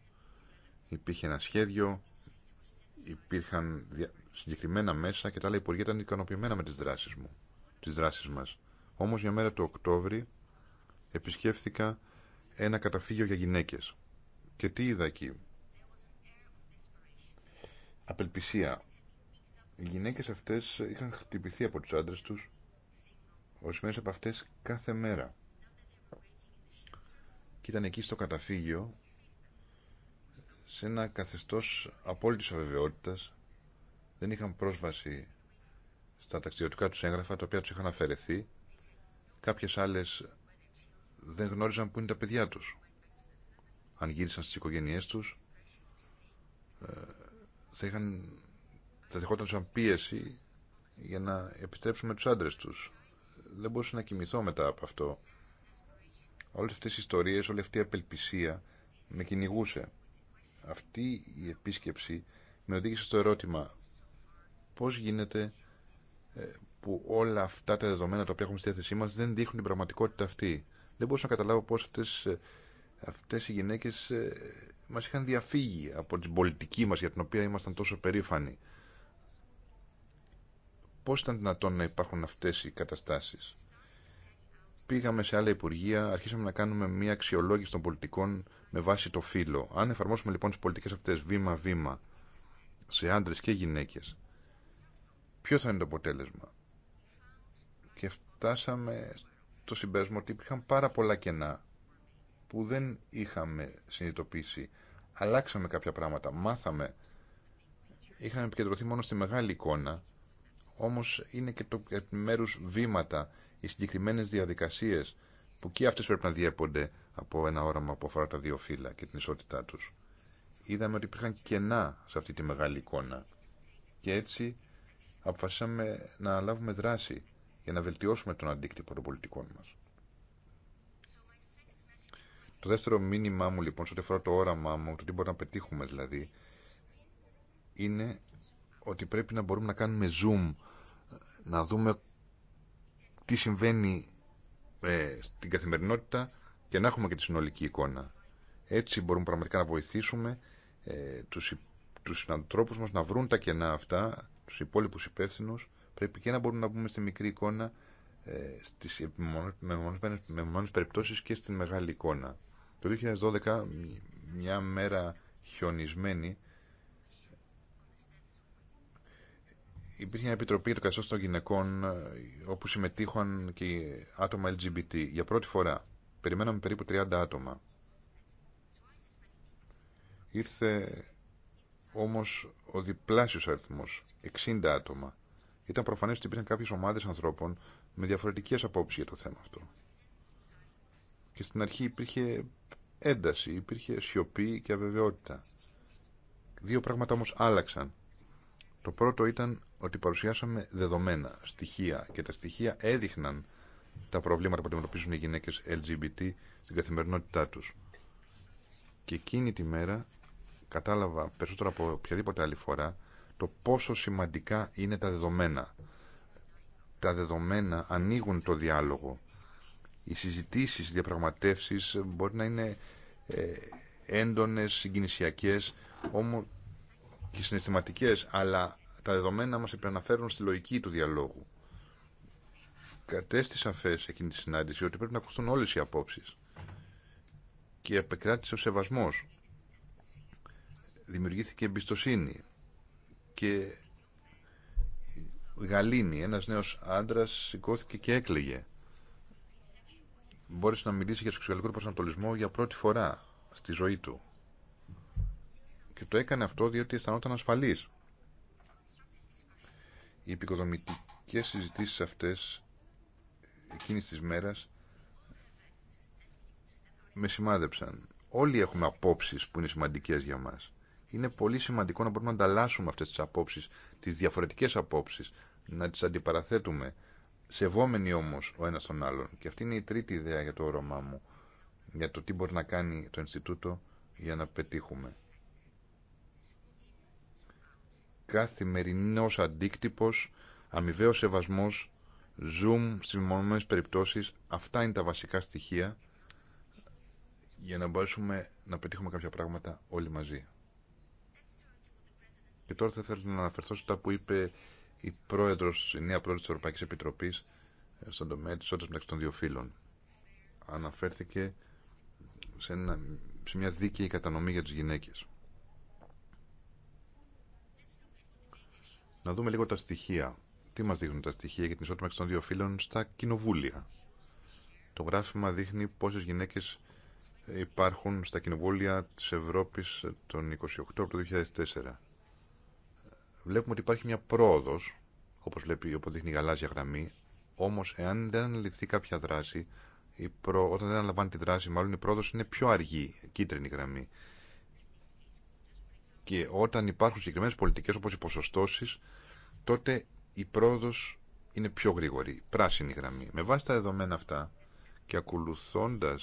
[SPEAKER 3] υπήρχε ένα σχέδιο υπήρχαν συγκεκριμένα μέσα και τα άλλα υπουργεία ήταν ικανοποιημένα με τις δράσεις μου, τις δράσεις μας. Όμως για μέρα του Οκτώβρη επισκέφθηκα ένα καταφύγιο για γυναίκες. Και τι είδα εκεί. Απελπισία. Οι γυναίκες αυτές είχαν χτυπηθεί από του άντρε τους, ορισμένε από αυτέ κάθε μέρα. Και ήταν εκεί στο καταφύγιο, σε ένα καθεστώς απόλυτης αβεβαιότητας, δεν είχαν πρόσβαση στα ταξιδιωτικά τους έγγραφα, τα οποία τους είχαν αφαιρεθεί. Κάποιες άλλες δεν γνώριζαν που είναι τα παιδιά τους. Αν γύρισαν στις οικογένειές τους, ε, θα, είχαν, δεχόταν σαν πίεση για να επιτρέψουμε τους άντρες τους. Δεν μπορούσα να κοιμηθώ μετά από αυτό. Όλες αυτές οι ιστορίες, όλη αυτή η απελπισία με κυνηγούσε. Αυτή η επίσκεψη με οδήγησε στο ερώτημα πώς γίνεται ε, που όλα αυτά τα δεδομένα τα οποία έχουμε στη θέση μας δεν δείχνουν την πραγματικότητα αυτή. Δεν μπορούσα να καταλάβω πώς αυτές, ε, οι γυναίκες ε, μας είχαν διαφύγει από την πολιτική μας για την οποία ήμασταν τόσο περήφανοι. Πώς ήταν δυνατόν να υπάρχουν αυτές οι καταστάσεις. Πήγαμε σε άλλα υπουργεία, αρχίσαμε να κάνουμε μια αξιολόγηση των πολιτικών με βάση το φύλλο. Αν εφαρμόσουμε λοιπόν τις πολιτικές αυτές βήμα-βήμα σε άντρες και γυναίκες, ποιο θα είναι το αποτέλεσμα. Και φτάσαμε στο συμπέρασμα ότι υπήρχαν πάρα πολλά κενά που δεν είχαμε συνειδητοποιήσει. Αλλάξαμε κάποια πράγματα, μάθαμε. Είχαμε επικεντρωθεί μόνο στη μεγάλη εικόνα, όμως είναι και το ε, μέρους βήματα, οι συγκεκριμένες διαδικασίες, που και αυτές πρέπει να διέπονται από ένα όραμα που αφορά τα δύο φύλλα και την ισότητά τους. Είδαμε ότι υπήρχαν κενά σε αυτή τη μεγάλη εικόνα. Και έτσι αποφασίσαμε να λάβουμε δράση για να βελτιώσουμε τον αντίκτυπο των πολιτικών μας. Το δεύτερο μήνυμά μου λοιπόν, σε ό,τι αφορά το όραμά μου, το τι μπορούμε να πετύχουμε δηλαδή, είναι ότι πρέπει να μπορούμε να κάνουμε zoom, να δούμε τι συμβαίνει ε, στην καθημερινότητα και να έχουμε και τη συνολική εικόνα. Έτσι μπορούμε πραγματικά να βοηθήσουμε ε, τους, τους μας να βρουν τα κενά αυτά τους υπόλοιπους υπεύθυνου, πρέπει και να μπορούμε να μπούμε στη μικρή εικόνα ε, στις μεμονωμένες περιπτώσεις και στην μεγάλη εικόνα. Το 2012, μια μέρα χιονισμένη, υπήρχε μια επιτροπή του το των γυναικών ε, όπου συμμετείχαν και άτομα LGBT. Για πρώτη φορά περιμέναμε περίπου 30 άτομα. Ήρθε όμως ο διπλάσιος αριθμό, 60 άτομα. Ήταν προφανές ότι υπήρχαν κάποιε ομάδες ανθρώπων με διαφορετικέ απόψει για το θέμα αυτό. Και στην αρχή υπήρχε ένταση, υπήρχε σιωπή και αβεβαιότητα. Δύο πράγματα όμως άλλαξαν. Το πρώτο ήταν ότι παρουσιάσαμε δεδομένα, στοιχεία και τα στοιχεία έδειχναν τα προβλήματα που αντιμετωπίζουν οι γυναίκε LGBT στην καθημερινότητά του. Και εκείνη τη μέρα κατάλαβα περισσότερο από οποιαδήποτε άλλη φορά το πόσο σημαντικά είναι τα δεδομένα. Τα δεδομένα ανοίγουν το διάλογο. Οι συζητήσεις, οι διαπραγματεύσεις μπορεί να είναι ε, έντονες, συγκινησιακές όμως και συναισθηματικές, αλλά τα δεδομένα μας επαναφέρουν στη λογική του διαλόγου. Κατέστησα φές εκείνη τη συνάντηση ότι πρέπει να ακουστούν όλες οι απόψεις και επικράτησε ο σεβασμός δημιουργήθηκε εμπιστοσύνη και γαλήνη, ένας νέος άντρας σηκώθηκε και έκλαιγε. Μπόρεσε να μιλήσει για σεξουαλικό προσανατολισμό για πρώτη φορά στη ζωή του. Και το έκανε αυτό διότι αισθανόταν ασφαλής. Οι επικοδομητικές συζητήσεις αυτές εκείνης της μέρας με σημάδεψαν. Όλοι έχουμε απόψεις που είναι σημαντικές για μας είναι πολύ σημαντικό να μπορούμε να ανταλλάσσουμε αυτές τις απόψεις, τις διαφορετικές απόψεις, να τις αντιπαραθέτουμε, σεβόμενοι όμως ο ένας τον άλλον. Και αυτή είναι η τρίτη ιδέα για το όρομά μου, για το τι μπορεί να κάνει το Ινστιτούτο για να πετύχουμε. Καθημερινός αντίκτυπος, αμοιβαίος σεβασμός, zoom στις μονομένες περιπτώσεις, αυτά είναι τα βασικά στοιχεία για να μπορέσουμε να πετύχουμε κάποια πράγματα όλοι μαζί. Και τώρα θα ήθελα να αναφερθώ αυτά που είπε η, πρόεδρος, η νέα Πρόεδρο της Ευρωπαϊκής Επιτροπής ε, στον τομέα της όρτας μεταξύ των δύο φύλων. Αναφέρθηκε σε, μια δίκαιη κατανομή για τις γυναίκες. Να δούμε λίγο τα στοιχεία. Τι μας δείχνουν τα στοιχεία για την ισότητα μεταξύ των δύο φύλων στα κοινοβούλια. Το γράφημα δείχνει πόσες γυναίκες υπάρχουν στα κοινοβούλια της Ευρώπης τον 28 από 2004 βλέπουμε ότι υπάρχει μια πρόοδο, όπως βλέπει, όπως δείχνει η γαλάζια γραμμή, όμως εάν δεν αναλυφθεί κάποια δράση, η όταν δεν αναλαμβάνει τη δράση, μάλλον η πρόοδο είναι πιο αργή, κίτρινη γραμμή. Και όταν υπάρχουν συγκεκριμένες πολιτικές όπως οι ποσοστώσει, τότε η πρόοδο είναι πιο γρήγορη, πράσινη γραμμή. Με βάση τα δεδομένα αυτά και ακολουθώντα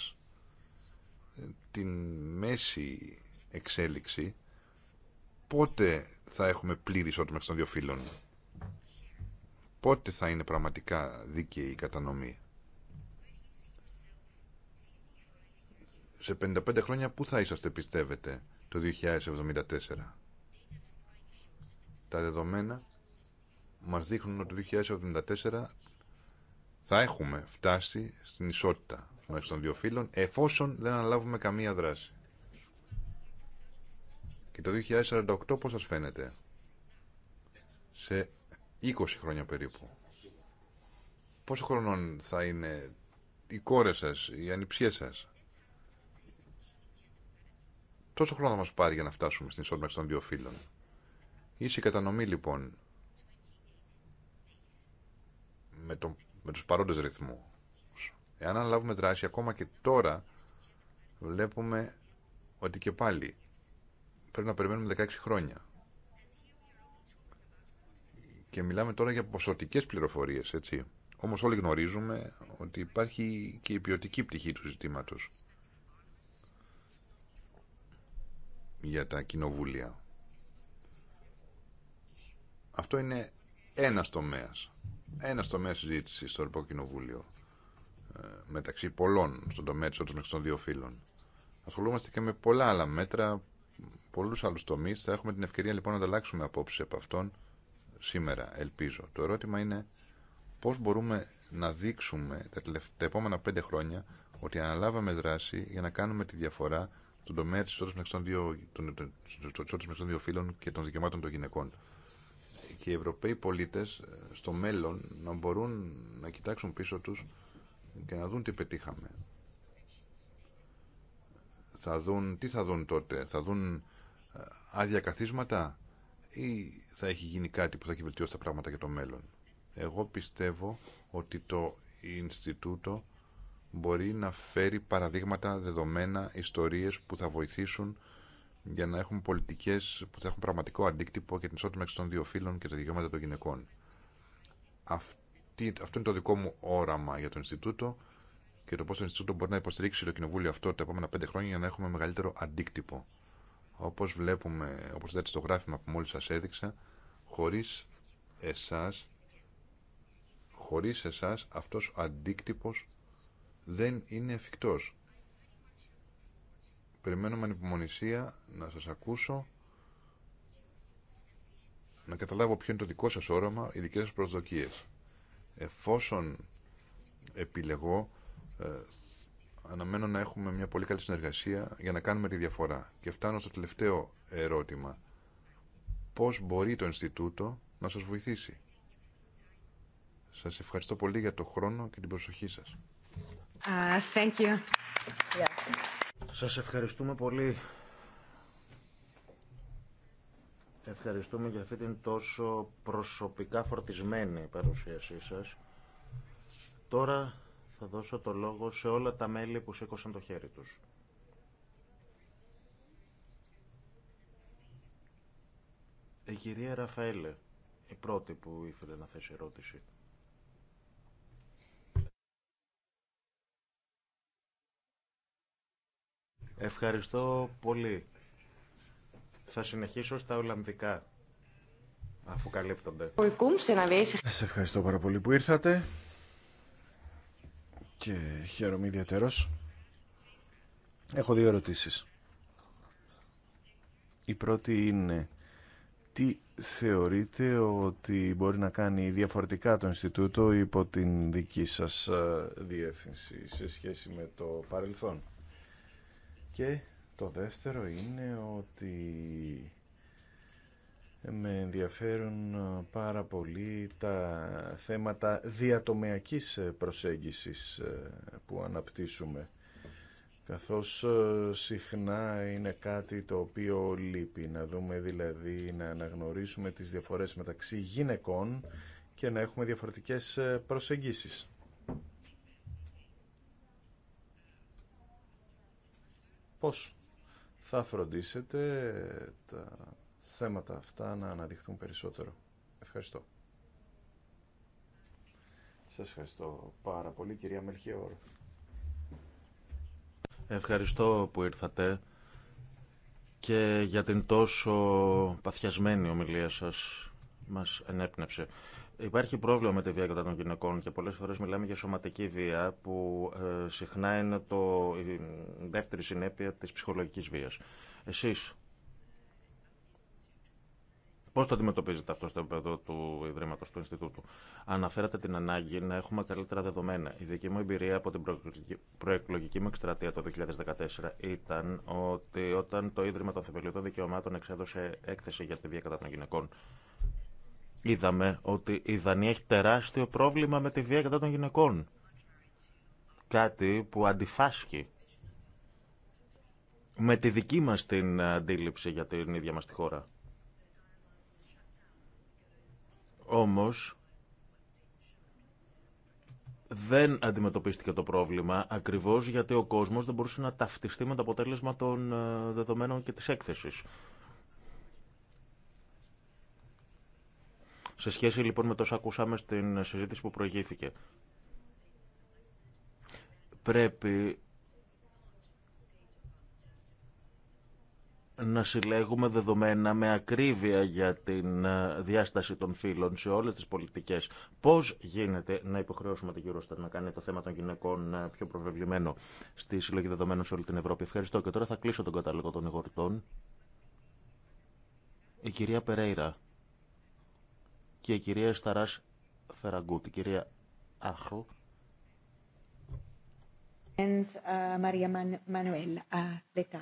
[SPEAKER 3] την μέση εξέλιξη, πότε θα έχουμε πλήρη ισότητα μεταξύ των δύο φύλων. Πότε θα είναι πραγματικά δίκαιη η κατανομή. Σε 55 χρόνια πού θα είσαστε πιστεύετε το 2074. Τα δεδομένα μας δείχνουν ότι το 2074 θα έχουμε φτάσει στην ισότητα μεταξύ των δύο φύλων εφόσον δεν αναλάβουμε καμία δράση. Και το 2048 πώς σας φαίνεται. Σε 20 χρόνια περίπου. Πόσο χρονών θα είναι οι κόρες σας, οι ανιψίες σας. Τόσο χρόνο θα μας πάρει για να φτάσουμε στην ισότητα των δύο φύλων. Ίση κατανομή λοιπόν με, τον, με τους παρόντες ρυθμού. Εάν αναλάβουμε δράση ακόμα και τώρα βλέπουμε ότι και πάλι πρέπει να περιμένουμε 16 χρόνια. Και μιλάμε τώρα για ποσοτικές πληροφορίες, έτσι. Όμως όλοι γνωρίζουμε ότι υπάρχει και η ποιοτική πτυχή του ζητήματος για τα κοινοβούλια. Αυτό είναι ένα τομέα. Ένα τομέα συζήτηση στο Ευρωπαϊκό Κοινοβούλιο. Ε, μεταξύ πολλών στον τομέα τη των δύο φύλων. Ασχολούμαστε και με πολλά άλλα μέτρα πολλούς άλλους τομείς. Θα έχουμε την ευκαιρία λοιπόν να ανταλλάξουμε απόψεις από αυτόν σήμερα, ελπίζω. Το ερώτημα είναι πώς μπορούμε να δείξουμε τα, επόμενα πέντε χρόνια ότι αναλάβαμε δράση για να κάνουμε τη διαφορά στον τομέα της ισότητας μεταξύ των δύο, των, των δύο φύλων και των δικαιωμάτων των γυναικών. Και οι Ευρωπαίοι πολίτες ε, στο μέλλον να μπορούν να κοιτάξουν πίσω τους και να δουν τι πετύχαμε θα δουν, τι θα δουν τότε, θα δουν ε, άδεια καθίσματα ή θα έχει γίνει κάτι που θα έχει βελτιώσει τα πράγματα για το μέλλον. Εγώ πιστεύω ότι το Ινστιτούτο μπορεί να φέρει παραδείγματα, δεδομένα, ιστορίες που θα βοηθήσουν για να έχουν πολιτικές που θα έχουν πραγματικό αντίκτυπο και την ισότητα μεταξύ των δύο φύλων και τα δικαιώματα των γυναικών. αυτό είναι το δικό μου όραμα για το Ινστιτούτο και το πώ το Ινστιτούτο μπορεί να υποστηρίξει το κοινοβούλιο αυτό τα επόμενα πέντε χρόνια για να έχουμε μεγαλύτερο αντίκτυπο. Όπω βλέπουμε, όπω δείτε στο γράφημα που μόλι σα έδειξα, χωρί εσά, χωρί εσάς, αυτό ο αντίκτυπο δεν είναι εφικτό. Περιμένω με ανυπομονησία να σας ακούσω, να καταλάβω ποιο είναι το δικό σας όραμα, οι δικές σας προσδοκίες. Εφόσον επιλεγώ, ε, αναμένω να έχουμε μια πολύ καλή συνεργασία για να κάνουμε τη διαφορά. Και φτάνω στο τελευταίο ερώτημα. Πώς μπορεί το Ινστιτούτο να σας βοηθήσει. Σας ευχαριστώ πολύ για το χρόνο και την προσοχή σας.
[SPEAKER 2] Uh, thank you.
[SPEAKER 4] Σας ευχαριστούμε πολύ. Ευχαριστούμε για αυτή την τόσο προσωπικά φορτισμένη παρουσίασή σας. Τώρα θα δώσω το λόγο σε όλα τα μέλη που σήκωσαν το χέρι τους. Η κυρία Ραφαέλε, η πρώτη που ήθελε να θέσει ερώτηση. Ευχαριστώ πολύ. Θα συνεχίσω στα Ολλανδικά, αφού καλύπτονται.
[SPEAKER 1] Σε ευχαριστώ πάρα πολύ που ήρθατε και χαίρομαι ιδιαίτερος. Έχω δύο ερωτήσεις. Η πρώτη είναι τι θεωρείτε ότι μπορεί να κάνει διαφορετικά το Ινστιτούτο υπό την δική σας ε, διεύθυνση σε σχέση με το παρελθόν. Και το δεύτερο είναι ότι με ενδιαφέρουν ε, πάρα πολύ τα θέματα διατομεακής ε, προσέγγισης ε, που αναπτύσσουμε καθώς συχνά είναι κάτι το οποίο λείπει. Να δούμε δηλαδή να αναγνωρίσουμε τις διαφορές μεταξύ γυναικών και να έχουμε διαφορετικές προσεγγίσεις. Πώς θα φροντίσετε τα θέματα αυτά να αναδειχθούν περισσότερο. Ευχαριστώ. Σας ευχαριστώ πάρα πολύ κυρία Μελχιόρ.
[SPEAKER 4] Ευχαριστώ που ήρθατε και για την τόσο παθιασμένη ομιλία σας μας ενέπνευσε. Υπάρχει πρόβλημα με τη βία κατά των γυναικών και πολλές φορές μιλάμε για σωματική βία που ε, συχνά είναι το, η δεύτερη συνέπεια της ψυχολογικής βίας. Εσείς Πώ το αντιμετωπίζετε αυτό στο επίπεδο του Ιδρύματο του Ινστιτούτου. Αναφέρατε την ανάγκη να έχουμε καλύτερα δεδομένα. Η δική μου εμπειρία από την προεκλογική μου εκστρατεία το 2014 ήταν ότι όταν το Ίδρυμα των Θεμελιωδών Δικαιωμάτων εξέδωσε έκθεση για τη βία κατά των γυναικών, είδαμε ότι η Δανία έχει τεράστιο πρόβλημα με τη βία κατά των γυναικών. Κάτι που αντιφάσκει με τη δική μας την αντίληψη για την ίδια μας τη χώρα. Όμως δεν αντιμετωπίστηκε το πρόβλημα ακριβώς γιατί ο κόσμος δεν μπορούσε να ταυτιστεί με το αποτέλεσμα των ε, δεδομένων και της έκθεσης. Σε σχέση λοιπόν με το όσα ακούσαμε στην συζήτηση που προηγήθηκε. Πρέπει να συλλέγουμε δεδομένα με ακρίβεια για την ε, διάσταση των φύλων σε όλες τις πολιτικές. Πώς γίνεται να υποχρεώσουμε την Eurostat να κάνει το θέμα των γυναικών ε, πιο προβεβλημένο στη συλλογή δεδομένων σε όλη την Ευρώπη. Ευχαριστώ και τώρα θα κλείσω τον κατάλογο των εγωρτών. Η κυρία Περέιρα και η κυρία Σταράς Φεραγκούτ, η κυρία Άχο
[SPEAKER 2] and uh, Maria Manuel uh,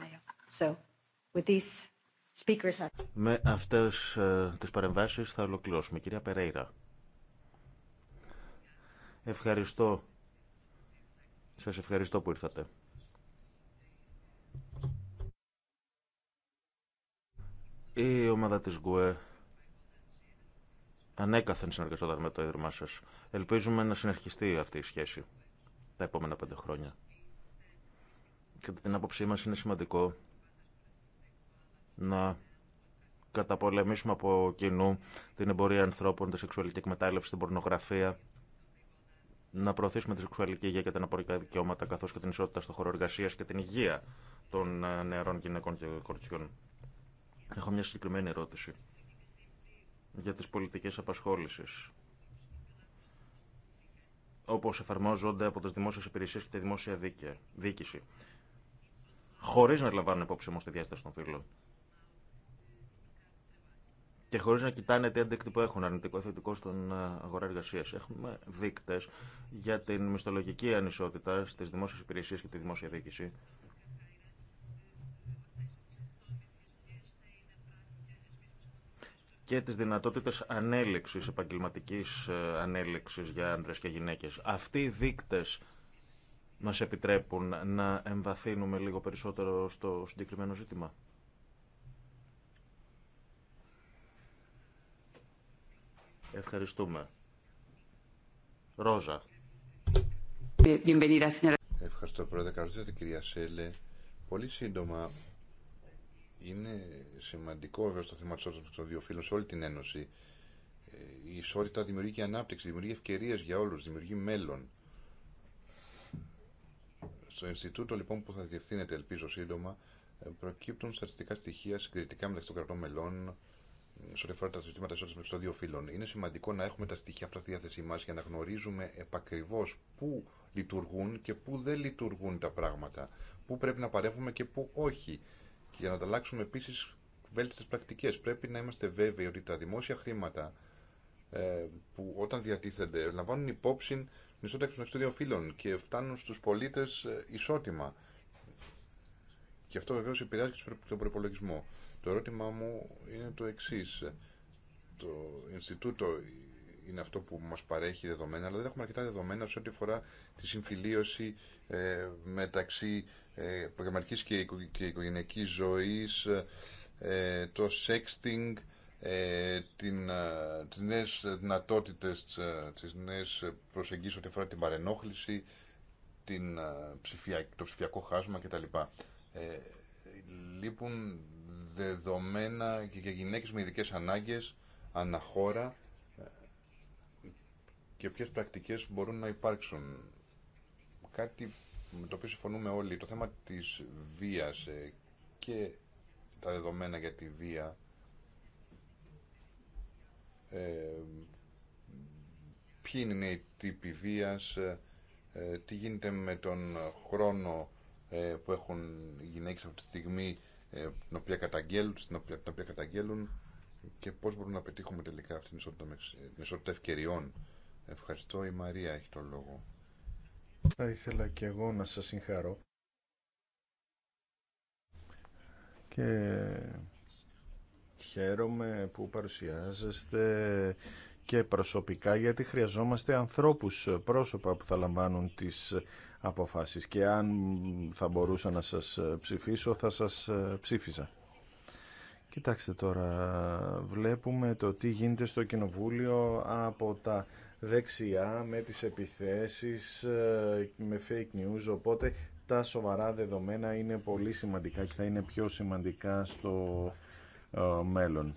[SPEAKER 2] So
[SPEAKER 4] με αυτές ε, τις παρεμβάσεις θα ολοκληρώσουμε. Κυρία Περέιρα. Ευχαριστώ. Σας ευχαριστώ που ήρθατε. Η ομάδα της ΓΚΟΕ ανέκαθεν συνεργαζόταν με το Ίδρυμά σας. Ελπίζουμε να συνεχιστεί αυτή η σχέση τα επόμενα πέντε χρόνια. Κατά την άποψή μας είναι σημαντικό να καταπολεμήσουμε από κοινού την εμπορία ανθρώπων, τη σεξουαλική εκμετάλλευση, την πορνογραφία, να προωθήσουμε τη σεξουαλική υγεία και τα αναπορικά δικαιώματα, καθώ και την ισότητα στο χώρο εργασία και την υγεία των ε, νεαρών γυναικών και κοριτσιών. Έχω μια συγκεκριμένη ερώτηση για τις πολιτικές απασχόλησης όπως εφαρμόζονται από τις δημόσιες υπηρεσίες και τη δημόσια δίκαια, διοίκηση χωρίς να λαμβάνουν υπόψη όμως τη διάσταση των φύλων και χωρί να κοιτάνε τι αντίκτυπο έχουν αρνητικό ή θετικό στον ε, αγορά εργασία. Έχουμε δείκτε για την μισθολογική ανισότητα στι δημόσιε υπηρεσίε και τη δημόσια διοίκηση. και τις δυνατότητες ανέλεξης, επαγγελματικής ε, ανέλεξης για άντρες και γυναίκες. Αυτοί οι δείκτες μας επιτρέπουν να εμβαθύνουμε λίγο περισσότερο στο συγκεκριμένο ζήτημα. Ευχαριστούμε.
[SPEAKER 3] Ρόζα. Ευχαριστώ πρόεδρε. Καλώς ήρθατε κυρία Σέλε. Πολύ σύντομα είναι σημαντικό βέβαια στο θέμα των δύο φίλων σε όλη την Ένωση. Ε, η ισότητα δημιουργεί και ανάπτυξη, δημιουργεί ευκαιρίες για όλους, δημιουργεί μέλλον. Στο Ινστιτούτο λοιπόν που θα διευθύνεται ελπίζω σύντομα ε, προκύπτουν στατιστικά στοιχεία συγκριτικά μεταξύ των κρατών μελών σε ό,τι αφορά τα ζητήματα ισότητα μεταξύ των φύλων. Είναι σημαντικό να έχουμε τα στοιχεία αυτά στη διάθεσή μα για να γνωρίζουμε επακριβώ πού λειτουργούν και πού δεν λειτουργούν τα πράγματα. Πού πρέπει να παρεύουμε και πού όχι. Και για να ανταλλάξουμε επίση βέλτιστε πρακτικέ. Πρέπει να είμαστε βέβαιοι ότι τα δημόσια χρήματα ε, που όταν διατίθενται λαμβάνουν υπόψη την ισότητα των δύο φύλων και φτάνουν στου πολίτε ε, ισότιμα. Και αυτό βεβαίω επηρεάζει και τον προπολογισμό. Το ερώτημά μου είναι το εξή. Το Ινστιτούτο είναι αυτό που μα παρέχει δεδομένα, αλλά δεν έχουμε αρκετά δεδομένα σε ό,τι αφορά τη συμφιλίωση ε, μεταξύ ε, και, οικο, και ζωής, ε, το sexting, ε, την, ε, τις νέες δυνατότητες, ε, προσεγγίσεις ό,τι αφορά την παρενόχληση, ε, το ψηφιακό χάσμα κτλ ε, λείπουν δεδομένα και για γυναίκες με ειδικές ανάγκες αναχώρα ε, και ποιες πρακτικές μπορούν να υπάρξουν. Κάτι με το οποίο συμφωνούμε όλοι, το θέμα της βίας ε, και τα δεδομένα για τη βία ε, ποιοι είναι οι τύποι βίας, ε, τι γίνεται με τον χρόνο ε, που έχουν οι γυναίκες αυτή τη στιγμή ε, την οποία καταγγέλουν, την οποία, και πώς μπορούμε να πετύχουμε τελικά αυτή την ισότητα, την ευκαιριών. Ευχαριστώ. Η Μαρία έχει τον λόγο. Θα ήθελα και εγώ να σας συγχαρώ.
[SPEAKER 1] Και χαίρομαι που παρουσιάζεστε και προσωπικά γιατί χρειαζόμαστε ανθρώπους, πρόσωπα που θα λαμβάνουν τις αποφάσεις και αν θα μπορούσα να σας ε, ψηφίσω θα σας ε, ψήφιζα. Κοιτάξτε τώρα, βλέπουμε το τι γίνεται στο Κοινοβούλιο από τα δεξιά με τις επιθέσεις, ε, με fake news, οπότε τα σοβαρά δεδομένα είναι πολύ σημαντικά και θα είναι πιο σημαντικά στο μέλλον.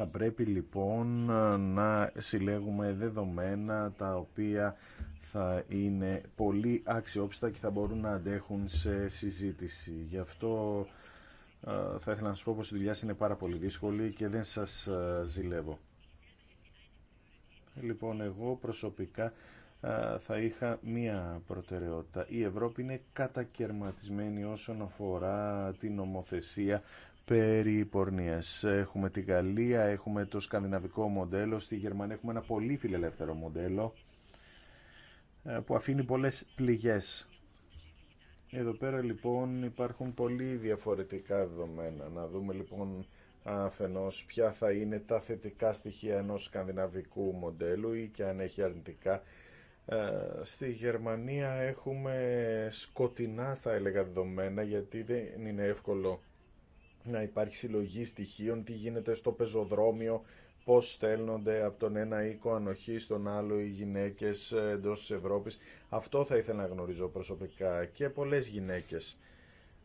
[SPEAKER 1] Θα πρέπει λοιπόν ε, να συλλέγουμε δεδομένα τα οποία θα είναι πολύ αξιόπιστα και θα μπορούν να αντέχουν σε συζήτηση. Γι' αυτό ε, θα ήθελα να σας πω πως η δουλειά είναι πάρα πολύ δύσκολη και δεν σας ε, ζηλεύω. Λοιπόν, εγώ προσωπικά θα είχα μία προτεραιότητα. Η Ευρώπη είναι κατακαιρματισμένη όσον αφορά την νομοθεσία περί πορνείας. Έχουμε τη Γαλλία, έχουμε το σκανδιναβικό μοντέλο, στη Γερμανία έχουμε ένα πολύ φιλελεύθερο μοντέλο ε, που αφήνει πολλές πληγές. Εδώ πέρα λοιπόν υπάρχουν πολύ διαφορετικά δεδομένα. Να δούμε λοιπόν αφενός ποια θα είναι τα θετικά στοιχεία ενός σκανδιναβικού μοντέλου ή και αν έχει αρνητικά. Ε, στη Γερμανία έχουμε σκοτεινά θα έλεγα δεδομένα γιατί δεν είναι εύκολο να υπάρχει συλλογή στοιχείων, τι γίνεται στο πεζοδρόμιο, πώς στέλνονται από τον ένα οίκο ανοχή στον άλλο οι γυναίκες ε, εντό της Ευρώπης. Αυτό θα ήθελα να γνωρίζω προσωπικά και πολλές γυναίκες.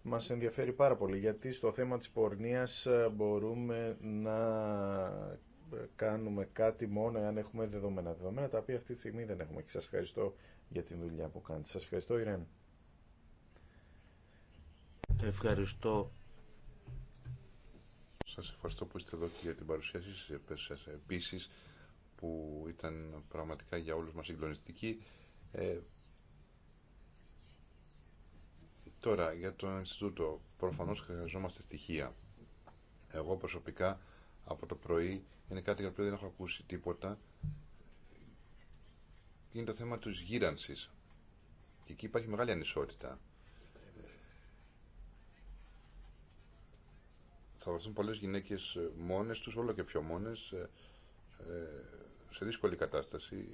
[SPEAKER 1] Μας ενδιαφέρει πάρα πολύ γιατί στο θέμα της πορνείας ε, μπορούμε να ε, κάνουμε κάτι μόνο αν έχουμε δεδομένα. Δεδομένα τα οποία αυτή τη στιγμή δεν έχουμε και σας ευχαριστώ για την δουλειά που κάνετε. Σας ευχαριστώ Ιρέν.
[SPEAKER 3] Ευχαριστώ σας ευχαριστώ που είστε εδώ και για την παρουσίασή σας επίσης που ήταν πραγματικά για όλους μας συγκλονιστική. Ε, τώρα, για το Ινστιτούτο. Προφανώς χρειαζόμαστε στοιχεία. Εγώ προσωπικά από το πρωί είναι κάτι για το οποίο δεν έχω ακούσει τίποτα. Είναι το θέμα της γύρανσης. Και εκεί υπάρχει μεγάλη ανισότητα. θα βρεθούν πολλές γυναίκες ε, μόνες τους, όλο και πιο μόνες, ε, ε, σε δύσκολη κατάσταση.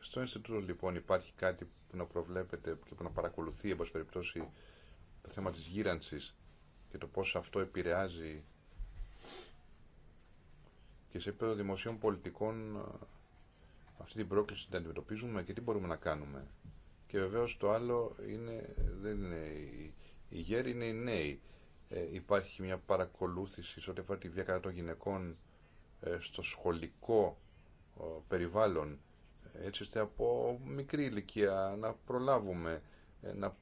[SPEAKER 3] Στο Ινστιτούτο λοιπόν υπάρχει κάτι που να προβλέπετε και που να παρακολουθεί, εν περιπτώσει, το θέμα της γύρανσης και το πώς αυτό επηρεάζει και σε επίπεδο δημοσίων πολιτικών αυτή την πρόκληση την αντιμετωπίζουμε και τι μπορούμε να κάνουμε. Και βεβαίως το άλλο είναι, δεν είναι οι γέροι, είναι οι νέοι. Ε, υπάρχει μια παρακολούθηση σε ό,τι αφορά τη βία των γυναικών ε, στο σχολικό ε, περιβάλλον έτσι ώστε από μικρή ηλικία να προλάβουμε να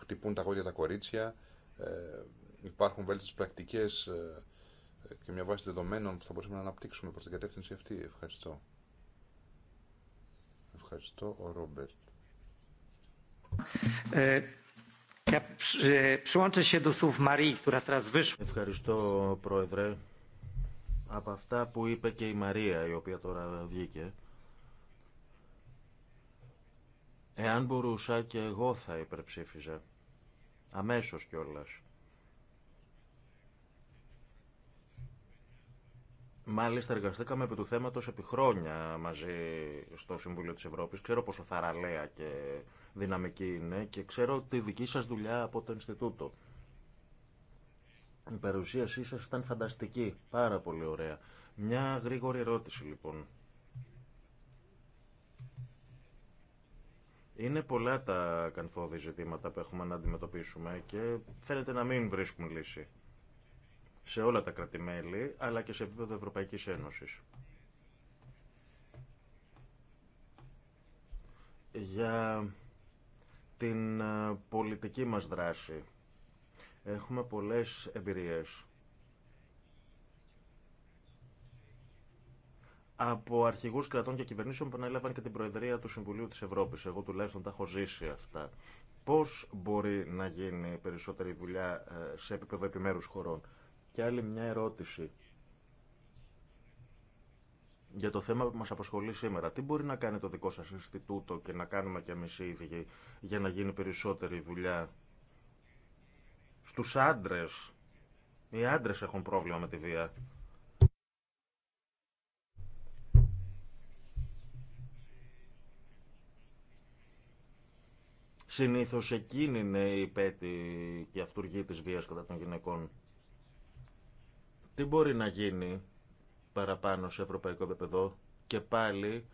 [SPEAKER 3] χτυπούν τα χώρια τα κορίτσια υπάρχουν βέλτιστες πρακτικές και μια βάση δεδομένων που θα μπορούσαμε να αναπτύξουμε προς την κατεύθυνση αυτή. Ευχαριστώ. Ευχαριστώ ο Ρόμπερτ.
[SPEAKER 4] Ευχαριστώ, Πρόεδρε. Από αυτά που είπε και η Μαρία, η οποία τώρα βγήκε, εάν μπορούσα και εγώ θα υπερψήφιζα. Αμέσως κιόλας. Μάλιστα, εργαστήκαμε επί του θέματος επί χρόνια μαζί στο Συμβούλιο της Ευρώπης. Ξέρω πόσο θαραλέα και δυναμική είναι και ξέρω τη δική σας δουλειά από το Ινστιτούτο. Η παρουσίασή σας ήταν φανταστική, πάρα πολύ ωραία. Μια γρήγορη ερώτηση λοιπόν. Είναι πολλά τα κανθόδη ζητήματα που έχουμε να αντιμετωπίσουμε και φαίνεται να μην βρίσκουμε λύση σε όλα τα κρατημέλη, αλλά και σε επίπεδο Ευρωπαϊκής Ένωσης. Για την ε, πολιτική μας δράση. Έχουμε πολλές εμπειρίες. από αρχηγού κρατών και κυβερνήσεων που ανέλαβαν και την Προεδρία του Συμβουλίου τη Ευρώπη. Εγώ τουλάχιστον τα έχω ζήσει αυτά. Πώ μπορεί να γίνει περισσότερη δουλειά ε, σε επίπεδο επιμέρου χωρών. Και άλλη μια ερώτηση για το θέμα που μας απασχολεί σήμερα. Τι μπορεί να κάνει το δικό σας Ινστιτούτο και να κάνουμε και εμείς οι ίδιοι για να γίνει περισσότερη δουλειά στους άντρες. Οι άντρες έχουν πρόβλημα με τη βία. Συνήθως εκείνη είναι η πέτη και η αυτουργή της βίας κατά των γυναικών. Τι μπορεί να γίνει παραπάνω σε ευρωπαϊκό επίπεδο. Και πάλι,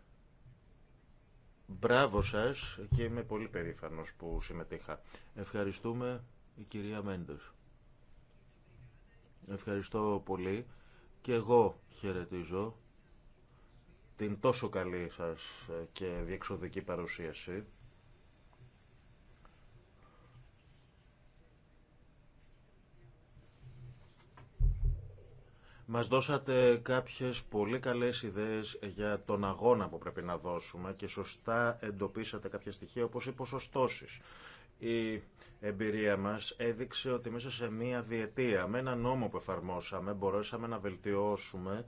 [SPEAKER 4] μπράβο σας και είμαι πολύ περήφανος που συμμετείχα. Ευχαριστούμε η κυρία Μέντες. Ευχαριστώ πολύ και εγώ χαιρετίζω την τόσο καλή σας και διεξοδική παρουσίαση. Μας δώσατε κάποιες πολύ καλές ιδέες για τον αγώνα που πρέπει να δώσουμε και σωστά εντοπίσατε κάποια στοιχεία όπως οι ποσοστώσεις. Η εμπειρία μας έδειξε ότι μέσα σε μία διετία με ένα νόμο που εφαρμόσαμε μπορέσαμε να βελτιώσουμε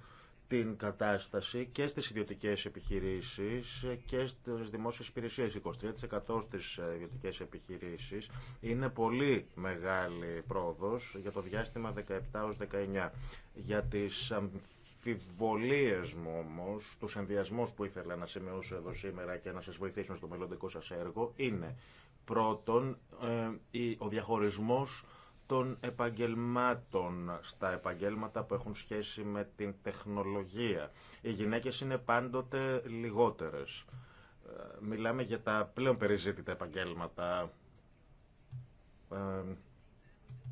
[SPEAKER 4] την κατάσταση και στις ιδιωτικές επιχειρήσεις και στις δημόσιες υπηρεσίες. 23% στις ε, ιδιωτικές επιχειρήσεις είναι πολύ μεγάλη πρόοδος για το διάστημα 17 19. Για τις αμφιβολίες μου όμως, τους ενδιασμούς που ήθελα να σημειώσω εδώ σήμερα και να σας βοηθήσουν στο μελλοντικό σας έργο είναι πρώτον ε, ο διαχωρισμός των επαγγελμάτων στα επαγγέλματα που έχουν σχέση με την τεχνολογία. Οι γυναίκες είναι πάντοτε λιγότερες. Ε, μιλάμε για τα πλέον περιζήτητα επαγγέλματα ε,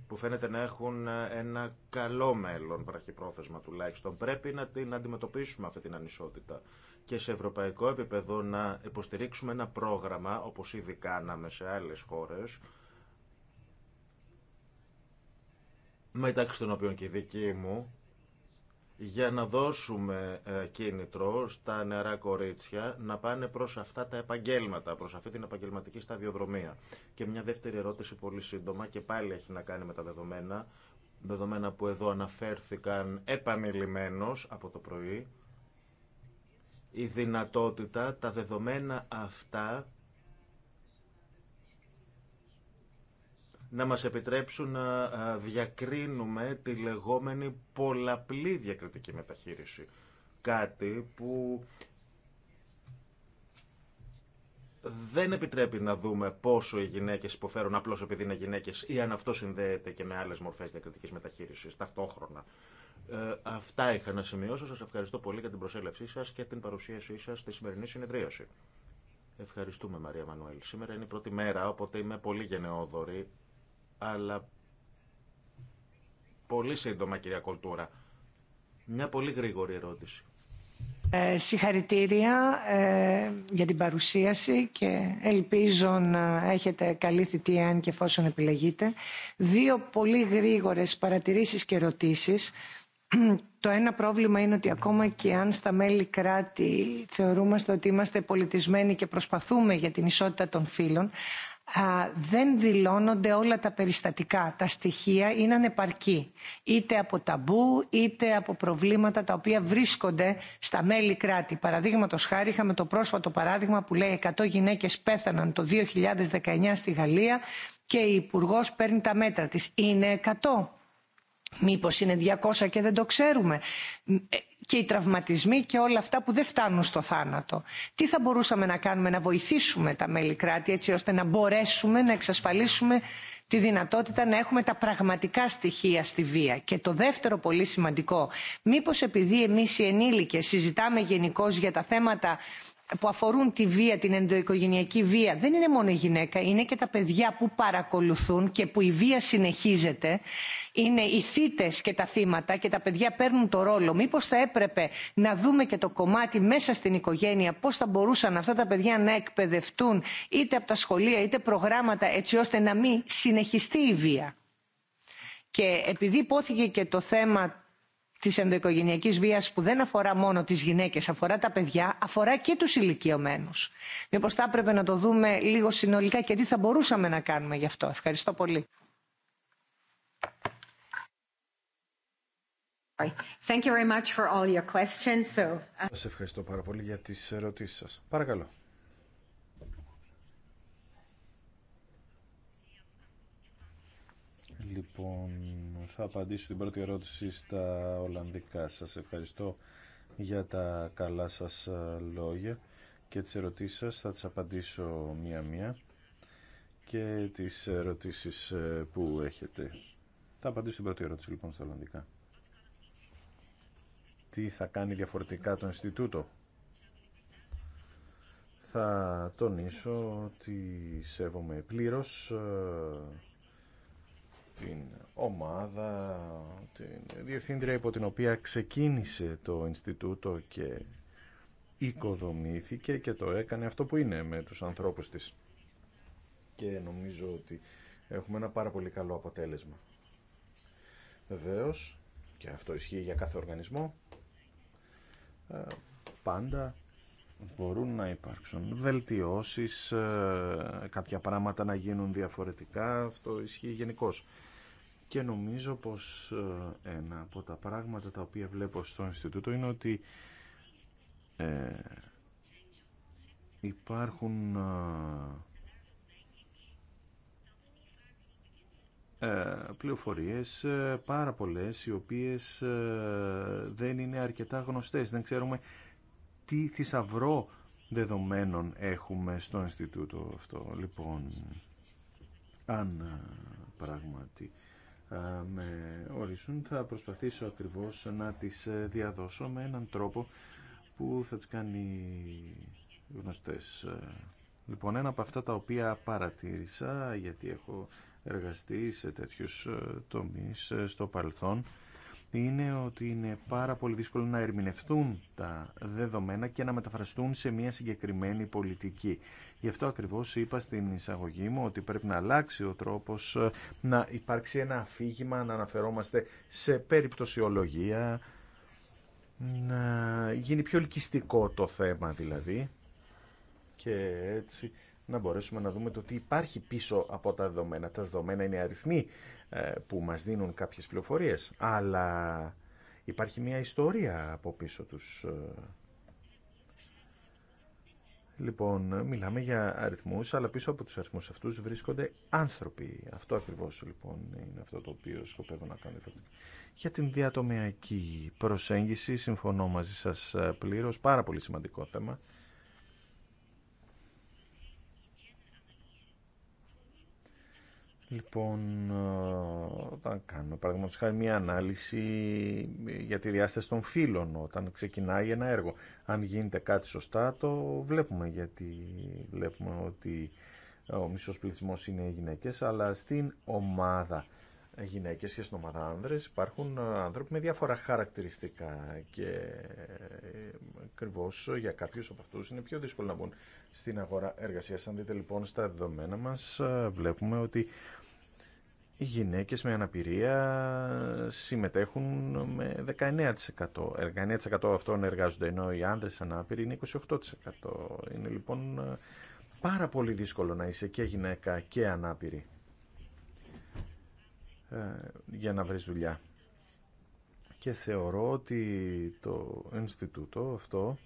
[SPEAKER 4] που φαίνεται να έχουν ένα καλό μέλλον βραχυπρόθεσμα τουλάχιστον. Πρέπει να την αντιμετωπίσουμε αυτή την ανισότητα και σε ευρωπαϊκό επίπεδο να υποστηρίξουμε ένα πρόγραμμα όπως ήδη κάναμε σε άλλες χώρες μεταξύ των οποίων και η δική μου, για να δώσουμε ε, κίνητρο στα νεαρά κορίτσια να πάνε προς αυτά τα επαγγέλματα, προς αυτή την επαγγελματική σταδιοδρομία. Και μια δεύτερη ερώτηση πολύ σύντομα και πάλι έχει να κάνει με τα δεδομένα, δεδομένα που εδώ αναφέρθηκαν επανειλημμένως από το πρωί, η δυνατότητα τα δεδομένα αυτά να μας επιτρέψουν να διακρίνουμε τη λεγόμενη πολλαπλή διακριτική μεταχείριση. Κάτι που δεν επιτρέπει να δούμε πόσο οι γυναίκες υποφέρουν απλώ επειδή είναι γυναίκες ή αν αυτό συνδέεται και με άλλε μορφέ διακριτικής μεταχείρισης ταυτόχρονα. Ε, αυτά είχα να σημειώσω. Σα ευχαριστώ πολύ για την προσέλευσή σας και την παρουσίασή σας στη σημερινή συνεδρίαση. Ευχαριστούμε, Μαρία Μανουέλ. Σήμερα είναι η πρώτη μέρα, οπότε είμαι πολύ γενναιόδορη αλλά πολύ σύντομα κυρία Κολτούρα. Μια πολύ γρήγορη ερώτηση.
[SPEAKER 2] Ε, συγχαρητήρια ε, για την παρουσίαση και ελπίζω να έχετε καλή θητεία αν και εφόσον επιλεγείτε. Δύο πολύ γρήγορες παρατηρήσεις και ερωτήσεις. Το ένα πρόβλημα είναι ότι ακόμα και αν στα μέλη κράτη θεωρούμαστε ότι είμαστε πολιτισμένοι και προσπαθούμε για την ισότητα των φύλων, δεν δηλώνονται όλα τα περιστατικά. Τα στοιχεία είναι ανεπαρκή. Είτε από ταμπού, είτε από προβλήματα τα οποία βρίσκονται στα μέλη κράτη. Παραδείγματο χάρη είχαμε το πρόσφατο παράδειγμα που λέει 100 γυναίκες πέθαναν το 2019 στη Γαλλία και η υπουργό παίρνει τα μέτρα της. Είναι 100. Μήπως είναι 200 και δεν το ξέρουμε. Ε, και οι τραυματισμοί και όλα αυτά που δεν φτάνουν στο θάνατο. Τι θα μπορούσαμε να κάνουμε να βοηθήσουμε τα μέλη κράτη έτσι ώστε να μπορέσουμε να εξασφαλίσουμε τη δυνατότητα να έχουμε τα πραγματικά στοιχεία στη βία. Και το δεύτερο πολύ σημαντικό, μήπως επειδή εμείς οι ενήλικες συζητάμε γενικώ για τα θέματα που αφορούν τη βία, την ενδοοικογενειακή βία, δεν είναι μόνο η γυναίκα, είναι και τα παιδιά που παρακολουθούν και που η βία συνεχίζεται. Είναι οι θύτε και τα θύματα και τα παιδιά παίρνουν το ρόλο. Μήπω θα έπρεπε να δούμε και το κομμάτι μέσα στην οικογένεια, πώς θα μπορούσαν αυτά τα παιδιά να εκπαιδευτούν είτε από τα σχολεία είτε προγράμματα έτσι ώστε να μην συνεχιστεί η βία. Και επειδή υπόθηκε και το θέμα της ενδοοικογενειακής βίας που δεν αφορά μόνο τις γυναίκες, αφορά τα παιδιά, αφορά και τους ηλικιωμένους. Μήπως θα έπρεπε να το δούμε λίγο συνολικά και τι θα μπορούσαμε να κάνουμε γι' αυτό. Ευχαριστώ πολύ. Thank uh,
[SPEAKER 1] Σας ευχαριστώ πάρα πολύ για τις ερωτήσεις σας. Παρακαλώ. Λοιπόν, θα απαντήσω την πρώτη ερώτηση στα Ολλανδικά. Σας ευχαριστώ για τα καλά σας ε, λόγια και τις ερωτήσεις σας. Θα τις απαντήσω μία-μία και τις ερωτήσεις ε, που έχετε. Θα απαντήσω την πρώτη ερώτηση λοιπόν στα Ολλανδικά. Τι θα κάνει διαφορετικά το Ινστιτούτο. Θα τονίσω ότι σέβομαι πλήρως ε, την ομάδα, την διευθύντρια υπό την οποία ξεκίνησε το Ινστιτούτο και οικοδομήθηκε και το έκανε αυτό που είναι με τους ανθρώπους της. Και νομίζω ότι έχουμε ένα πάρα πολύ καλό αποτέλεσμα. Βεβαίως, και αυτό ισχύει για κάθε οργανισμό, ε, πάντα μπορούν να υπάρξουν βελτιώσεις, ε, κάποια πράγματα να γίνουν διαφορετικά, αυτό ισχύει γενικώ. Και νομίζω πως ε, ένα από τα πράγματα τα οποία βλέπω στο Ινστιτούτο είναι ότι ε, υπάρχουν πληροφορίες πάρα πολλές οι οποίες δεν είναι αρκετά γνωστές. Δεν ξέρουμε τι θησαυρό δεδομένων έχουμε στο Ινστιτούτο αυτό. Λοιπόν, αν ε, πράγματι ε, με ορίσουν θα προσπαθήσω ακριβώς να τις ε, διαδώσω με έναν τρόπο που θα τις κάνει γνωστές. Λοιπόν, ένα από αυτά τα οποία παρατήρησα, γιατί έχω εργαστεί σε τέτοιους τομείς στο παρελθόν, είναι ότι είναι πάρα πολύ δύσκολο να ερμηνευτούν τα δεδομένα και να μεταφραστούν σε μια συγκεκριμένη πολιτική. Γι' αυτό ακριβώς είπα στην εισαγωγή μου ότι πρέπει να αλλάξει ο τρόπος ε, να υπάρξει ένα αφήγημα, να αναφερόμαστε σε περιπτωσιολογία, να γίνει πιο ελκυστικό το θέμα δηλαδή και έτσι να μπορέσουμε να δούμε το τι υπάρχει πίσω από τα δεδομένα. Τα δεδομένα είναι αριθμοί, ε, που μας δίνουν κάποιες πληροφορίες, αλλά υπάρχει μια ιστορία από πίσω τους. Ε. Λοιπόν, μιλάμε για αριθμούς, αλλά πίσω από τους αριθμούς αυτούς βρίσκονται άνθρωποι. Αυτό ακριβώς λοιπόν είναι αυτό το οποίο σκοπεύω να κάνω. Για την διατομιακή προσέγγιση, συμφωνώ μαζί σας ε, πλήρως, πάρα πολύ σημαντικό θέμα. Λοιπόν, ε, όταν κάνουμε παραδείγματος χάρη μια ανάλυση για τη διάσταση των φύλων όταν ξεκινάει ένα έργο. Αν γίνεται κάτι σωστά το βλέπουμε γιατί βλέπουμε ότι ο μισός πληθυσμός είναι οι γυναίκες αλλά στην ομάδα γυναίκες και στην ομάδα άνδρες υπάρχουν ε, άνθρωποι με διάφορα χαρακτηριστικά και ε, ακριβώ για κάποιους από αυτούς είναι πιο δύσκολο να μπουν στην αγορά εργασίας. Αν δείτε λοιπόν στα δεδομένα μας βλέπουμε ότι οι γυναίκες με αναπηρία συμμετέχουν με 19%. 19% αυτών εργάζονται, ενώ οι άνδρες ανάπηροι είναι 28%. Είναι λοιπόν πάρα πολύ δύσκολο να είσαι και γυναίκα και ανάπηρη ε, για να βρεις δουλειά. Και θεωρώ ότι το Ινστιτούτο αυτό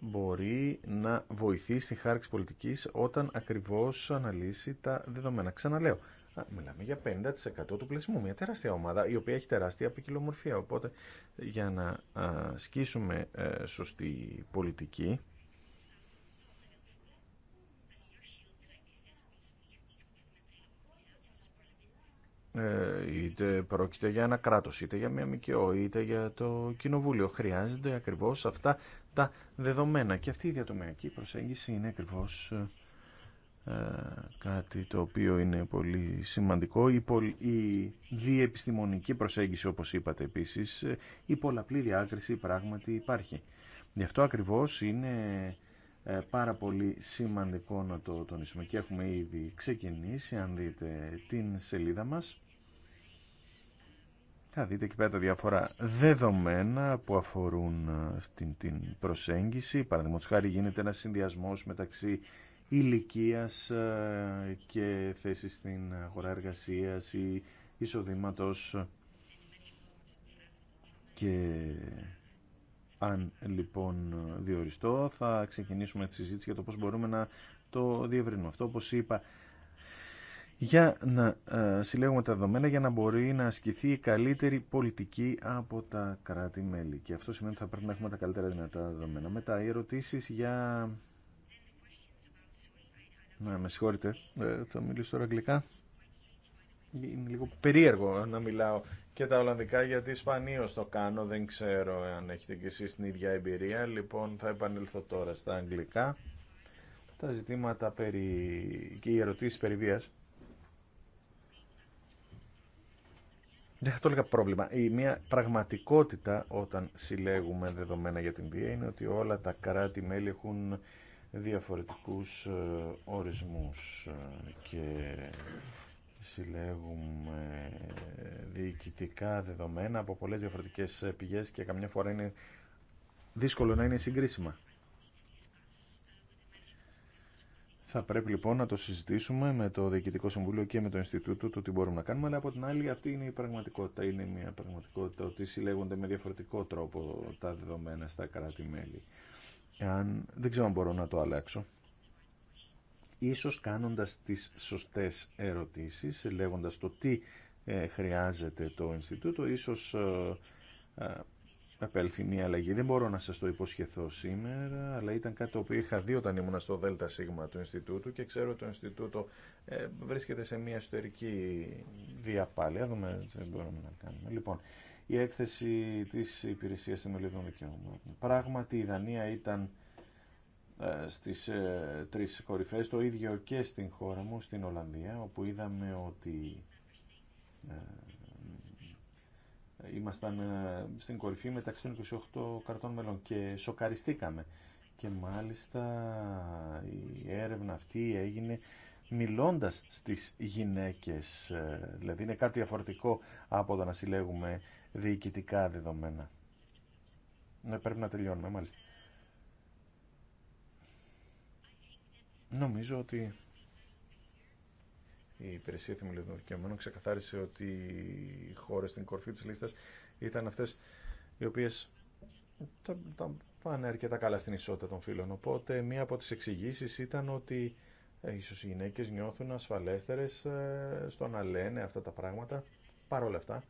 [SPEAKER 1] μπορεί να βοηθήσει στη χάραξη πολιτικής όταν ακριβώς αναλύσει τα δεδομένα. Ξαναλέω, μιλάμε για 50% του πλαισμού, μια τεράστια ομάδα η οποία έχει τεράστια ποικιλομορφία. Οπότε για να σκίσουμε ε, σωστή πολιτική ε, είτε πρόκειται για ένα κράτος, είτε για μια ΜΚΟ, είτε για το κοινοβούλιο. Χρειάζεται ακριβώς αυτά τα δεδομένα. Και αυτή η διατομιακή προσέγγιση είναι ακριβώς ε, κάτι το οποίο είναι πολύ σημαντικό. Η, η διεπιστημονική προσέγγιση, όπως είπατε επίσης, ε, η πολλαπλή διάκριση πράγματι υπάρχει. Γι' αυτό ακριβώς είναι ε, πάρα πολύ σημαντικό να το τονίσουμε και έχουμε ήδη ξεκινήσει, αν δείτε την σελίδα μας θα δείτε εκεί πέρα τα διάφορα δεδομένα που αφορούν στην, ε, την προσέγγιση. Παραδείγματος χάρη γίνεται ένας συνδυασμός μεταξύ ηλικίας ε, και θέσης στην αγορά εργασίας ή εισοδήματος και αν λοιπόν διοριστώ θα ξεκινήσουμε τη συζήτηση για το πώς μπορούμε να το διευρύνουμε. Αυτό όπως είπα για να ε, συλλέγουμε τα δεδομένα για να μπορεί να ασκηθεί η καλύτερη πολιτική από τα κράτη-μέλη. Και αυτό σημαίνει ότι θα πρέπει να έχουμε τα καλύτερα δυνατά δεδομένα. Μετά, οι ερωτήσεις για... Ναι, με συγχωρείτε, ε, θα μιλήσω τώρα αγγλικά. Είναι λίγο περίεργο να μιλάω και τα Ολλανδικά γιατί Σπανίω το κάνω, δεν ξέρω αν έχετε και εσείς την ίδια εμπειρία. Λοιπόν, θα επανέλθω τώρα στα αγγλικά. Τα ζητήματα περί... και οι ερωτήσεις περί βίας. δεν θα το πρόβλημα. Η μία πραγματικότητα όταν συλλέγουμε δεδομένα για την βία είναι ότι όλα τα κράτη-μέλη έχουν διαφορετικούς ε, ορισμούς ε, και συλλέγουμε διοικητικά δεδομένα από πολλές διαφορετικές ε, πηγές και καμιά φορά είναι δύσκολο να είναι συγκρίσιμα. Θα πρέπει λοιπόν να το συζητήσουμε με το Διοικητικό Συμβούλιο και με το Ινστιτούτο το τι μπορούμε να κάνουμε, αλλά από την άλλη αυτή είναι η πραγματικότητα. Είναι μια πραγματικότητα ότι συλλέγονται με διαφορετικό τρόπο τα δεδομένα στα κράτη-μέλη. Αν δεν ξέρω αν μπορώ να το αλλάξω. Ίσως κάνοντας τις σωστές ερωτήσεις, λέγοντας το τι ε, χρειάζεται το Ινστιτούτο, ίσως ε, ε, επέλθει μια αλλαγή. Δεν μπορώ να σας το υποσχεθώ σήμερα, αλλά ήταν κάτι το οποίο είχα δει όταν ήμουν στο ΔΣ του Ινστιτούτου και ξέρω ότι το Ινστιτούτο ε, βρίσκεται σε μια εσωτερική διαπάλεια. Δούμε, δεν μπορούμε να κάνουμε. Λοιπόν, η έκθεση της Υπηρεσίας Θεμελιωδών Δικαιωμάτων. Πράγματι η Δανία ήταν στι ε, στις ε, τρεις κορυφές, το ίδιο και στην χώρα μου, στην Ολλανδία, όπου είδαμε ότι ε, ήμασταν ε, στην κορυφή μεταξύ των 28 κρατών μελών και σοκαριστήκαμε. Και μάλιστα η έρευνα αυτή έγινε μιλώντας στις γυναίκες. Ε, δηλαδή είναι κάτι διαφορετικό από το να συλλέγουμε διοικητικά δεδομένα. Ναι, πρέπει να τελειώνουμε, μάλιστα. Νομίζω ότι η Υπηρεσία Θεμελιωδών Δικαιωμένων ξεκαθάρισε ότι οι χώρε στην κορφή τη λίστα ήταν αυτέ οι οποίε τα, τα πάνε αρκετά καλά στην ισότητα των φύλων. Οπότε, μία από τι εξηγήσει ήταν ότι ε, ίσω οι γυναίκε νιώθουν ασφαλέστερε ε, στο να λένε αυτά τα πράγματα. Παρόλα αυτά,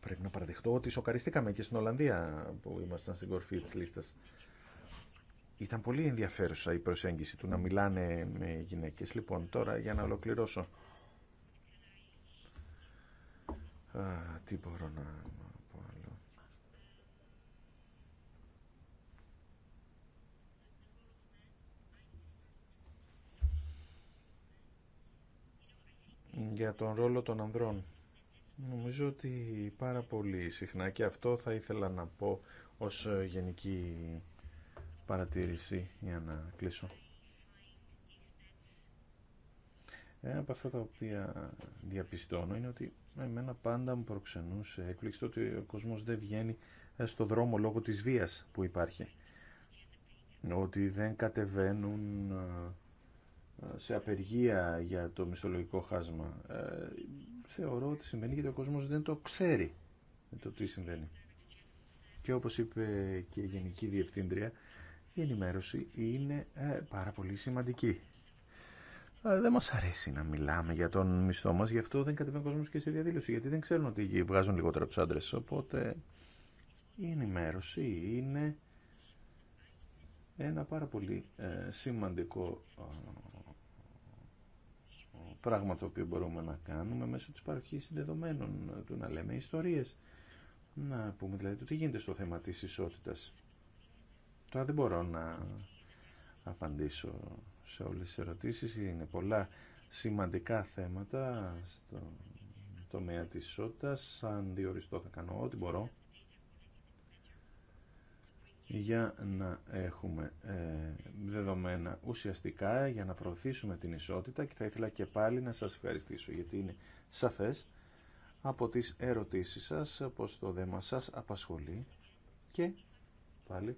[SPEAKER 1] πρέπει να παραδεχτώ ότι σοκαριστήκαμε και στην Ολλανδία που ήμασταν στην κορφή τη λίστα. Ήταν πολύ ενδιαφέρουσα η προσέγγιση του να μιλάνε με γυναίκες. Λοιπόν, τώρα για να ολοκληρώσω. τι μπορώ να πω άλλο. Για τον ρόλο των ανδρών. Νομίζω ότι πάρα πολύ συχνά και αυτό θα ήθελα να πω ως γενική παρατήρηση για να κλείσω. Ένα από αυτά τα οποία διαπιστώνω είναι ότι εμένα πάντα μου προξενούσε έκπληξη το ότι ο κόσμος δεν βγαίνει ε, στο δρόμο λόγω της βίας που υπάρχει. Ότι δεν κατεβαίνουν ε, ε, σε απεργία για το μισθολογικό χάσμα. Θεωρώ ότι συμβαίνει γιατί ο κόσμος δεν το ξέρει το τι συμβαίνει. Και όπως είπε και η Γενική Διευθύντρια, η ενημέρωση είναι ε, πάρα πολύ σημαντική. Ε, δεν μας αρέσει να μιλάμε για τον μισθό μας, γι' αυτό δεν κατεβαίνει ο κόσμος και σε διαδήλωση, γιατί δεν ξέρουν ότι βγάζουν λιγότερα τους άντρες. Οπότε η ενημέρωση είναι ένα πάρα πολύ ε, σημαντικό πράγμα το οποίο μπορούμε να κάνουμε μέσω της παροχής δεδομένων, του να λέμε ιστορίες, να πούμε δηλαδή το τι γίνεται στο θέμα της ισότητας. Τώρα δεν μπορώ να απαντήσω σε όλες τις ερωτήσεις. Είναι πολλά σημαντικά θέματα στο τομέα της ισότητας. Αν διοριστώ θα κάνω ό,τι μπορώ για να έχουμε ε, δεδομένα ουσιαστικά για να προωθήσουμε την ισότητα και θα ήθελα και πάλι να σας ευχαριστήσω γιατί είναι σαφές από τις ερωτήσεις σας πως το δέμα σας απασχολεί και πάλι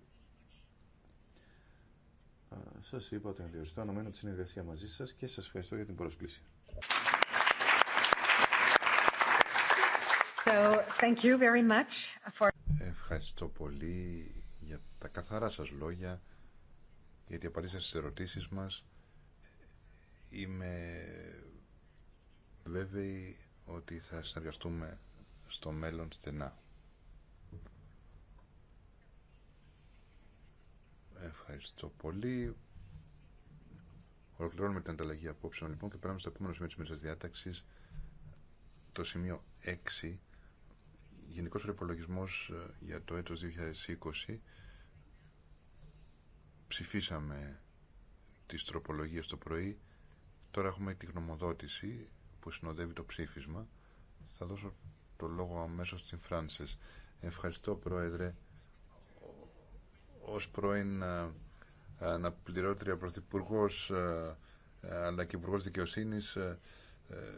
[SPEAKER 1] σας είπα ότι αντιοριστώ αναμένω τη συνεργασία μαζί σα και σας ευχαριστώ για την πρόσκληση.
[SPEAKER 2] So, thank you very much for...
[SPEAKER 3] Ευχαριστώ πολύ για τα καθαρά σας λόγια, για την απαντήση στις ερωτήσεις μας. Είμαι βέβαιη ότι θα συνεργαστούμε στο μέλλον στενά. Ευχαριστώ πολύ. Ολοκληρώνουμε την ανταλλαγή απόψεων λοιπόν και περάμε στο επόμενο σημείο τη μέσα διάταξη, το σημείο 6, Γενικό Προπολογισμό ε, για το έτος 2020. Ψηφίσαμε τις τροπολογίες το πρωί. Τώρα έχουμε την γνωμοδότηση που συνοδεύει το ψήφισμα. Θα δώσω το λόγο αμέσως στην Φράνσες. Ευχαριστώ Πρόεδρε ως πρώην ε, ε, αναπληρώτρια πρωθυπουργό ε, αλλά και υπουργό δικαιοσύνη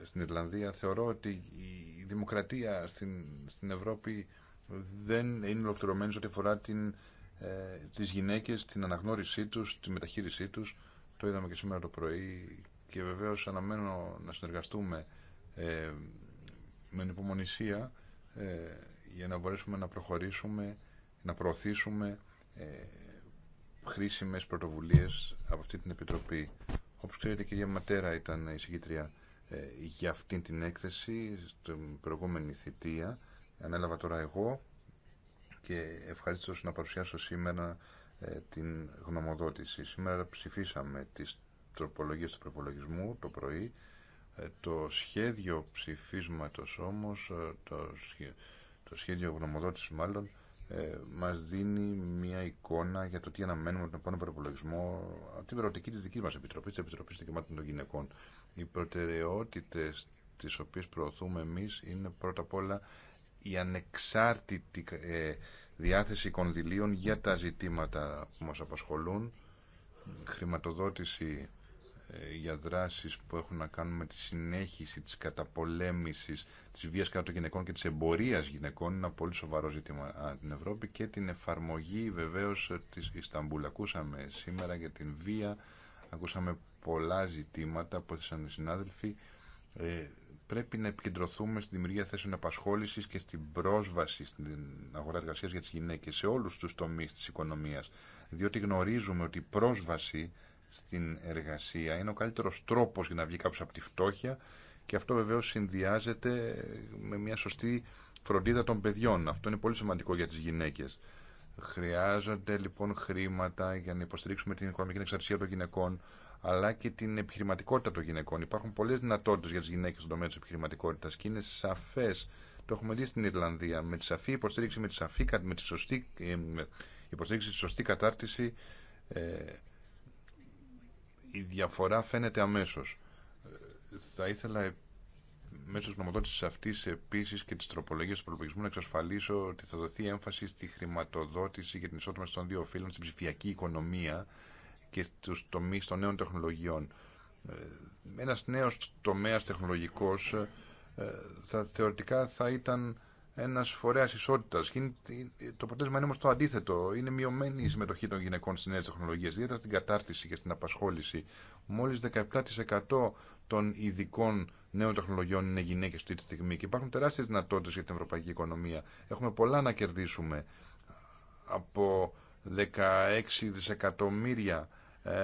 [SPEAKER 3] στην Ιρλανδία, θεωρώ ότι η δημοκρατία στην, στην Ευρώπη δεν είναι ολοκληρωμένη ό,τι αφορά την, τις γυναίκες, την αναγνώρισή τους, τη μεταχείρισή τους. Το είδαμε και σήμερα το πρωί και βεβαίως αναμένω να συνεργαστούμε ε, με υπομονησία ε, για να μπορέσουμε να προχωρήσουμε, να προωθήσουμε ε, χρήσιμες πρωτοβουλίες από αυτή την Επιτροπή. Όπως ξέρετε, η κυρία Ματέρα ήταν η συγκήτρια ε, για αυτή την έκθεση στην προηγούμενη θητεία. Ανέλαβα τώρα εγώ και ευχαριστώ να παρουσιάσω σήμερα ε, την γνωμοδότηση. Σήμερα ψηφίσαμε τις τροπολογίες του προπολογισμού το πρωί. Το σχέδιο ψηφίσματος όμως, το σχέδιο γνωμοδότησης μάλλον, ε, μας δίνει μια εικόνα για το τι αναμένουμε από τον επόμενο προπολογισμό από την προοπτική τη δικής μας Επιτροπής, τη Επιτροπής Δικαιωμάτων των Γυναικών. Οι προτεραιότητε τις οποίες προωθούμε εμείς είναι πρώτα απ' όλα η ανεξάρτητη ε, διάθεση κονδυλίων για τα ζητήματα που μας απασχολούν, χρηματοδότηση ε, για δράσεις που έχουν να κάνουν με τη συνέχιση της καταπολέμησης της βίας κατά των γυναικών και της εμπορίας γυναικών είναι ένα πολύ σοβαρό ζήτημα στην Ευρώπη και την εφαρμογή βεβαίως της Ισταμπούλ. Ακούσαμε σήμερα για την βία, ακούσαμε πολλά ζητήματα που έθεσαν οι συνάδελφοι. Ε, πρέπει να επικεντρωθούμε στη δημιουργία θέσεων απασχόληση και στην πρόσβαση στην αγορά εργασία για τις γυναίκες σε όλους τους τομείς της οικονομίας. Διότι γνωρίζουμε ότι η πρόσβαση στην εργασία. Είναι ο καλύτερος τρόπος για να βγει κάποιος από τη φτώχεια και αυτό βεβαίως συνδυάζεται με μια σωστή φροντίδα των παιδιών. Αυτό είναι πολύ σημαντικό για τις γυναίκες. Χρειάζονται λοιπόν χρήματα για να υποστηρίξουμε την οικονομική εξαρτησία των γυναικών αλλά και την επιχειρηματικότητα των γυναικών. Υπάρχουν πολλέ δυνατότητε για τι γυναίκε στον τομέα τη επιχειρηματικότητα και είναι σαφέ. Το έχουμε δει στην Ιρλανδία. Με τη σαφή υποστήριξη, με τη, με τη σωστή ε, υποστήριξη, σωστή κατάρτιση, ε, η διαφορά φαίνεται αμέσως. Ε, θα ήθελα ε, μέσω της νομοδότησης αυτής επίσης και της τροπολογίας του προπολογισμού να εξασφαλίσω ότι θα δοθεί έμφαση στη χρηματοδότηση για την ισότητα των δύο φύλων στην ψηφιακή οικονομία και στους τομείς των νέων τεχνολογιών. Ε, ένας νέος τομέας τεχνολογικός θα, θεωρητικά θα ήταν ένα φορέα ισότητα. Το αποτέλεσμα είναι όμω το αντίθετο. Είναι μειωμένη η συμμετοχή των γυναικών στι νέε τεχνολογίε, ιδιαίτερα στην κατάρτιση και στην απασχόληση. Μόλι 17% των ειδικών νέων τεχνολογιών είναι γυναίκε αυτή τη στιγμή και υπάρχουν τεράστιε δυνατότητε για την ευρωπαϊκή οικονομία. Έχουμε πολλά να κερδίσουμε από 16 δισεκατομμύρια ε,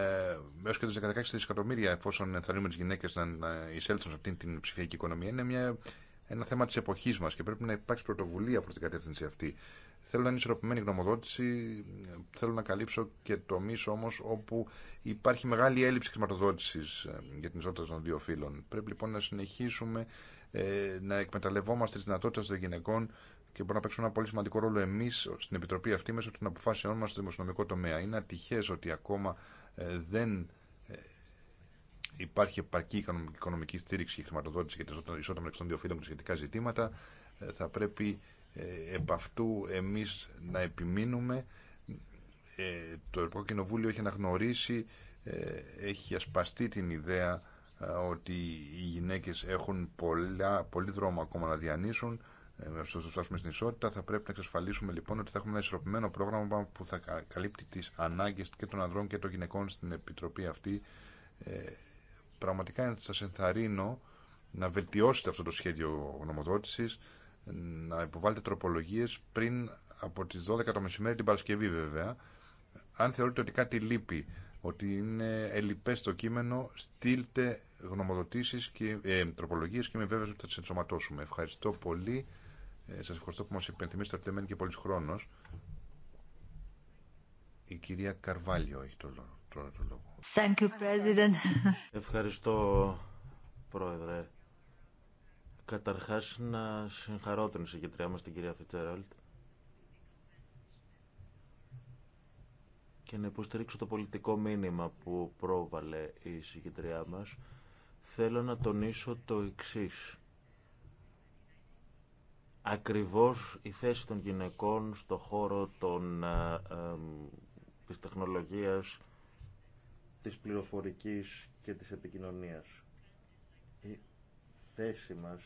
[SPEAKER 3] έως και 16 δισεκατομμύρια εφόσον θα τι γυναίκες να, εισέλθουν σε αυτήν την ψηφιακή οικονομία. Είναι μια ένα θέμα τη εποχή μα και πρέπει να υπάρξει πρωτοβουλία προ την κατεύθυνση αυτή. Θέλω να είναι ισορροπημένη γνωμοδότηση, θέλω να καλύψω και τομεί όμω όπου υπάρχει μεγάλη έλλειψη χρηματοδότηση ε, για την ισότητα των δύο φύλων. Πρέπει λοιπόν να συνεχίσουμε ε, να εκμεταλλευόμαστε τι δυνατότητε των γυναικών και μπορούμε να παίξουμε ένα πολύ σημαντικό ρόλο εμεί στην Επιτροπή αυτή μέσω των αποφάσεών μα στο δημοσιονομικό τομέα. Είναι ατυχέ ότι ακόμα ε, δεν υπάρχει επαρκή οικονομική στήριξη και χρηματοδότηση για την ισότητα μεταξύ των δύο φύλων και σχετικά ζητήματα, ε, θα πρέπει ε, επ' αυτού εμείς να επιμείνουμε. Ε, το Ευρωπαϊκό Κοινοβούλιο έχει αναγνωρίσει, έχει ασπαστεί την ιδέα ότι οι γυναίκες έχουν πολλά, πολύ δρόμο ακόμα να διανύσουν στο με στην ισότητα, θα πρέπει να εξασφαλίσουμε λοιπόν ότι θα έχουμε ένα ισορροπημένο πρόγραμμα που θα καλύπτει τις ανάγκες και των ανδρών και των γυναικών στην Επιτροπή αυτή πραγματικά σας ενθαρρύνω να βελτιώσετε αυτό το σχέδιο γνωμοδότησης, να υποβάλλετε τροπολογίες πριν από τις 12 το μεσημέρι την Παρασκευή βέβαια. Αν θεωρείτε ότι κάτι λείπει, ότι είναι ελλειπές το κείμενο, στείλτε γνωμοδοτήσει και ε, τροπολογίες και με βέβαιο ότι θα τις ενσωματώσουμε. Ευχαριστώ πολύ. Ε, σας ευχαριστώ που μας υπενθυμίσετε ότι δεν και πολύς χρόνος. Η κυρία Καρβάλιο έχει το λόγο.
[SPEAKER 2] *laughs*
[SPEAKER 3] Ευχαριστώ, Πρόεδρε.
[SPEAKER 4] Καταρχάς, να συγχαρώ την συγκεκριά μας, την κυρία Φιτσέραλτ. και να υποστηρίξω το πολιτικό μήνυμα που πρόβαλε η συγκεντριά μας, θέλω να τονίσω το εξής. Ακριβώς η θέση των γυναικών στο χώρο των, ε, ε της τεχνολογίας της πληροφορικής και της επικοινωνίας. Η θέση μας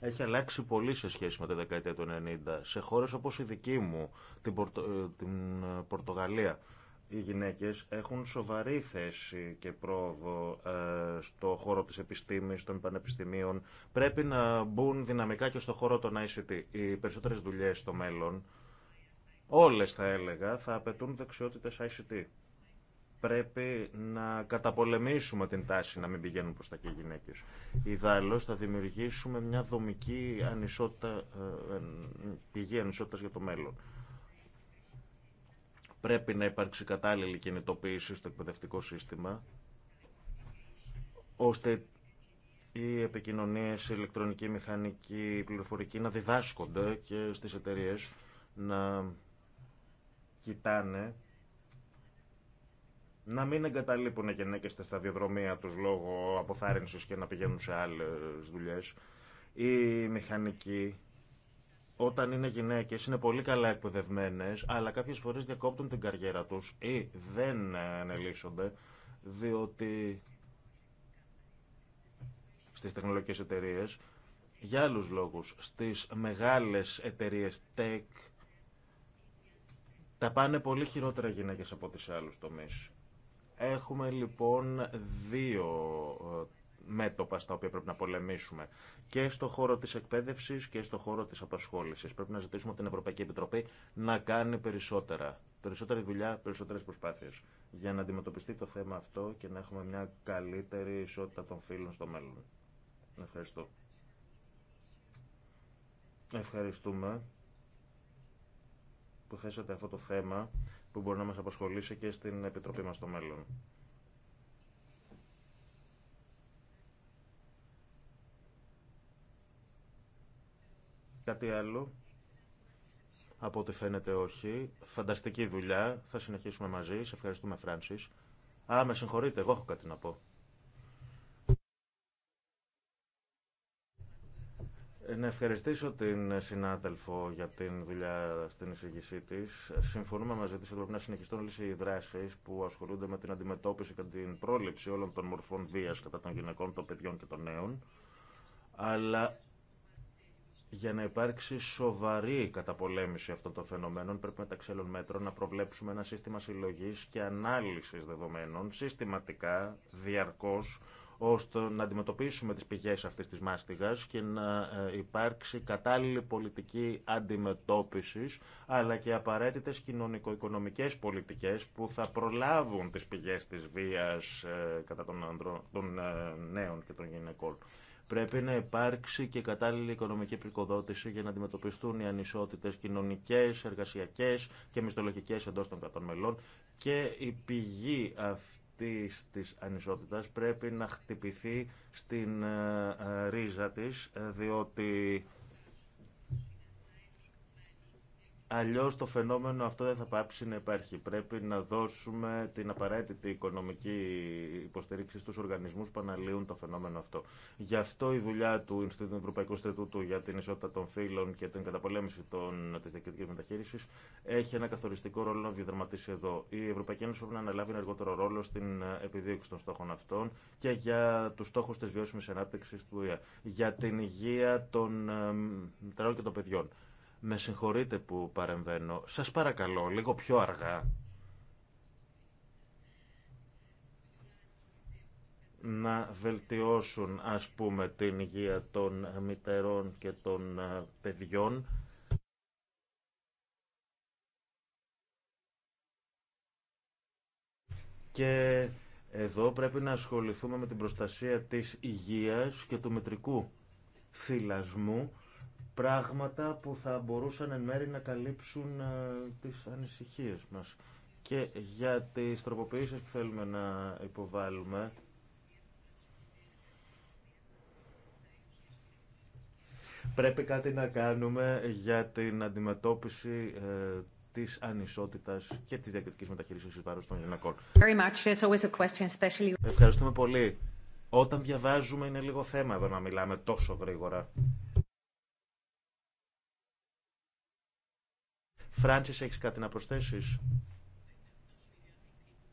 [SPEAKER 4] έχει αλλάξει πολύ σε σχέση με τη δεκαετία του 90. Σε χώρες όπως η δική μου, την, ε, την ε, Πορτογαλία, οι γυναίκες έχουν σοβαρή θέση και πρόοδο ε, στο χώρο της επιστήμης, των πανεπιστημίων. Πρέπει να μπουν δυναμικά και στο χώρο των ICT. Οι περισσότερες δουλειές στο μέλλον όλες θα έλεγα, θα απαιτούν δεξιότητες ICT. Πρέπει να καταπολεμήσουμε την τάση να μην πηγαίνουν προς τα και οι Ιδάλλως θα δημιουργήσουμε μια δομική ανισότητα, ε, πηγή ανισότητας για το μέλλον. Πρέπει να υπάρξει κατάλληλη κινητοποίηση στο εκπαιδευτικό σύστημα, ώστε οι επικοινωνίες, η ηλεκτρονική, μηχανική, πληροφορική να διδάσκονται και στις εταιρείες να κοιτάνε να μην εγκαταλείπουν οι γυναίκε στα σταδιοδρομία του λόγω αποθάρρυνση και να πηγαίνουν σε άλλε δουλειέ. Οι μηχανικοί, όταν είναι γυναίκε, είναι πολύ καλά εκπαιδευμένε, αλλά κάποιε φορέ διακόπτουν την καριέρα του ή δεν ανελίσσονται, διότι στι τεχνολογικέ εταιρείε, για άλλου λόγου, στι μεγάλε εταιρείε tech, θα πάνε πολύ χειρότερα γυναίκες από τις άλλους τομείς. Έχουμε λοιπόν δύο ε, μέτωπα στα οποία πρέπει να πολεμήσουμε και στο χώρο της εκπαίδευσης και στο χώρο της απασχόλησης. Πρέπει να ζητήσουμε την Ευρωπαϊκή Επιτροπή να κάνει περισσότερα, περισσότερη δουλειά, περισσότερες προσπάθειες για να αντιμετωπιστεί το θέμα αυτό και να έχουμε μια καλύτερη ισότητα των φίλων στο μέλλον. Ευχαριστώ. Ευχαριστούμε που θέσατε αυτό το θέμα που μπορεί να μας αποσχολήσει και στην Επιτροπή μας στο μέλλον. Κάτι άλλο. Από ό,τι φαίνεται όχι. Φανταστική δουλειά. Θα συνεχίσουμε μαζί. Σε ευχαριστούμε Φράνσις. Α, με συγχωρείτε. Εγώ έχω κάτι να πω. Να ευχαριστήσω την συνάδελφο για την δουλειά στην εισηγησή τη. Συμφωνούμε μαζί τη ότι πρέπει να συνεχιστούν όλε οι δράσει που ασχολούνται με την αντιμετώπιση και την πρόληψη όλων των μορφών βία κατά των γυναικών, των παιδιών και των νέων. Αλλά για να υπάρξει σοβαρή καταπολέμηση αυτών των φαινομένων, πρέπει μεταξύ άλλων μέτρων να προβλέψουμε ένα σύστημα συλλογή και ανάλυση δεδομένων συστηματικά, διαρκώ, ώστε να αντιμετωπίσουμε τις πηγές αυτής της μάστιγας και να ε, υπάρξει κατάλληλη πολιτική αντιμετώπισης αλλά και απαραίτητες κοινωνικο-οικονομικές πολιτικές που θα προλάβουν τις πηγές της βίας ε, κατά των, των ε, νέων και των γυναικών. Πρέπει να υπάρξει και κατάλληλη οικονομική επικοδότηση για να αντιμετωπιστούν οι ανισότητες κοινωνικές, εργασιακές και μισθολογικές εντός των κατών μελών και η πηγή αυτή αυτής της ανισότητας πρέπει να χτυπηθεί στην ε, ε, ρίζα της, ε, διότι Αλλιώ το φαινόμενο αυτό δεν θα πάψει να υπάρχει. Πρέπει να δώσουμε την απαραίτητη οικονομική υποστήριξη στους οργανισμούς που αναλύουν το φαινόμενο αυτό. Γι' αυτό η δουλειά του Ευρωπαϊκού Στρατούτου για την Ισότητα των Φύλων και την καταπολέμηση τη διακριτική μεταχείριση έχει ένα καθοριστικό ρόλο να διαδραματίσει εδώ. Η Ευρωπαϊκή Ένωση πρέπει να αναλάβει ένα εργότερο ρόλο στην ε, επιδίωξη των στόχων αυτών και για του στόχου τη βιώσιμη ανάπτυξη του ΙΑ, για την υγεία των ε, μητρών και των παιδιών. Με συγχωρείτε που παρεμβαίνω. Σας παρακαλώ, λίγο πιο αργά. να βελτιώσουν ας πούμε την υγεία των μητερών και των ε, παιδιών και εδώ πρέπει να ασχοληθούμε με την προστασία της υγείας και του μετρικού θυλασμού πράγματα που θα μπορούσαν εν μέρη να καλύψουν ε, τις ανησυχίες μας. Και για τις τροποποιήσεις που θέλουμε να υποβάλουμε, πρέπει κάτι να κάνουμε για την αντιμετώπιση ε, της ανισότητας και της διακριτική μεταχείρισης της βάρο των γυναικών. Ευχαριστούμε πολύ. Όταν διαβάζουμε είναι λίγο θέμα εδώ να μιλάμε τόσο γρήγορα. Φράντσις, έχεις κάτι να προσθέσεις?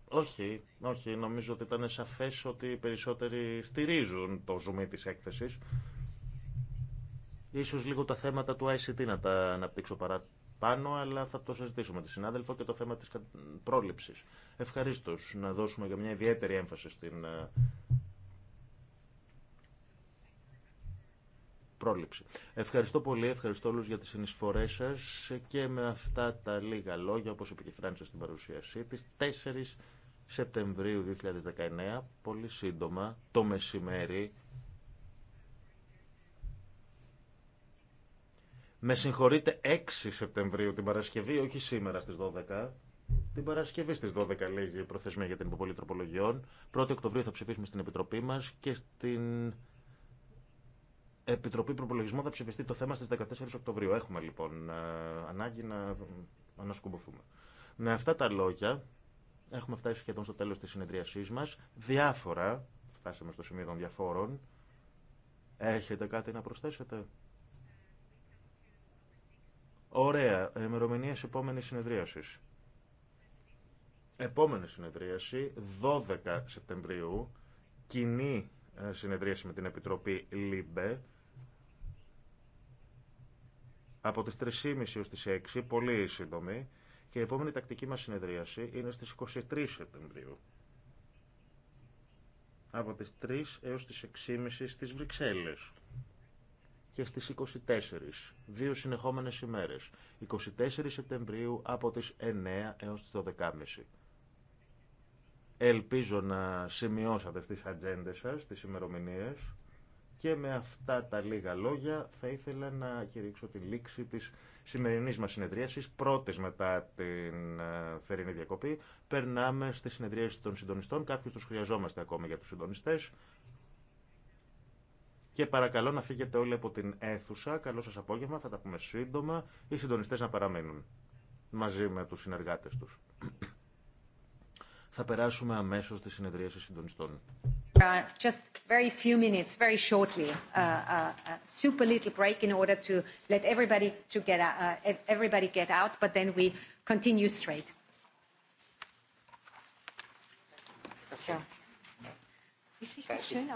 [SPEAKER 4] Όχι, όχι. Νομίζω ότι ήταν σαφές ότι οι περισσότεροι στηρίζουν το ζουμί της έκθεσης. Ίσως λίγο τα θέματα του ICT να τα αναπτύξω παραπάνω, αλλά θα το συζητήσουμε τη συνάδελφο και το θέμα της πρόληψης. Ευχαρίστως να δώσουμε για μια ιδιαίτερη έμφαση στην ε, πρόληψη. Ευχαριστώ πολύ, ευχαριστώ όλους για τις συνεισφορές σας και με αυτά τα λίγα λόγια, όπως είπε στην παρουσίασή της, 4 Σεπτεμβρίου 2019, πολύ σύντομα, το μεσημέρι, Με συγχωρείτε 6 Σεπτεμβρίου την Παρασκευή, όχι σήμερα στις 12. Την Παρασκευή στις 12 λέγει η προθεσμία για την υποβολή τροπολογιών. Οκτωβρίου θα ψηφίσουμε στην Επιτροπή μας και στην Επιτροπή Προπολογισμού θα ψηφιστεί το θέμα στις 14 Οκτωβρίου. Έχουμε λοιπόν ε, ανάγκη να ανασκουμποθούμε. Με αυτά τα λόγια έχουμε φτάσει σχεδόν στο τέλος της συνεδρίασής μας. Διάφορα, φτάσαμε στο σημείο των διαφόρων. Έχετε κάτι να προσθέσετε. Ωραία. Ημερομηνία επόμενη συνεδρίαση. Επόμενη συνεδρίαση, 12 Σεπτεμβρίου, κοινή ε, συνεδρίαση με την Επιτροπή ΛΥΜΠΕ από τις 3.30 έως τις 6, πολύ σύντομη, και η επόμενη τακτική μας συνεδρίαση είναι στις 23 Σεπτεμβρίου. Από τις 3 έως τις 6.30 στις Βρυξέλλες και στις 24, δύο συνεχόμενες ημέρες, 24 Σεπτεμβρίου από τις 9 έως τις 12.30. Ελπίζω να σημειώσατε στις ατζέντες σας, τις ημερομηνίες. Και με αυτά τα λίγα λόγια θα ήθελα να κηρύξω την λήξη της σημερινής μας συνεδρίασης, πρώτης μετά την ε, θερινή διακοπή. Περνάμε στις συνεδρίαση των συντονιστών, κάποιους τους χρειαζόμαστε ακόμα για τους συντονιστές. Και παρακαλώ να φύγετε όλοι από την αίθουσα. Καλό σας απόγευμα, θα τα πούμε σύντομα. Οι συντονιστές να παραμείνουν μαζί με τους συνεργάτες τους. *clears throat* Θα περάσουμε αμέσως στη συνεδρίαση συντονιστών
[SPEAKER 2] just very few minutes, very shortly, a super little break in order to let everybody to get everybody get out, but then we continue straight.